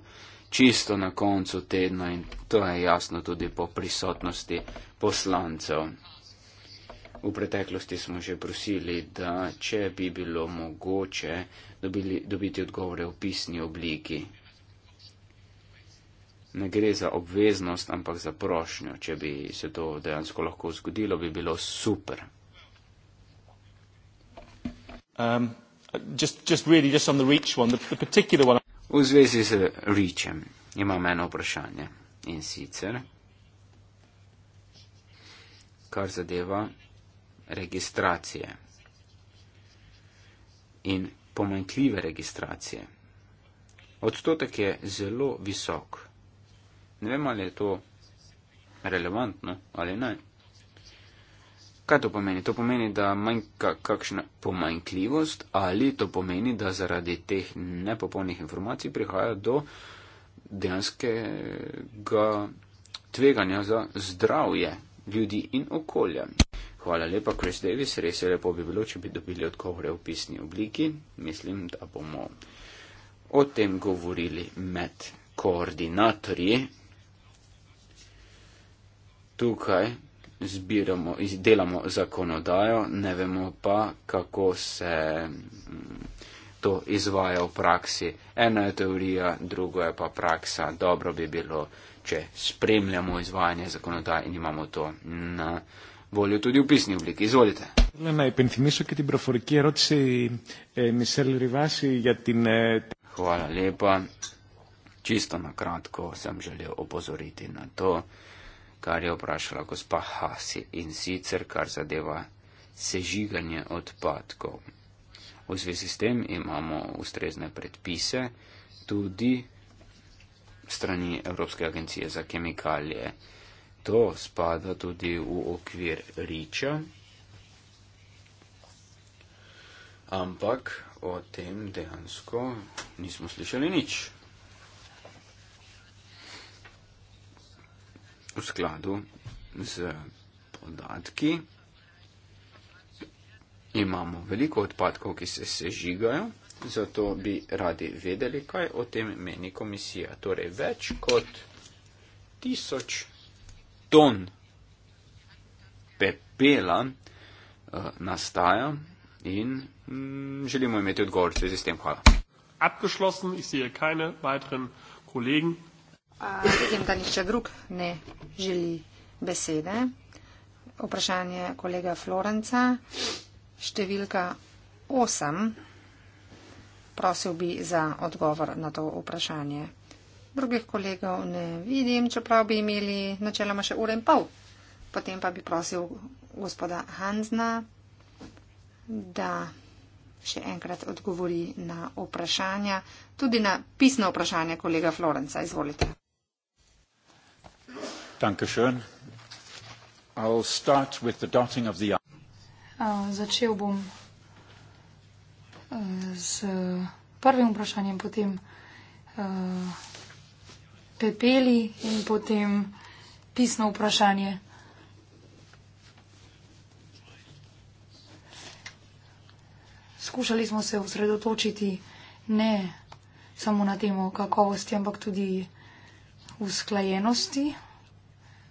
čisto na koncu tedna in to je jasno tudi po prisotnosti poslancev. V preteklosti smo že prosili, da če bi bilo mogoče dobili, dobiti odgovore v pisni obliki. Ne gre za obveznost, ampak za prošnjo. Če bi se to dejansko lahko zgodilo, bi bilo super. Um, just, just really, just on the one, the, the one... V zvezi z REACHem imam eno vprašanje in sicer, kar zadeva registracije in pomankljive registracije. Odstotek je zelo visok. Ne vem, ali je to relevantno ali ne. Kaj to pomeni? To pomeni, da manjka kakšna pomankljivost ali to pomeni, da zaradi teh nepopolnih informacij prihaja do dejanskega tveganja za zdravje ljudi in okolja. Hvala lepa, Chris Davis. Res je lepo bi bilo, če bi dobili odgovore v pisni obliki. Mislim, da bomo o tem govorili med koordinatorji. Tukaj zbiramo, izdelamo zakonodajo, ne vemo pa, kako se mm, to izvaja v praksi. Ena je teorija, drugo je pa praksa. Dobro bi bilo, če spremljamo izvajanje zakonodaje in imamo to na. Βόλιο του ίδιου πίστη Ιουβλίκη. Ισβόλυτα. Θέλω να υπενθυμίσω και την προφορική ερώτηση ε, Μισελ Ριβάση για την... Χωάλα ε... λίπα. Чисто на кратко sem želel opozoriti na to, kar je vprašala gospa Hasi in sicer, kar zadeva sežiganje odpadkov. V zvezi s tem imamo ustrezne predpise, tudi strani Evropske agencije za kemikalije to spada tudi v okvir riča, ampak o tem dejansko nismo slišali nič. V skladu z podatki imamo veliko odpadkov, ki se sežigajo, zato bi radi vedeli, kaj o tem meni komisija. Torej, več kot tisoč ton pepela uh, nastaja in mm, želimo imeti odgovor v zvezi s tem. Hvala. Abgeschlossen, ich sehe keine weiteren Kollegen. Vidim, da nišče drug ne želi besede. Vprašanje kolega Florenca, številka 8. Prosil bi za odgovor na to vprašanje drugih kolegov ne vidim, čeprav bi imeli načeloma še ure in pol. Potem pa bi prosil gospoda Hanzna, da še enkrat odgovori na vprašanja, tudi na pisno vprašanje kolega Florenca. Izvolite. Začel bom e, z prvim vprašanjem, potem e, pepeli in potem pisno vprašanje. Skušali smo se osredotočiti ne samo na temo kakovosti, ampak tudi usklajenosti.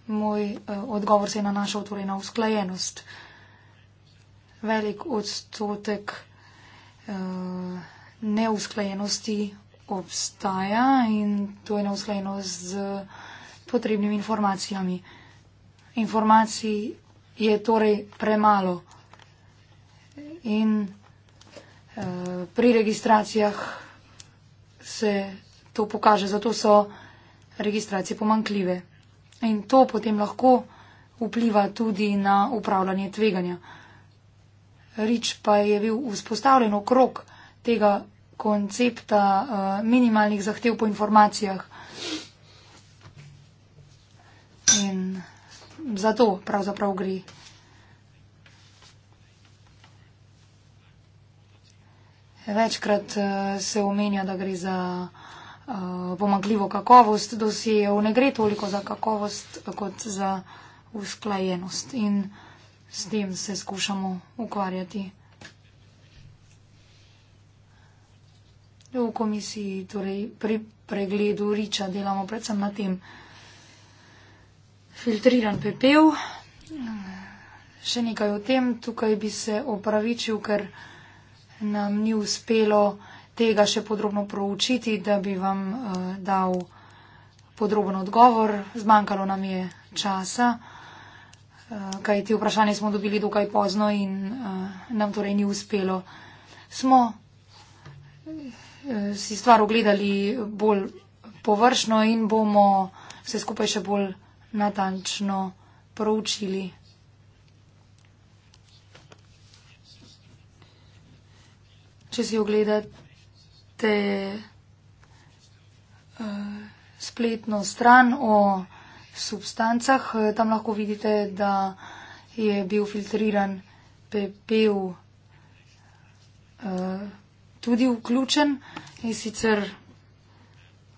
Moj eh, odgovor se je nanašal torej na usklajenost. Velik odstotek eh, neusklajenosti obstaja in to je neusklajeno z potrebnimi informacijami. Informacij je torej premalo in e, pri registracijah se to pokaže, zato so registracije pomankljive. In to potem lahko vpliva tudi na upravljanje tveganja. Rič pa je bil vzpostavljen okrog tega koncepta uh, minimalnih zahtev po informacijah. In za to pravzaprav gre. Večkrat uh, se omenja, da gre za uh, eh, pomagljivo kakovost dosijev, ne gre toliko za kakovost, kot za usklajenost. In s tem se skušamo ukvarjati. v komisiji, torej pri pregledu riča, delamo predvsem na tem filtriran pepel. Še nekaj o tem, tukaj bi se opravičil, ker nam ni uspelo tega še podrobno proučiti, da bi vam uh, dal podroben odgovor. Zmanjkalo nam je časa, uh, eh, kaj ti vprašanje smo dobili dokaj pozno in uh, nam torej ni uspelo. Smo si stvar ogledali bolj površno in bomo vse skupaj še bolj natančno proučili. Če si ogledate eh, spletno stran o substancah, eh, tam lahko vidite, da je bil filtriran pepel eh, tudi vključen in sicer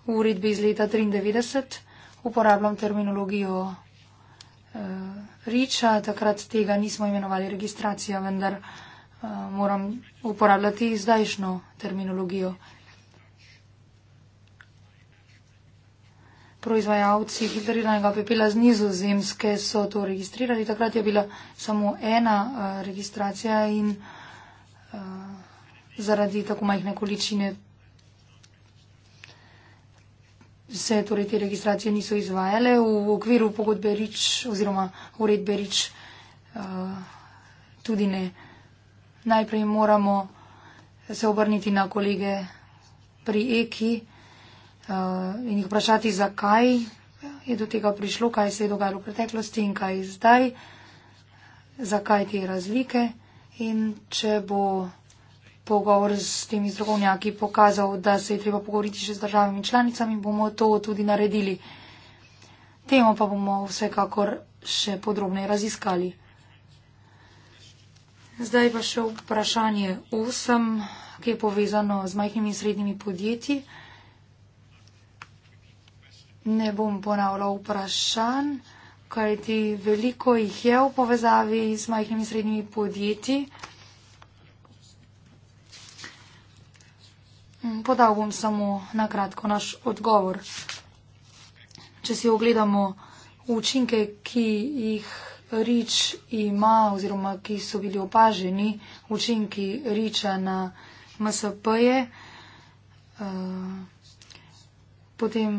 v uredbi iz leta 93 uporabljam terminologijo uh, riča, takrat tega nismo imenovali registracija, vendar uh, moram uporabljati zdajšno terminologijo. Proizvajalci filtriranega pepela z nizozemske so to registrirali. Takrat je bila samo ena uh, registracija in uh, zaradi tako majhne količine se torej te registracije niso izvajale. V okviru pogodbe Rič oziroma uredbe Rič uh, tudi ne. Najprej moramo se obrniti na kolege pri EKI uh, in jih vprašati, zakaj je do tega prišlo, kaj se je dogajalo v preteklosti in kaj zdaj, zakaj te razlike in če bo pogovor s temi strokovnjaki pokazal, da se je treba pogovoriti še z državami članicami, bomo to tudi naredili. Temo pa bomo vsekakor še podrobneje raziskali. Zdaj pa še vprašanje 8, ki je povezano z majhnimi in srednjimi podjetji. Ne bom ponavljal vprašanj, kajti veliko jih je v povezavi z majhnimi in srednjimi podjetji. Mm, podal bom samo na kratko naš odgovor. Če si ogledamo učinke, ki jih rič ima oziroma ki so bili opaženi, učinki riča na MSP-je, eh, potem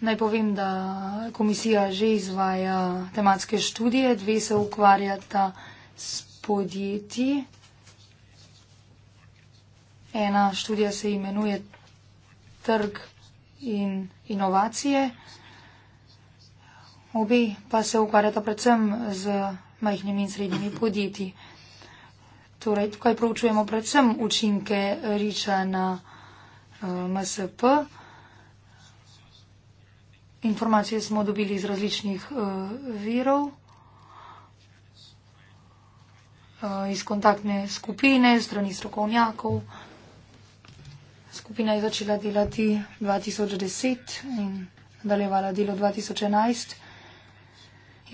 naj povem, da komisija že izvaja tematske študije, dve se ukvarjata s podjetji. Ena študija se imenuje Trg in inovacije. Obe pa se ukvarjata predvsem z majhnimi in srednjimi podjetji. Torej, tukaj proučujemo predvsem učinke riča na uh, eh, MSP. Informacije smo dobili iz različnih uh, virov, uh, iz kontaktne skupine, strani strokovnjakov. Skupina je začela delati 2010 in nadaljevala delo 2011.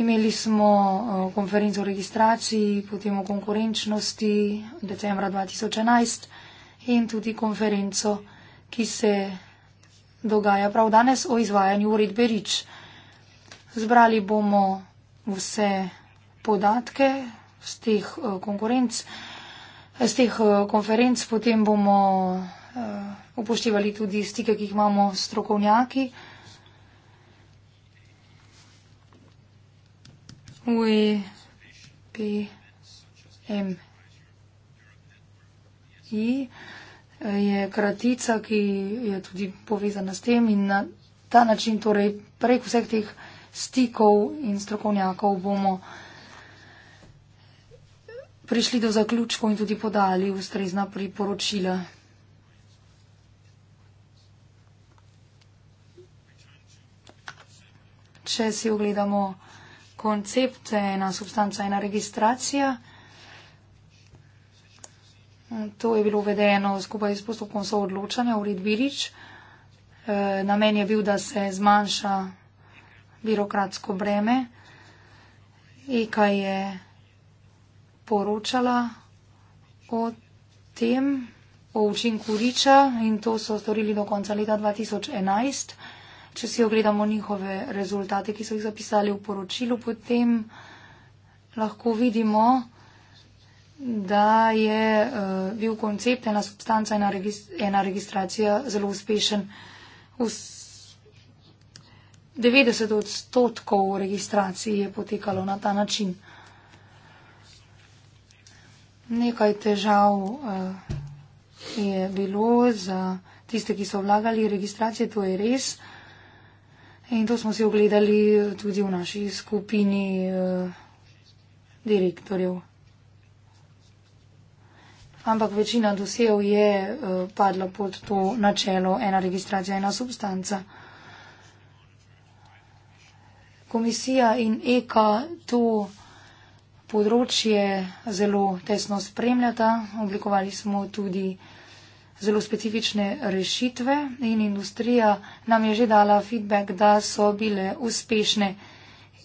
Imeli smo eh, konferenco o registraciji, potem o konkurenčnosti decembra 2011 in tudi konferenco, ki se dogaja prav danes o izvajanju uredbe RIČ. Zbrali bomo vse podatke z teh eh, eh, konferenc, potem bomo Eh, upoštevali tudi stike, ki jih imamo s strokovnjaki. UEPMI je kratica, ki je tudi povezana s tem in na ta način, torej prek vseh teh stikov in strokovnjakov bomo prišli do zaključkov in tudi podali ustrezna priporočila. če si ogledamo koncepte, ena substanca, ena registracija. To je bilo uvedeno skupaj s postopkom soodločanja v Redbirič. E, namen je bil, da se zmanjša birokratsko breme. Eka je poročala o tem, o učinku Riča in to so storili do konca leta 2011 če si ogledamo njihove rezultate, ki so jih zapisali v poročilu, potem lahko vidimo, da je uh, bil koncept ena substanca, ena, registr ena registracija zelo uspešen. V 90 odstotkov registracij je potekalo na ta način. Nekaj težav uh, je bilo za tiste, ki so vlagali registracije, to je res. Uh, In to smo si ogledali tudi v naši skupini uh, direktorjev. Ampak večina dosev je uh, padla pod to načelo ena registracija, ena substanca. Komisija in EKA to področje zelo tesno spremljata. Oblikovali smo tudi uh, zelo specifične rešitve in industrija nam je že dala feedback, da so bile uspešne.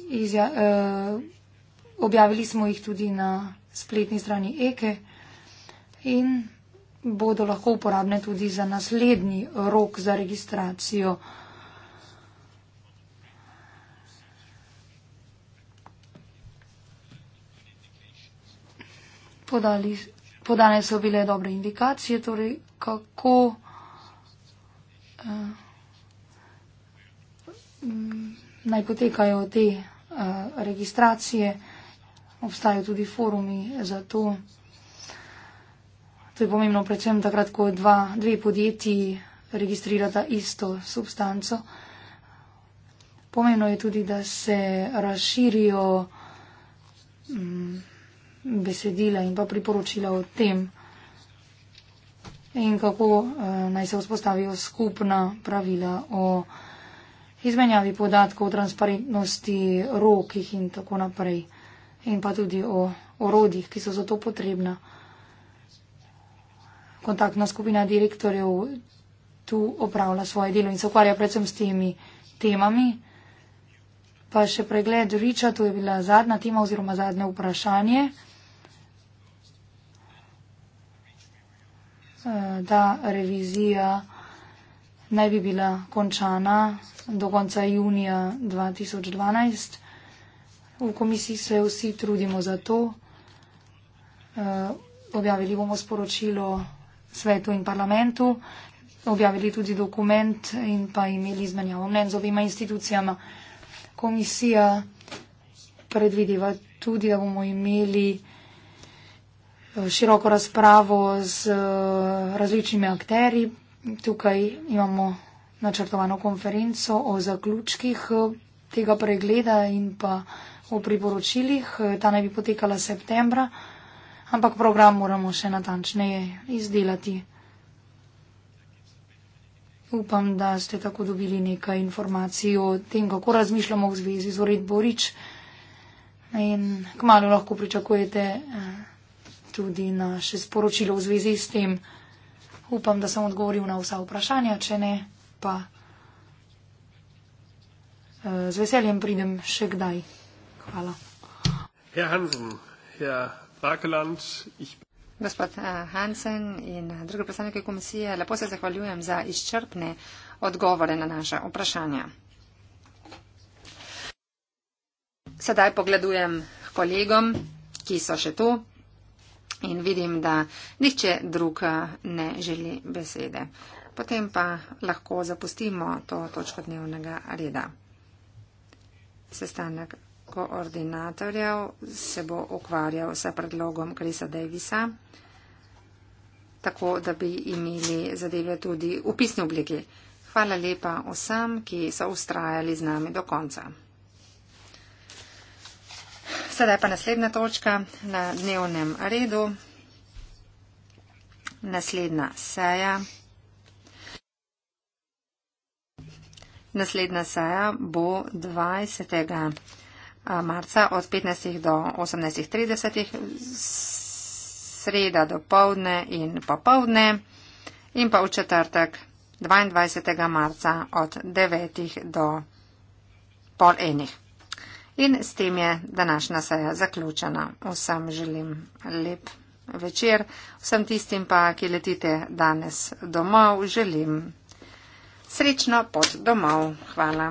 Izja, uh, objavili smo jih tudi na spletni strani Eke in bodo lahko uporabne tudi za naslednji rok za registracijo. Podali, podane so bile dobre indikacije, torej kako eh, naj potekajo te eh, registracije. Obstajajo tudi forumi za to. To je pomembno predvsem takrat, ko dva, dve podjetji registrirata isto substanco. Pomembno je tudi, da se razširijo mm, besedila in pa priporočila o tem in kako eh, naj se vzpostavijo skupna pravila o izmenjavi podatkov, transparentnosti, rokih in tako naprej. In pa tudi o orodjih, ki so za to potrebna. Kontaktna skupina direktorjev tu opravlja svoje delo in se ukvarja predvsem s temi temami. Pa še pregled Riča, to je bila zadnja tema oziroma zadnje vprašanje. da revizija naj bi bila končana do konca junija 2012. V komisiji se vsi trudimo za to. Eh, objavili bomo sporočilo svetu in parlamentu, objavili tudi dokument in pa imeli izmenjavo mnen z obima institucijama. Komisija predvideva tudi, da bomo imeli Eh, široko razpravo z eh, različnimi akteri. Tukaj imamo načrtovano konferenco o zaključkih eh, tega pregleda in pa o priporočilih. Ta naj bi potekala septembra, ampak program moramo še natančneje izdelati. Upam, da ste tako dobili nekaj informacij o tem, kako razmišljamo v zvezi z uredbo Rič. In kmalo lahko pričakujete. Eh, tudi naše sporočilo v zvezi s tem. Upam, da sem odgovoril na vsa vprašanja, če ne, pa eh, z veseljem pridem še kdaj. Hvala. Herr Hansen, Herr Bakeland, ich... Gospod eh, Hansen in eh, druge predstavnike komisije, lepo se zahvaljujem za izčrpne odgovore na naše vprašanja. Sedaj pogledujem kolegom, ki so še tu in vidim, da niče drug eh, ne želi besede. Potem pa lahko zapustimo to točko dnevnega reda. Sestanek koordinatorjev se bo ukvarjal s predlogom Krisa Davisa, tako da bi imeli zadeve tudi v pisni obliki. Hvala lepa vsem, ki so ustrajali z nami do konca. Sedaj pa naslednja točka na dnevnem redu. Naslednja seja. Naslednja seja bo 20. marca od 15. do 18.30, sreda do povdne in popovdne in pa v četrtek 22. marca od 9. do pol enih. In s tem je današnja seja zaključena. Vsem želim lep večer, vsem tistim pa, ki letite danes domov, želim srečno pot domov. Hvala.